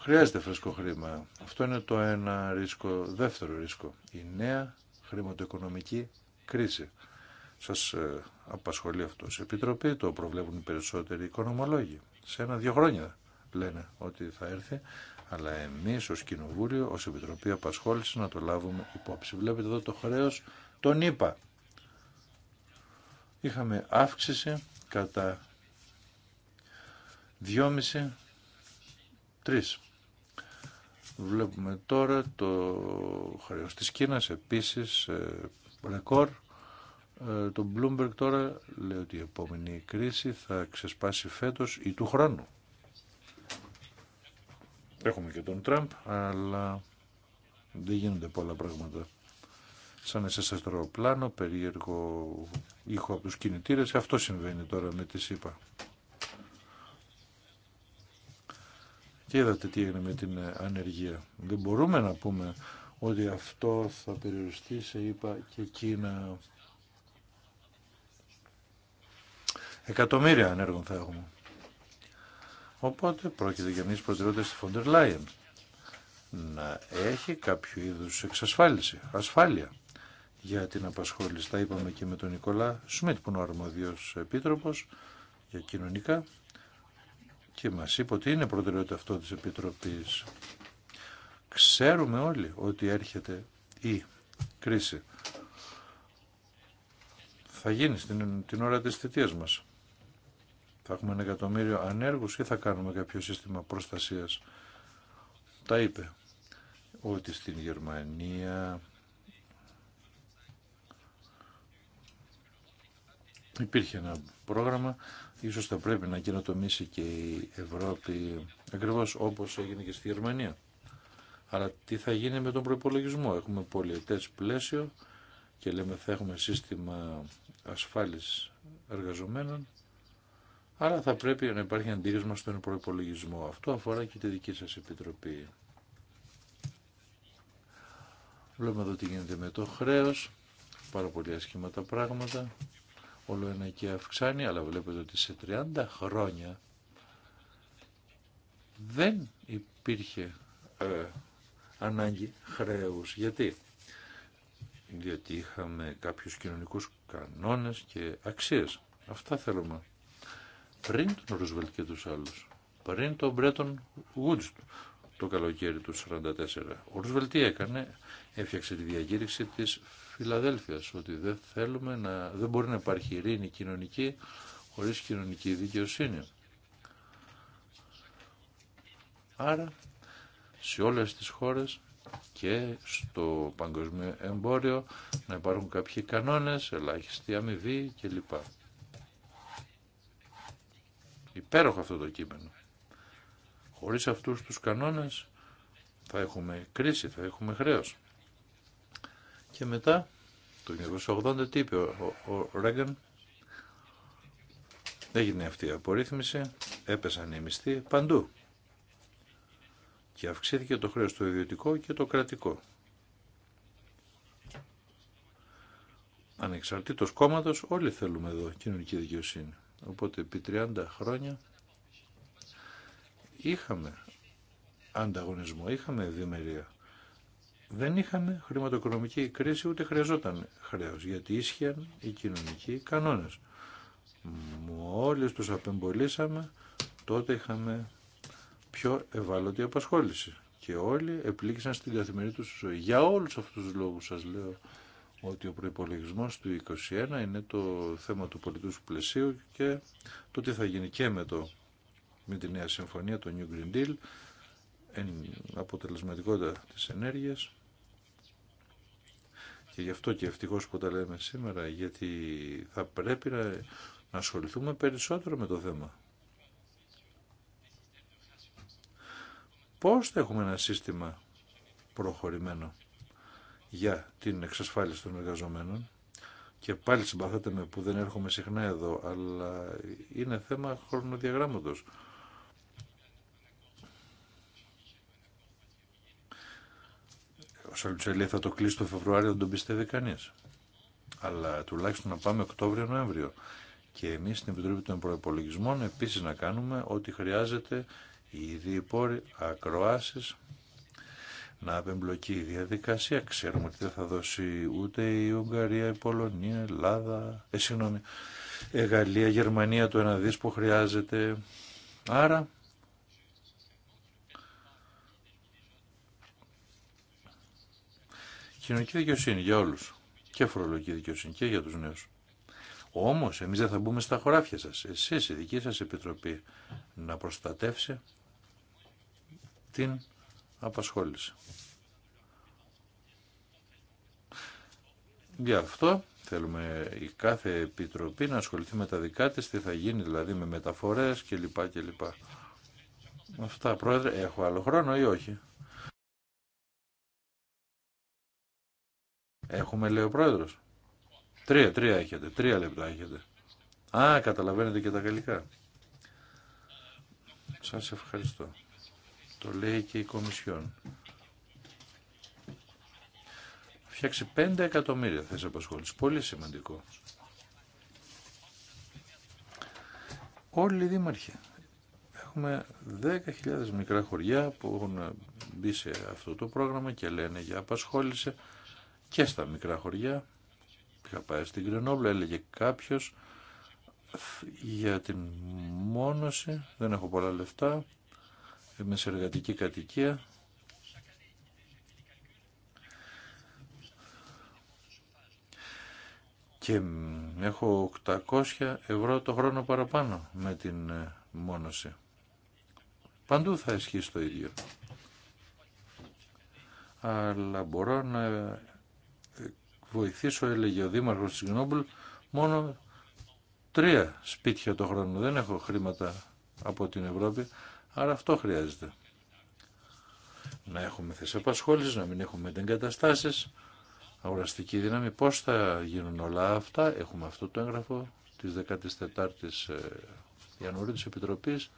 Χρειάζεται φρέσκο χρήμα. Αυτό είναι το ένα ρίσκο, δεύτερο ρίσκο. Η νέα χρηματοοικονομική κρίση. Σας ε, απασχολεί αυτό σε επιτροπή, το προβλέπουν οι περισσότεροι οικονομολόγοι. Σε ένα-δύο χρόνια λένε ότι θα έρθει αλλά εμείς ως Κοινοβούλιο, ως Επιτροπή Απασχόληση να το λάβουμε υπόψη. Βλέπετε εδώ το χρέος τον είπα. Είχαμε αύξηση κατά 2,5-3. Βλέπουμε τώρα το χρέος της Κίνας, επίσης ε, ρεκόρ. Ε, το Bloomberg τώρα λέει ότι η επόμενη κρίση θα ξεσπάσει φέτος ή του χρόνου. Έχουμε και τον Τραμπ, αλλά δεν γίνονται πολλά πράγματα. Σαν εσέστερο πλάνο, περίεργο ήχο από τους κινητήρες. Αυτό συμβαίνει τώρα με τη ΣΥΠΑ. Και είδατε τι έγινε με την ανεργία. Δεν μπορούμε να πούμε ότι αυτό θα περιοριστεί σε ΙΠΑ και Κίνα. Εκατομμύρια ανέργων θα έχουμε. Οπότε πρόκειται για μια προτεραιότητα στη Φοντερ Λάιεν να έχει κάποιο είδου εξασφάλιση, ασφάλεια για την απασχόληση. Τα είπαμε και με τον Νικολά Σμιτ που είναι ο αρμόδιος επίτροπος για κοινωνικά και μας είπε ότι είναι προτεραιότητα αυτό τη Επιτροπής. Ξέρουμε όλοι ότι έρχεται η κρίση. Θα γίνει στην, την ώρα της θητείας μας θα έχουμε ένα εκατομμύριο ανέργους ή θα κάνουμε κάποιο σύστημα προστασίας. Τα είπε ότι στην Γερμανία υπήρχε ένα πρόγραμμα, ίσως θα πρέπει να κοινοτομήσει και η Ευρώπη ακριβώς όπως έγινε και στη Γερμανία. Αλλά τι θα γίνει με τον προϋπολογισμό. Έχουμε πολιετές πλαίσιο και λέμε θα έχουμε σύστημα ασφάλισης εργαζομένων Άρα θα πρέπει να υπάρχει αντίρρησμα στον προπολογισμό. Αυτό αφορά και τη δική σας επιτροπή. Βλέπουμε εδώ τι γίνεται με το χρέος. Πάρα πολύ ασχήμα τα πράγματα. Όλο ένα και αυξάνει, αλλά βλέπετε ότι σε 30 χρόνια δεν υπήρχε ε, ανάγκη χρέους. Γιατί? Διότι είχαμε κάποιους κοινωνικούς κανόνες και αξίες. Αυτά θέλουμε πριν τον Ρούσβελτ και τους άλλους, πριν τον Μπρέτον Γουτς το καλοκαίρι του 1944. Ο Ρούσβελτ τι έκανε, έφτιαξε τη διακήρυξη της Φιλαδέλφειας, ότι δεν, θέλουμε να, δεν μπορεί να υπάρχει ειρήνη κοινωνική χωρίς κοινωνική δικαιοσύνη. Άρα, σε όλες τις χώρες και στο παγκοσμίο εμπόριο να υπάρχουν κάποιοι κανόνες, ελάχιστη αμοιβή κλπ. Υπέροχο αυτό το κείμενο. Χωρίς αυτούς τους κανόνες θα έχουμε κρίση, θα έχουμε χρέος. Και μετά, το 1980 τι είπε ο, ο, ο Ρέγκαν, έγινε αυτή η απορρίθμιση, έπεσαν οι μισθοί παντού. Και αυξήθηκε το χρέος το ιδιωτικό και το κρατικό. Ανεξαρτήτως κόμματος όλοι θέλουμε εδώ κοινωνική δικαιοσύνη. Οπότε επί 30 χρόνια είχαμε ανταγωνισμό, είχαμε ευημερία. Δεν είχαμε χρηματοοικονομική κρίση ούτε χρειαζόταν χρέος γιατί ίσχυαν οι κοινωνικοί κανόνες. Μόλι τους απεμπολίσαμε τότε είχαμε πιο ευάλωτη απασχόληση και όλοι επλήξαν στην καθημερινή τους ζωή. Για όλους αυτούς τους λόγους σας λέω ότι ο προπολογισμό του 2021 είναι το θέμα του πολιτού πλαισίου και το τι θα γίνει και με, το, με τη νέα συμφωνία, το New Green Deal, εν αποτελεσματικότητα της ενέργειας. Και γι' αυτό και ευτυχώς που τα λέμε σήμερα, γιατί θα πρέπει να, ασχοληθούμε περισσότερο με το θέμα. Πώς θα έχουμε ένα σύστημα προχωρημένο για την εξασφάλιση των εργαζομένων και πάλι συμπαθάτε με που δεν έρχομαι συχνά εδώ, αλλά είναι θέμα χρονοδιαγράμματος. Ο Σαλουτσέλη θα το κλείσει το Φεβρουάριο, δεν τον πιστεύει κανείς. Αλλά τουλάχιστον να πάμε Οκτώβριο-Νοέμβριο. Και εμείς στην Επιτροπή των Προπολογισμών επίσης να κάνουμε ό,τι χρειάζεται οι ίδιοι ακροάσεις, να απεμπλοκεί η διαδικασία. Ξέρουμε ότι δεν θα δώσει ούτε η Ουγγαρία, η Πολωνία, η Ελλάδα, ε, συγγνώμη, η ε, Γαλλία, η Γερμανία το ένα δις που χρειάζεται. Άρα κοινωνική δικαιοσύνη για όλους και φορολογική δικαιοσύνη και για τους νέους. Όμως εμείς δεν θα μπούμε στα χωράφια σας. Εσείς η δική σας επιτροπή να προστατεύσει την απασχόληση. Γι' αυτό θέλουμε η κάθε επιτροπή να ασχοληθεί με τα δικά της, τι θα γίνει δηλαδή με μεταφορές κλπ. κλπ. Αυτά, Πρόεδρε, έχω άλλο χρόνο ή όχι. Έχουμε, λέει ο Πρόεδρος. Τρία, τρία έχετε, τρία λεπτά έχετε. Α, καταλαβαίνετε και τα γαλλικά. Σας ευχαριστώ. Το λέει και η Κομισιόν. Φτιάξει 5 εκατομμύρια θέσεις απασχόληση. Πολύ σημαντικό. Όλοι οι δήμαρχοι. Έχουμε 10.000 μικρά χωριά που έχουν μπει σε αυτό το πρόγραμμα και λένε για απασχόληση και στα μικρά χωριά. Είχα πάει στην Κρενόβλα, έλεγε κάποιος για την μόνωση, δεν έχω πολλά λεφτά, μεσοεργατική κατοικία. Και έχω 800 ευρώ το χρόνο παραπάνω με την ε, μόνωση. Παντού θα ισχύσει το ίδιο. Αλλά μπορώ να ε, βοηθήσω, έλεγε ο Δήμαρχος της μόνο τρία σπίτια το χρόνο. Δεν έχω χρήματα από την Ευρώπη, Άρα αυτό χρειάζεται. Να έχουμε θέσει απασχόληση, να μην έχουμε εγκαταστάσει, αγοραστική δύναμη. Πώς θα γίνουν όλα αυτά. Έχουμε αυτό το έγγραφο της 14ης ε, Ιανουαρίου της Επιτροπής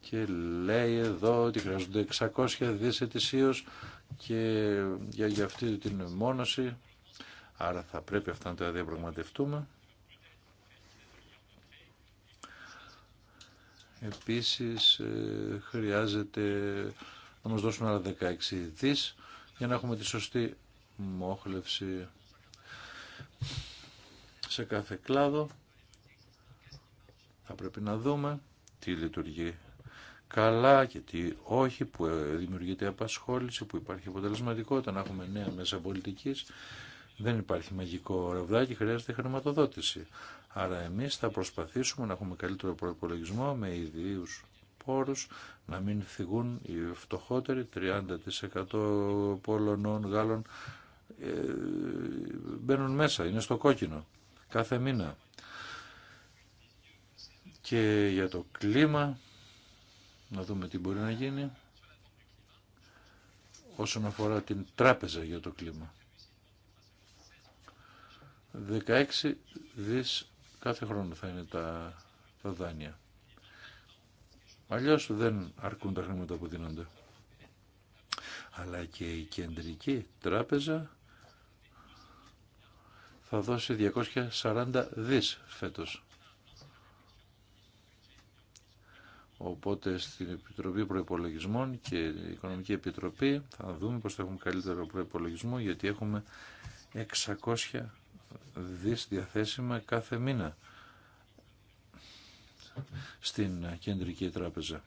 και λέει εδώ ότι χρειάζονται 600 δις ετησίως και για, για αυτή την μόνωση. Άρα θα πρέπει αυτά να τα διαπραγματευτούμε. Επίσης ε, χρειάζεται να μας δώσουν άλλα 16 δις για να έχουμε τη σωστή μόχλευση σε κάθε κλάδο. Θα πρέπει να δούμε τι λειτουργεί καλά και τι όχι, που δημιουργείται απασχόληση, που υπάρχει αποτελεσματικότητα, να έχουμε νέα μέσα πολιτικής δεν υπάρχει μαγικό ρευδάκι, χρειάζεται χρηματοδότηση. Άρα εμείς θα προσπαθήσουμε να έχουμε καλύτερο προπολογισμό με ιδίους πόρους, να μην θυγούν οι φτωχότεροι, 30% Πολωνών, Γάλλων, ε, μπαίνουν μέσα, είναι στο κόκκινο, κάθε μήνα. Και για το κλίμα, να δούμε τι μπορεί να γίνει, όσον αφορά την τράπεζα για το κλίμα. 16 δις κάθε χρόνο θα είναι τα, τα δάνεια. Αλλιώς δεν αρκούν τα χρήματα που δίνονται. Αλλά και η κεντρική τράπεζα θα δώσει 240 δις φέτος. Οπότε στην Επιτροπή Προϋπολογισμών και η Οικονομική Επιτροπή θα δούμε πως θα έχουμε καλύτερο προϋπολογισμό γιατί έχουμε 600 δις διαθέσιμα κάθε μήνα στην Κεντρική Τράπεζα.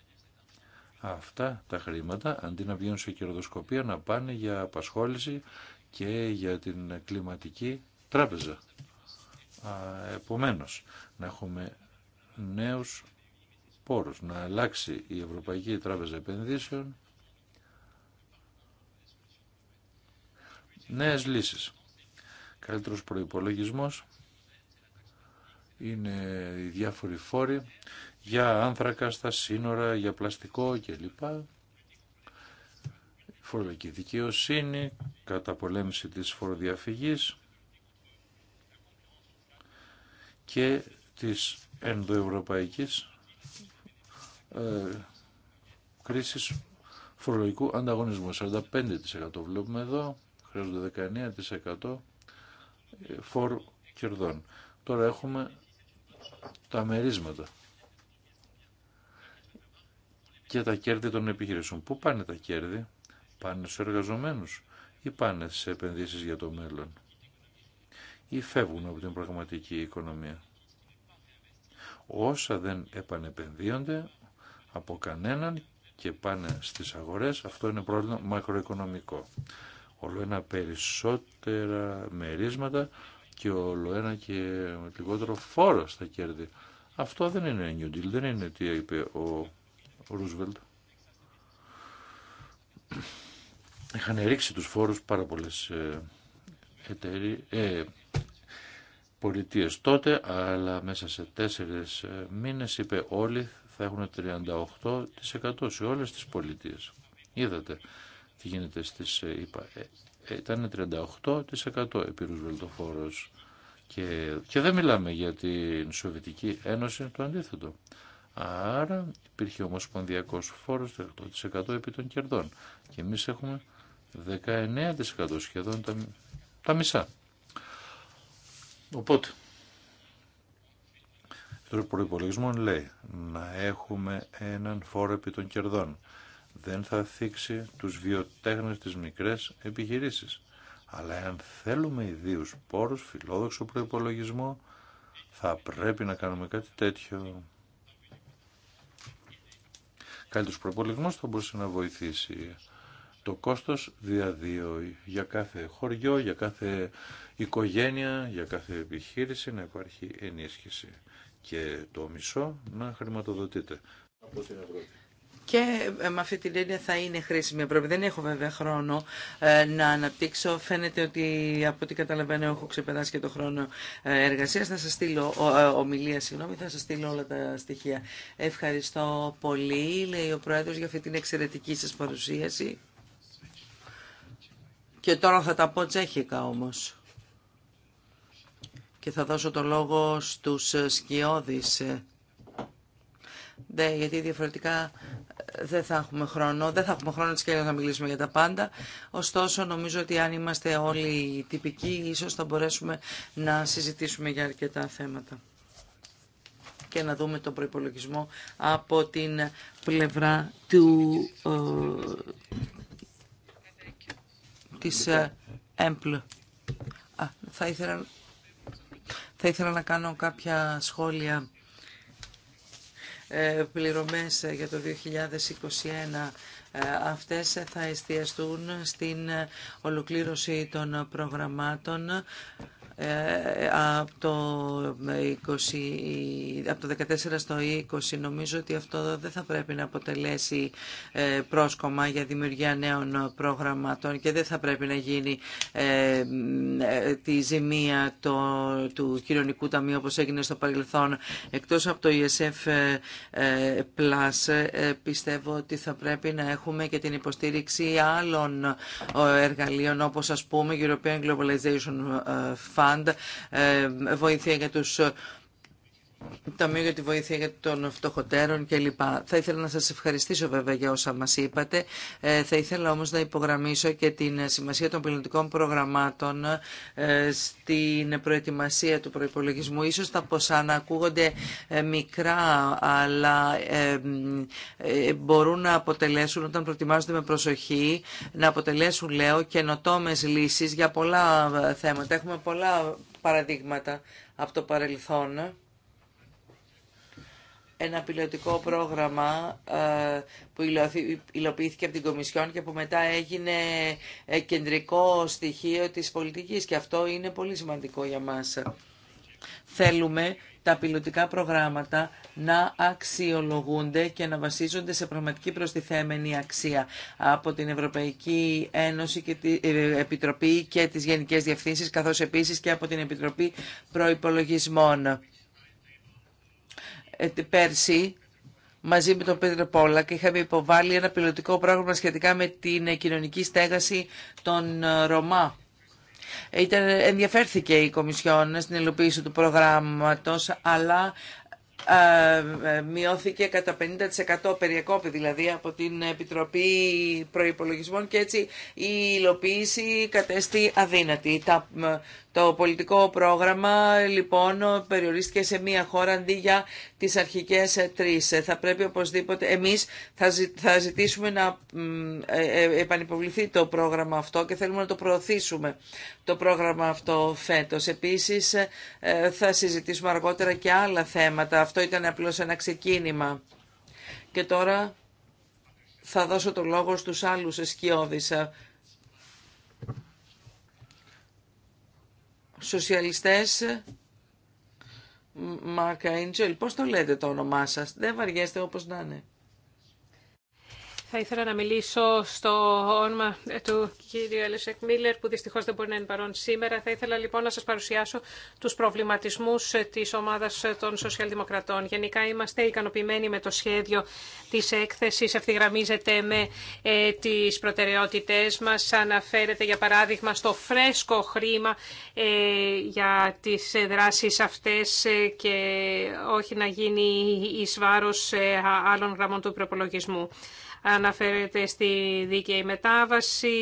Αυτά τα χρήματα, αντί να βγαίνουν σε κερδοσκοπία, να πάνε για απασχόληση και για την κλιματική τράπεζα. Επομένως, να έχουμε νέους πόρους, να αλλάξει η Ευρωπαϊκή Τράπεζα Επενδύσεων νέες λύσεις καλύτερος προϋπολογισμός είναι οι διάφοροι φόροι για άνθρακα στα σύνορα, για πλαστικό κλπ. Φορολογική δικαιοσύνη, καταπολέμηση της φοροδιαφυγής και της ενδοευρωπαϊκής ε, κρίσης φορολογικού ανταγωνισμού. 45% βλέπουμε εδώ, χρειάζονται 19% φόρου κερδών. Τώρα έχουμε τα μερίσματα και τα κέρδη των επιχειρήσεων. Πού πάνε τα κέρδη, πάνε στους εργαζομένους ή πάνε σε επενδύσεις για το μέλλον ή φεύγουν από την πραγματική οικονομία. Όσα δεν επανεπενδύονται από κανέναν και πάνε στις αγορές, αυτό είναι πρόβλημα μακροοικονομικό όλο ένα περισσότερα μερίσματα και όλο ένα και λιγότερο φόρο στα κέρδη. Αυτό δεν είναι New Deal, δεν είναι τι είπε ο Ρούσβελτ. Είχαν ρίξει τους φόρους πάρα πολλές ε, ε πολιτείες τότε, αλλά μέσα σε τέσσερις ε, μήνες είπε όλοι θα έχουν 38% σε όλες τις πολιτείες. Είδατε τι γίνεται στις ε, είπα, ε, ε, Ήταν 38% επίρους βελτοφόρος και, και δεν μιλάμε για την Σοβιετική Ένωση, το αντίθετο. Άρα υπήρχε ομοσπονδιακός φόρος 38% επί των κερδών και εμείς έχουμε 19% σχεδόν τα, τα μισά. Οπότε, το προπολογισμό λέει να έχουμε έναν φόρο επί των κερδών δεν θα θίξει τους βιοτέχνες της μικρές επιχειρήσεις. Αλλά αν θέλουμε ιδίου πόρους, φιλόδοξο προϋπολογισμό, θα πρέπει να κάνουμε κάτι τέτοιο. Καλύτερος προϋπολογισμός θα μπορούσε να βοηθήσει το κόστος διαδίω για κάθε χωριό, για κάθε οικογένεια, για κάθε επιχείρηση να υπάρχει ενίσχυση και το μισό να χρηματοδοτείται από την και ε, με αυτή την έννοια θα είναι χρήσιμη η Ευρώπη. Δεν έχω βέβαια χρόνο ε, να αναπτύξω. Φαίνεται ότι από ό,τι καταλαβαίνω έχω ξεπεράσει και το χρόνο ε, εργασίας. Θα σας στείλω, ομιλία, συγγνώμη, θα σας στείλω όλα τα στοιχεία. Ευχαριστώ πολύ, λέει ο Πρόεδρος, για αυτή την εξαιρετική σας παρουσίαση. Και τώρα θα τα πω τσέχικα όμως. Και θα δώσω το λόγο στους σκιώδεις. Ναι, γιατί διαφορετικά δεν θα έχουμε χρόνο, δεν θα έχουμε χρόνο να μιλήσουμε για τα πάντα. Ωστόσο, νομίζω ότι αν είμαστε όλοι τυπικοί, ίσως θα μπορέσουμε να συζητήσουμε για αρκετά θέματα και να δούμε τον προϋπολογισμό από την πλευρά του, ε, της ε, ΕΜΠΛ. θα ήθελα να κάνω κάποια σχόλια ε, πληρωμές για το 2021 ε, αυτές θα εστιαστούν στην ολοκλήρωση των προγραμμάτων ε, από το, 20, από το 14 στο 20 νομίζω ότι αυτό δεν θα πρέπει να αποτελέσει ε, πρόσκομα για δημιουργία νέων προγραμμάτων και δεν θα πρέπει να γίνει ε, τη ζημία το, του κοινωνικού ταμείου όπως έγινε στο παρελθόν εκτός από το ESF Plus πιστεύω ότι θα πρέπει να έχουμε και την υποστήριξη άλλων εργαλείων όπως ας πούμε European Globalization Fund Fund, ε, βοήθεια για τους Ταμείο για τη Βοήθεια των Φτωχοτέρων κλπ. Θα ήθελα να σας ευχαριστήσω βέβαια για όσα μας είπατε. Ε, θα ήθελα όμως να υπογραμμίσω και την σημασία των πολιτικών προγραμμάτων ε, στην προετοιμασία του προϋπολογισμού. Ίσως τα ποσά να ακούγονται ε, μικρά, αλλά μπορούν να αποτελέσουν όταν προετοιμάζονται με προσοχή, να αποτελέσουν, λέω, καινοτόμε λύσεις για πολλά θέματα. Έχουμε πολλά παραδείγματα από το παρελθόν ένα πιλωτικό πρόγραμμα ε, που υλοποιήθηκε από την Κομισιόν και που μετά έγινε ε, κεντρικό στοιχείο της πολιτικής και αυτό είναι πολύ σημαντικό για μας. Θέλουμε τα πιλωτικά προγράμματα να αξιολογούνται και να βασίζονται σε πραγματική προστιθέμενη αξία από την Ευρωπαϊκή Ένωση και την ε, Επιτροπή και τις Γενικές Διευθύνσεις καθώς επίσης και από την Επιτροπή Προϋπολογισμών. Ε, πέρσι μαζί με τον Πέτρο Πόλα και είχαμε υποβάλει ένα πιλωτικό πρόγραμμα σχετικά με την ε, κοινωνική στέγαση των ε, Ρωμά. Ήταν, ενδιαφέρθηκε η Κομισιόν στην υλοποίηση του προγράμματος, αλλά μειώθηκε κατά 50% περιακόπη δηλαδή από την Επιτροπή Προϋπολογισμών και έτσι η υλοποίηση κατέστη αδύνατη. Τα, το πολιτικό πρόγραμμα λοιπόν περιορίστηκε σε μία χώρα αντί για τις αρχικές τρεις. Θα πρέπει οπωσδήποτε εμείς θα ζητήσουμε να ε, ε, επανυποβληθεί το πρόγραμμα αυτό και θέλουμε να το προωθήσουμε το πρόγραμμα αυτό φέτος. Επίσης ε, θα συζητήσουμε αργότερα και άλλα θέματα. Αυτό ήταν απλώς ένα ξεκίνημα. Και τώρα θα δώσω το λόγο στους άλλους σκιώδεις σοσιαλιστές Μάρκα Ίντζελ, πώς το λέτε το όνομά σας, δεν βαριέστε όπως να είναι. Θα ήθελα να μιλήσω στο όνομα του κύριου Ελισεκ Μίλλερ, που δυστυχώς δεν μπορεί να είναι παρόν σήμερα. Θα ήθελα λοιπόν να σας παρουσιάσω τους προβληματισμούς της ομάδας των Σοσιαλδημοκρατών. Γενικά είμαστε ικανοποιημένοι με το σχέδιο της έκθεσης, ευθυγραμμίζεται με ε, τις προτεραιότητές μας. Αναφέρεται για παράδειγμα στο φρέσκο χρήμα ε, για τις δράσεις αυτές ε, και όχι να γίνει εις βάρος ε, άλλων γραμμών του προπολογισμού αναφέρεται στη δίκαιη μετάβαση.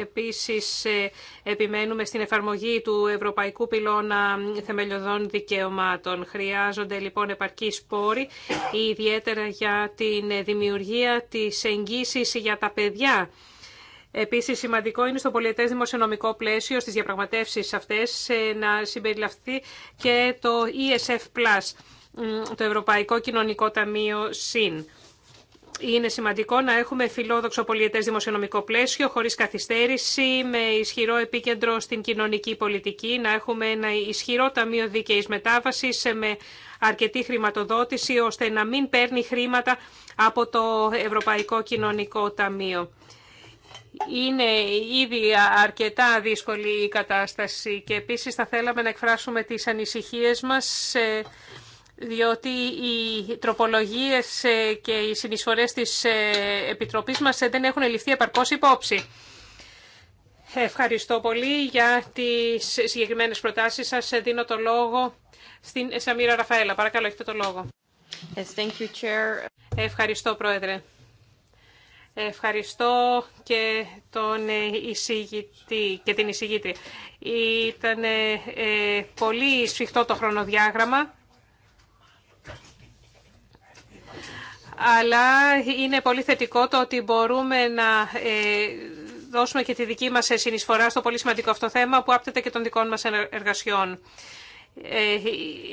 Επίσης, ε, επιμένουμε στην εφαρμογή του Ευρωπαϊκού Πυλώνα Θεμελιωδών Δικαιωμάτων. Χρειάζονται λοιπόν επαρκή πόροι, ιδιαίτερα για την δημιουργία της εγγύσης για τα παιδιά. Επίσης, σημαντικό είναι στο πολιτεύσιο δημοσιονομικό πλαίσιο, στις διαπραγματεύσεις αυτές, ε, να συμπεριλαφθεί και το ESF, το Ευρωπαϊκό Κοινωνικό Ταμείο ΣΥΝ είναι σημαντικό να έχουμε φιλόδοξο πολιετές δημοσιονομικό πλαίσιο χωρίς καθυστέρηση, με ισχυρό επίκεντρο στην κοινωνική πολιτική, να έχουμε ένα ισχυρό ταμείο δίκαιης μετάβασης με αρκετή χρηματοδότηση, ώστε να μην παίρνει χρήματα από το Ευρωπαϊκό Κοινωνικό Ταμείο. Είναι ήδη αρκετά δύσκολη η κατάσταση και επίσης θα θέλαμε να εκφράσουμε τις ανησυχίες μας διότι οι τροπολογίες ε, και οι συνεισφορές της ε, Επιτροπής μας ε, δεν έχουν ληφθεί επαρκώς υπόψη. Ευχαριστώ πολύ για τις συγκεκριμένες προτάσεις σας. Δίνω το λόγο στην Σαμίρα Ραφαέλα. Παρακαλώ, έχετε το λόγο. Yes, thank you, Chair. Ευχαριστώ, Πρόεδρε. Ευχαριστώ και τον εισηγητή και την εισηγήτρια. Ήταν πολύ σφιχτό το χρονοδιάγραμμα αλλά είναι πολύ θετικό το ότι μπορούμε να ε, δώσουμε και τη δική μας συνεισφορά στο πολύ σημαντικό αυτό θέμα που άπτεται και των δικών μας εργασιών. Ε,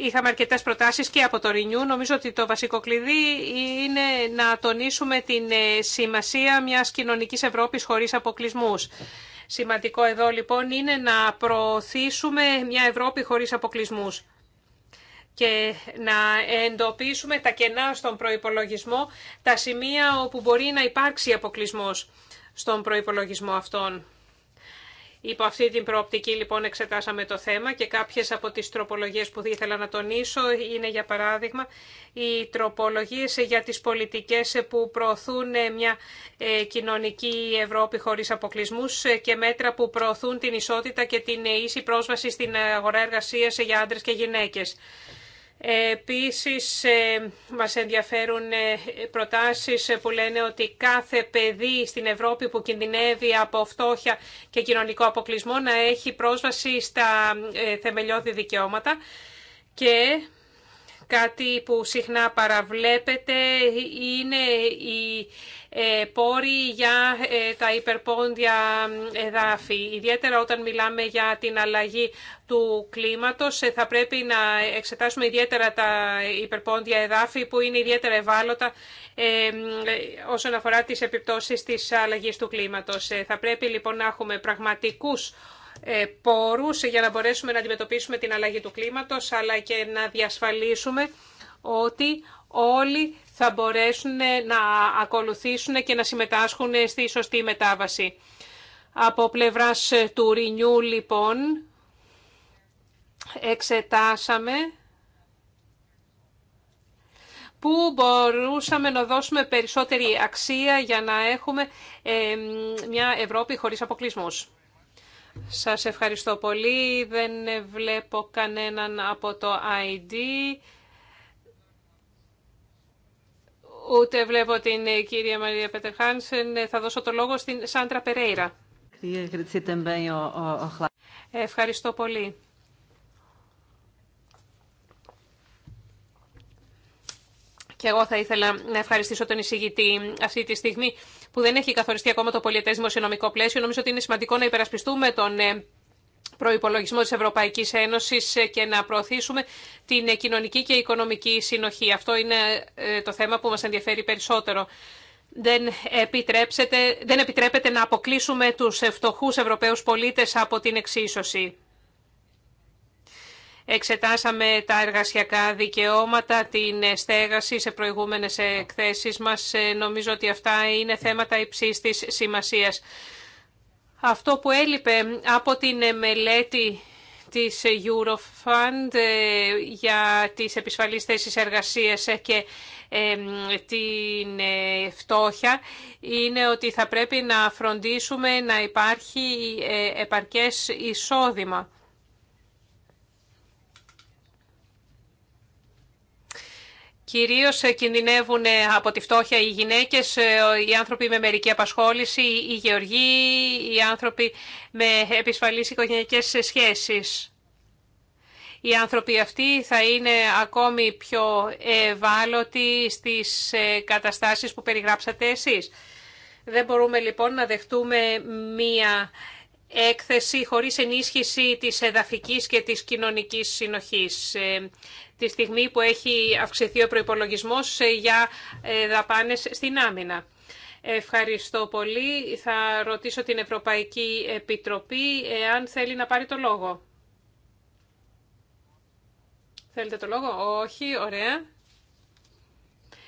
είχαμε αρκετές προτάσεις και από το ΡΙΝΙΟΥ. Νομίζω ότι το βασικό κλειδί είναι να τονίσουμε την ε, σημασία μιας κοινωνικής Ευρώπης χωρίς αποκλεισμούς. Σημαντικό εδώ λοιπόν είναι να προωθήσουμε μια Ευρώπη χωρίς αποκλεισμούς και να εντοπίσουμε τα κενά στον προϋπολογισμό, τα σημεία όπου μπορεί να υπάρξει αποκλεισμό στον προϋπολογισμό αυτών. Υπό αυτή την προοπτική λοιπόν εξετάσαμε το θέμα και κάποιες από τις τροπολογίες που ήθελα να τονίσω είναι για παράδειγμα οι τροπολογίες για τις πολιτικές που προωθούν μια ε, κοινωνική Ευρώπη χωρίς αποκλεισμούς και μέτρα που προωθούν την ισότητα και την ίση πρόσβαση στην αγορά εργασίας για άντρες και γυναίκες. Επίσης, ε, μας ενδιαφέρουν ε, προτάσεις που λένε ότι κάθε παιδί στην Ευρώπη που κινδυνεύει από φτώχεια και κοινωνικό αποκλεισμό να έχει πρόσβαση στα ε, θεμελιώδη δικαιώματα και Κάτι που συχνά παραβλέπεται είναι η ε, πόροι για ε, τα υπερπόντια ε, εδάφη. Ιδιαίτερα όταν μιλάμε για την αλλαγή του κλίματος θα πρέπει να εξετάσουμε ιδιαίτερα τα υπερπόντια εδάφη που είναι ιδιαίτερα ευάλωτα όσον αφορά τις επιπτώσεις της αλλαγής του κλίματος. Θα πρέπει λοιπόν να έχουμε πραγματικούς ε, πόρους για να μπορέσουμε να αντιμετωπίσουμε την αλλαγή του κλίματος, αλλά και να διασφαλίσουμε ότι όλοι θα μπορέσουν να ακολουθήσουν και να συμμετάσχουν στη σωστή μετάβαση. Από πλευράς του Ρινιού, λοιπόν, εξετάσαμε πού μπορούσαμε να δώσουμε περισσότερη αξία για να έχουμε ε, μια Ευρώπη χωρίς αποκλεισμούς. Σας ευχαριστώ πολύ. Δεν βλέπω κανέναν από το ID. Ούτε βλέπω την κυρία Μαρία Πετερχάνσεν. Θα δώσω το λόγο στην Σάντρα Περέιρα. Ευχαριστώ πολύ. Και εγώ θα ήθελα να ευχαριστήσω τον εισηγητή αυτή τη στιγμή που δεν έχει καθοριστεί ακόμα το πολιτεύσιμο δημοσιονομικό πλαίσιο. Νομίζω ότι είναι σημαντικό να υπερασπιστούμε τον ε, προϋπολογισμό της Ευρωπαϊκής Ένωσης ε, και να προωθήσουμε την ε, κοινωνική και οικονομική συνοχή. Αυτό είναι το θέμα που μας ενδιαφέρει περισσότερο. Δεν, δεν επιτρέπεται να αποκλείσουμε τους φτωχούς Ευρωπαίους πολίτες από την εξίσωση. Εξετάσαμε τα εργασιακά δικαιώματα, την στέγαση σε προηγούμενες εκθέσεις μας. Ε, νομίζω ότι αυτά είναι θέματα υψίστης σημασίας. Αυτό που έλειπε από την μελέτη της Eurofund ε, για τις επισφαλείς θέσεις εργασίας και ε, την φτώχεια είναι ότι θα πρέπει να φροντίσουμε να υπάρχει επαρκές εισόδημα. Κυρίως ε, κινδυνεύουν ε, από τη φτώχεια οι γυναίκες, ε, οι άνθρωποι με μερική απασχόληση, οι γεωργοί, οι άνθρωποι με επισφαλείς οικογενειακές σχέσεις. Οι άνθρωποι αυτοί θα είναι ακόμη πιο ευάλωτοι στις καταστάσεις που περιγράψατε εσείς. Δεν μπορούμε λοιπόν να δεχτούμε μία έκθεση χωρίς ενίσχυση της εδαφικής και της κοινωνικής συνοχής τη στιγμή που έχει αυξηθεί ο προϋπολογισμός για ε, δαπάνες στην άμυνα. Ευχαριστώ πολύ. Θα ρωτήσω την Ευρωπαϊκή Επιτροπή εάν θέλει να πάρει το λόγο. Θέλετε το λόγο? Όχι, ωραία.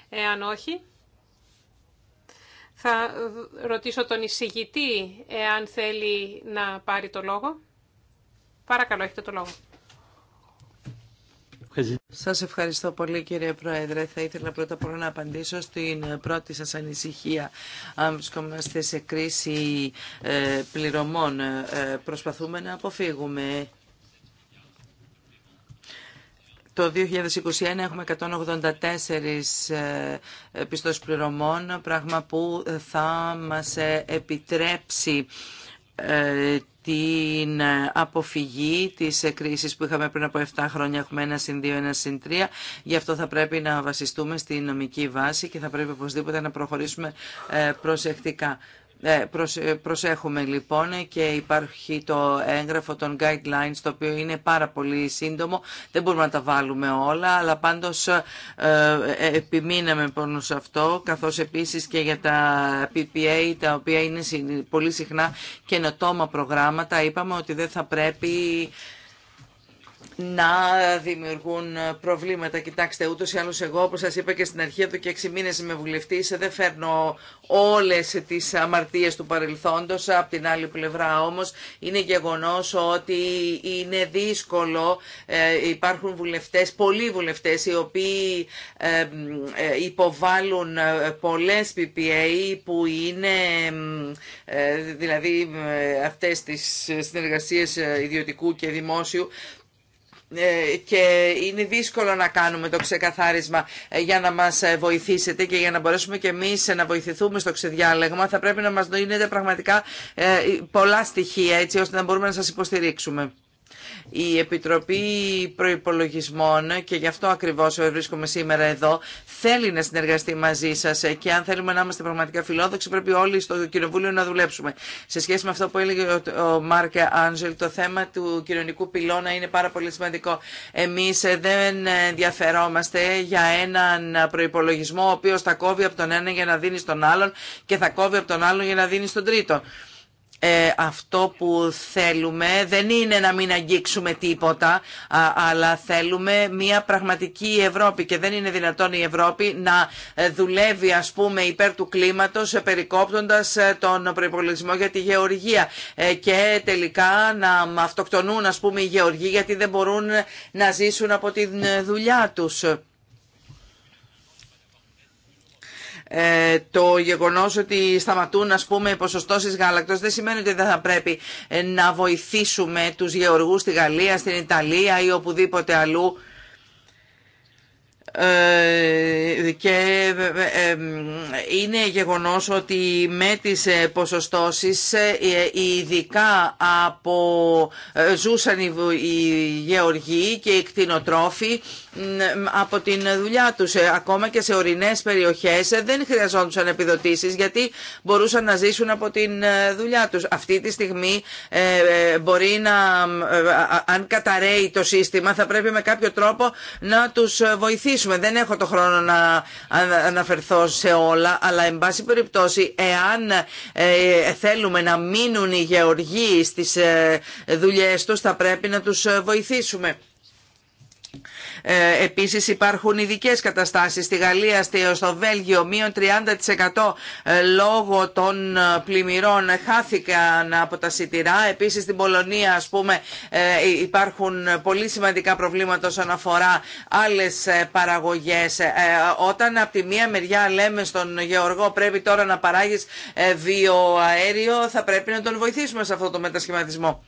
Εάν όχι, θα ρωτήσω τον εισηγητή εάν θέλει να πάρει το λόγο. Παρακαλώ, έχετε το λόγο. Σας ευχαριστώ πολύ κύριε Πρόεδρε. Θα ήθελα πρώτα απ' όλα να απαντήσω στην πρώτη σας ανησυχία. Αν βρισκόμαστε σε κρίση ε, πληρωμών, ε, προσπαθούμε να αποφύγουμε το 2021 έχουμε 184 ε, πιστός πληρωμών, πράγμα που θα μας επιτρέψει την αποφυγή της κρίσης που είχαμε πριν από 7 χρόνια. Έχουμε ένα συν 2, ένα συν 3. Γι' αυτό θα πρέπει να βασιστούμε στη νομική βάση και θα πρέπει οπωσδήποτε να προχωρήσουμε ε, προσεκτικά. Ε, ε, προσέχουμε λοιπόν και υπάρχει το έγγραφο των guidelines το οποίο είναι πάρα πολύ σύντομο. Δεν μπορούμε να τα βάλουμε όλα, αλλά πάντως ε, επιμείναμε πάνω σε αυτό, καθώς επίσης και για τα PPA, τα οποία είναι πολύ συχνά καινοτόμα προγράμματα. Είπαμε ότι δεν θα πρέπει να δημιουργούν προβλήματα. Κοιτάξτε, ούτω ή άλλω εγώ, όπω σα είπα και στην αρχή, εδώ και έξι μήνε είμαι βουλευτή, δεν φέρνω όλε τι αμαρτίε του παρελθόντο. Απ' την άλλη πλευρά όμω, είναι γεγονό ότι είναι δύσκολο. Ε, υπάρχουν βουλευτέ, πολλοί βουλευτέ, οι οποίοι ε, ε υποβάλλουν ε, πολλέ PPA που είναι δηλαδή αυτέ τι συνεργασίε ιδιωτικού και δημόσιου ε, και είναι δύσκολο να κάνουμε το ξεκαθάρισμα ε, για να μας ε, βοηθήσετε και για να μπορέσουμε και εμείς να βοηθηθούμε στο ξεδιάλεγμα θα πρέπει να μας δίνετε πραγματικά πολλά στοιχεία έτσι ώστε να μπορούμε να σας υποστηρίξουμε. Η Επιτροπή Προϋπολογισμών και γι' αυτό ακριβώς βρίσκομαι σήμερα εδώ θέλει να συνεργαστεί μαζί σας ε, και αν θέλουμε να είμαστε πραγματικά φιλόδοξοι πρέπει όλοι στο Κοινοβούλιο να δουλέψουμε. Σε σχέση με αυτό που έλεγε ο Μάρκ Άντζελ, το θέμα του κοινωνικού πυλώνα είναι πάρα πολύ σημαντικό. Εμείς ε, δεν ενδιαφερόμαστε για έναν προπολογισμό ο οποίο θα κόβει από τον ένα για να δίνει στον άλλον και θα κόβει από τον άλλον για να δίνει στον τρίτο. Ε, αυτό που θέλουμε δεν είναι να μην αγγίξουμε τίποτα, αλλά θέλουμε μια πραγματική Ευρώπη και δεν είναι δυνατόν η Ευρώπη να ε, δουλεύει ας πούμε υπέρ του κλίματος ε, περικόπτοντας τον προϋπολογισμό για τη γεωργία και τελικά να αυτοκτονούν ας πούμε οι γεωργοί γιατί δεν μπορούν να ζήσουν από τη δουλειά τους. Ε, το γεγονός ότι σταματούν ας πούμε οι ποσοστώσεις γάλακτος δεν σημαίνει ότι δεν θα πρέπει ε, να βοηθήσουμε τους γεωργούς στη Γαλλία, στην Ιταλία ή οπουδήποτε αλλού ε, και ε, ε, είναι γεγονός ότι με τις ποσοστώσεις ειδικά από ζούσαν οι γεωργοί και οι κτηνοτρόφοι από την δουλειά τους ακόμα και σε ορεινές περιοχές δεν χρειαζόντουσαν επιδοτήσεις γιατί μπορούσαν να ζήσουν από την δουλειά τους. Αυτή τη στιγμή μπορεί να αν καταραίει το σύστημα θα πρέπει με κάποιο τρόπο να τους βοηθήσουν δεν έχω το χρόνο να αναφερθώ σε όλα, αλλά εν πάση περιπτώσει, εάν ε, θέλουμε να μείνουν οι γεωργοί στις ε, δουλειές τους, θα πρέπει να τους ε, βοηθήσουμε. Ε, επίσης υπάρχουν ειδικέ καταστάσεις στη Γαλλία, στο Βέλγιο, μείον 30% ε, λόγω των ε, πλημμυρών χάθηκαν από τα σιτηρά. Επίσης στην Πολωνία ας πούμε υπάρχουν πολύ σημαντικά προβλήματα όσον αφορά άλλες παραγωγές. Όταν από τη μία μεριά λέμε στον Γεωργό πρέπει τώρα να παράγεις βιοαέριο θα πρέπει να τον βοηθήσουμε σε αυτό το μετασχηματισμό.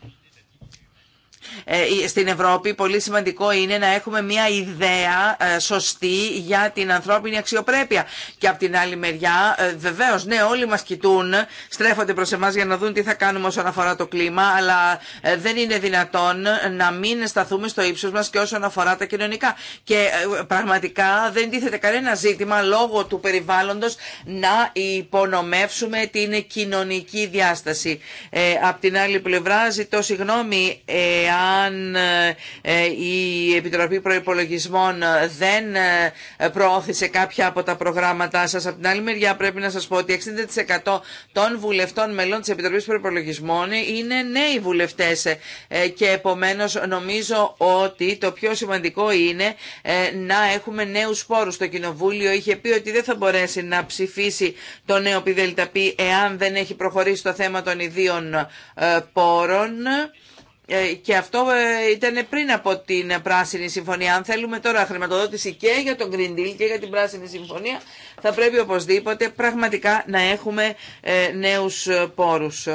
Ε, στην Ευρώπη πολύ σημαντικό είναι να έχουμε μια ιδέα ε, σωστή για την ανθρώπινη αξιοπρέπεια. Και από την άλλη μεριά, ε, βεβαίω, ναι, όλοι μα κοιτούν, στρέφονται προ εμά για να δουν τι θα κάνουμε όσον αφορά το κλίμα, αλλά δεν είναι δυνατόν να μην σταθούμε στο ύψο μα και όσον αφορά τα κοινωνικά. Και πραγματικά δεν τίθεται κανένα ζήτημα λόγω του περιβάλλοντο να υπονομεύσουμε την κοινωνική διάσταση. Ε, απ' την άλλη πλευρά, συγγνώμη αν ε, η Επιτροπή Προϋπολογισμών δεν ε, προώθησε κάποια από τα προγράμματά σας. Από την άλλη μεριά πρέπει να σας πω ότι 60% των βουλευτών μελών της Επιτροπής Προϋπολογισμών είναι νέοι βουλευτές ε, και επομένως νομίζω ότι το πιο σημαντικό είναι να έχουμε νέους πόρους. Το Κοινοβούλιο είχε πει ότι δεν θα μπορέσει να ψηφίσει το νέο ΠΔΠ εάν δεν έχει προχωρήσει το θέμα των ιδίων πόρων. Ε, και αυτό ε, ήταν πριν από την Πράσινη Συμφωνία. Αν θέλουμε τώρα χρηματοδότηση και για τον Green Deal και για την Πράσινη Συμφωνία, θα πρέπει οπωσδήποτε πραγματικά να έχουμε ε, νέους πόρους.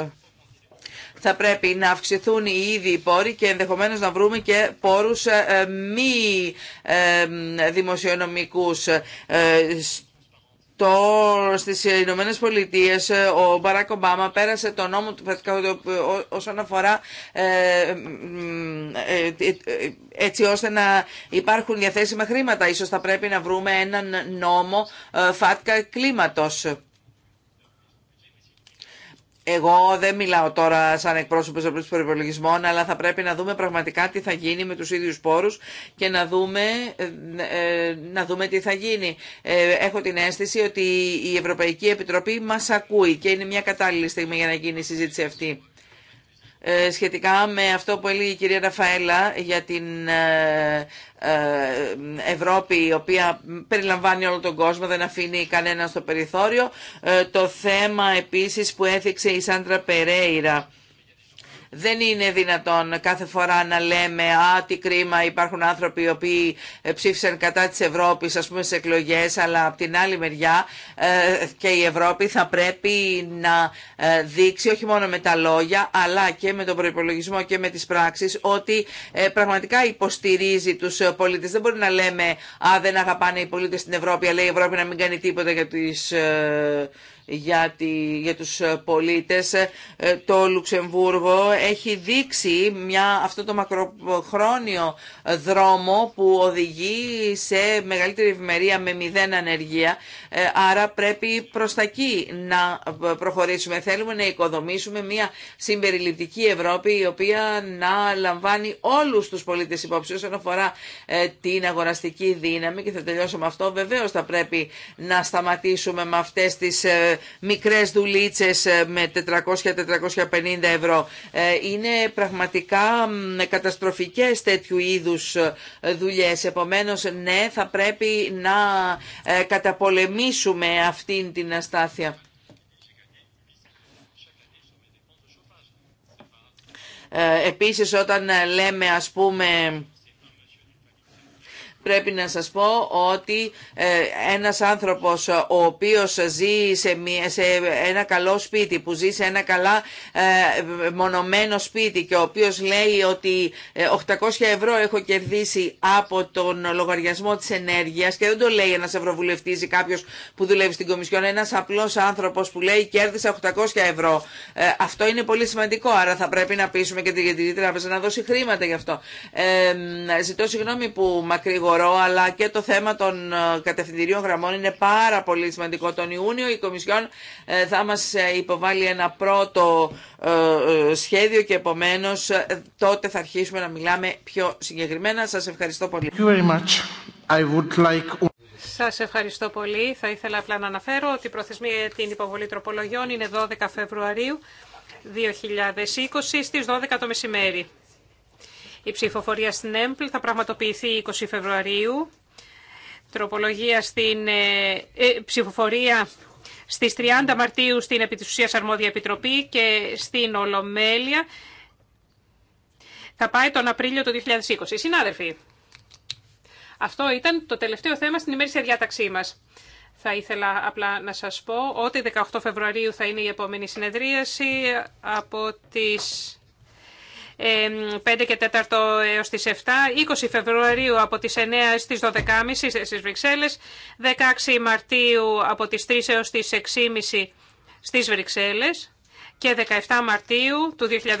Θα πρέπει να αυξηθούν οι ίδιοι οι πόροι και ενδεχομένως να βρούμε και πόρους μη δημοσιονομικούς το, στις Ηνωμένε Πολιτείε ε, ο Μπαράκ Ομπάμα πέρασε το νόμο του όσον αφορά ε, ε, έτσι ώστε να υπάρχουν διαθέσιμα χρήματα. Ίσως θα πρέπει να βρούμε έναν νόμο φάτκα κλίματος. Εγώ δεν μιλάω τώρα σαν εκπρόσωπο του προπολογισμών, αλλά θα πρέπει να δούμε πραγματικά τι θα γίνει με του ίδιου πόρου και να δούμε, ε, να δούμε τι θα γίνει. Ε, έχω την αίσθηση ότι η Ευρωπαϊκή Επιτροπή μα ακούει και είναι μια κατάλληλη στιγμή για να γίνει η συζήτηση αυτή. Ε, σχετικά με αυτό που έλεγε η κυρία Ραφαέλα για την ε, ε, Ευρώπη η οποία περιλαμβάνει όλο τον κόσμο, δεν αφήνει κανένα στο περιθώριο. Το θέμα επίσης που έθιξε η Σάντρα Περέιρα δεν είναι δυνατόν κάθε φορά να λέμε «Α, τι κρίμα, υπάρχουν άνθρωποι οι οποίοι ε, ψήφισαν κατά της Ευρώπης, ας πούμε, σε εκλογές», αλλά από την άλλη μεριά ε, και η Ευρώπη θα πρέπει να ε, δείξει, όχι μόνο με τα λόγια, αλλά και με τον προϋπολογισμό και με τις πράξεις, ότι πραγματικά υποστηρίζει τους πολίτες. Δεν μπορεί να λέμε «Α, δεν αγαπάνε οι πολίτες στην Ευρώπη, αλλά η Ευρώπη να μην κάνει τίποτα για τις για, τη, για τους ε, πολίτες. Ε, το Λουξεμβούργο έχει δείξει μια, αυτό το μακροχρόνιο ε, δρόμο που οδηγεί σε μεγαλύτερη ευημερία με μηδέν ανεργία. Άρα πρέπει προς τα εκεί να προχωρήσουμε. Θέλουμε να οικοδομήσουμε μια συμπεριληπτική Ευρώπη η οποία να λαμβάνει όλους τους πολίτες υπόψη όσον αφορά την αγοραστική δύναμη και θα τελειώσω με αυτό. Βεβαίως θα πρέπει να σταματήσουμε με αυτές τις μικρές δουλίτσες ε, με 400-450 ευρώ. Ε, είναι πραγματικά καταστροφικές τέτοιου είδους ε, δουλειές. Επομένως, ναι, θα πρέπει να καταπολεμήσουμε αυτήν την αστάθεια. Επίσης, όταν λέμε, ας πούμε πρέπει να σας πω ότι ε, ένας άνθρωπος ε, ο οποίος ζει σε, ένα καλό σπίτι, που ζει σε ένα καλά ε, μονομένο σπίτι και ο οποίος λέει ότι 800 ευρώ έχω κερδίσει από τον λογαριασμό της ενέργειας και δεν το λέει ένας ευρωβουλευτής ή κάποιος που δουλεύει στην Κομισιόν, ένας απλός άνθρωπος που λέει κέρδισε 800 ευρώ. Αυτό είναι πολύ σημαντικό, άρα θα πρέπει να πείσουμε και την Κεντρική Τράπεζα να δώσει χρήματα γι' αυτό. Ε, ζητώ συγγνώμη που μακρύγω αλλά και το θέμα των ε, κατευθυντηρίων γραμμών είναι πάρα πολύ σημαντικό. Τον Ιούνιο η Κομισιόν ε, θα μας ε, υποβάλει ένα πρώτο σχέδιο και επομένως τότε θα αρχίσουμε να μιλάμε πιο συγκεκριμένα. Σας ευχαριστώ πολύ. Thank Σας ευχαριστώ πολύ. Θα ήθελα απλά να αναφέρω ότι η προθεσμία για την υποβολή τροπολογιών είναι 12 Φεβρουαρίου 2020 στις 12 το μεσημέρι. Η ψηφοφορία στην ΕΜΠΛ θα πραγματοποιηθεί 20 Φεβρουαρίου. Τροπολογία στην ε, ε, ψηφοφορία στις 30 Μαρτίου στην Επιτυσσουσίας Αρμόδια Επιτροπή και στην Ολομέλεια θα πάει τον Απρίλιο του 2020. Συνάδελφοι, αυτό ήταν το τελευταίο θέμα στην ημέρηση διάταξή μας. Θα ήθελα απλά να σας πω ότι 18 Φεβρουαρίου θα είναι η επόμενη συνεδρίαση από τις... 5 και 4 έω τι 7, 20 Φεβρουαρίου από τι 9 στις 12.30 στις Βρυξέλλες, 16 Μαρτίου από τις 3 έω τι 6.30 στις Βρυξέλλες και 17 Μαρτίου του 2020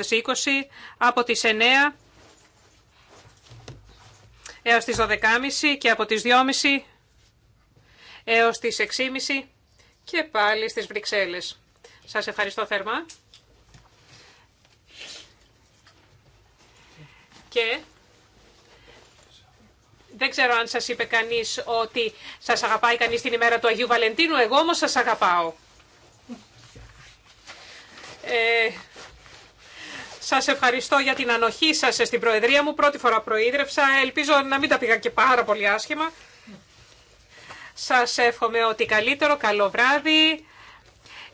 από τι 9 έως τις 12.30 και από τις 2.30 έως τις 6.30 και πάλι στις Βρυξέλλες. Σας ευχαριστώ θερμά. Και δεν ξέρω αν σας είπε κανείς ότι σας αγαπάει κανείς την ημέρα του Αγίου Βαλεντίνου, εγώ όμως σας αγαπάω. Ε, σας ευχαριστώ για την ανοχή σας στην Προεδρία μου. Πρώτη φορά προείδρευσα. Ελπίζω να μην τα πήγα και πάρα πολύ άσχημα. Σας εύχομαι ότι καλύτερο. Καλό βράδυ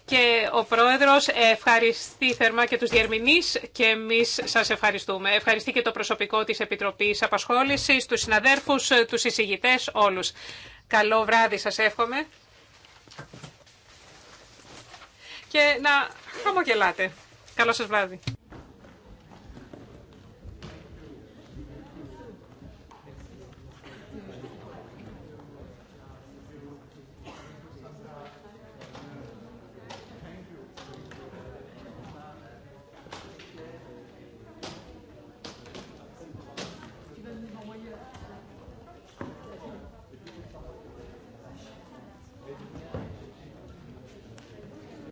και ο Πρόεδρος ευχαριστεί θερμά και τους διερμηνείς και εμείς σας ευχαριστούμε. Ευχαριστεί και το προσωπικό της Επιτροπής Απασχόλησης, τους συναδέρφους, τους εισηγητές, όλους. Καλό βράδυ σας εύχομαι και να χαμογελάτε. Καλό σας βράδυ.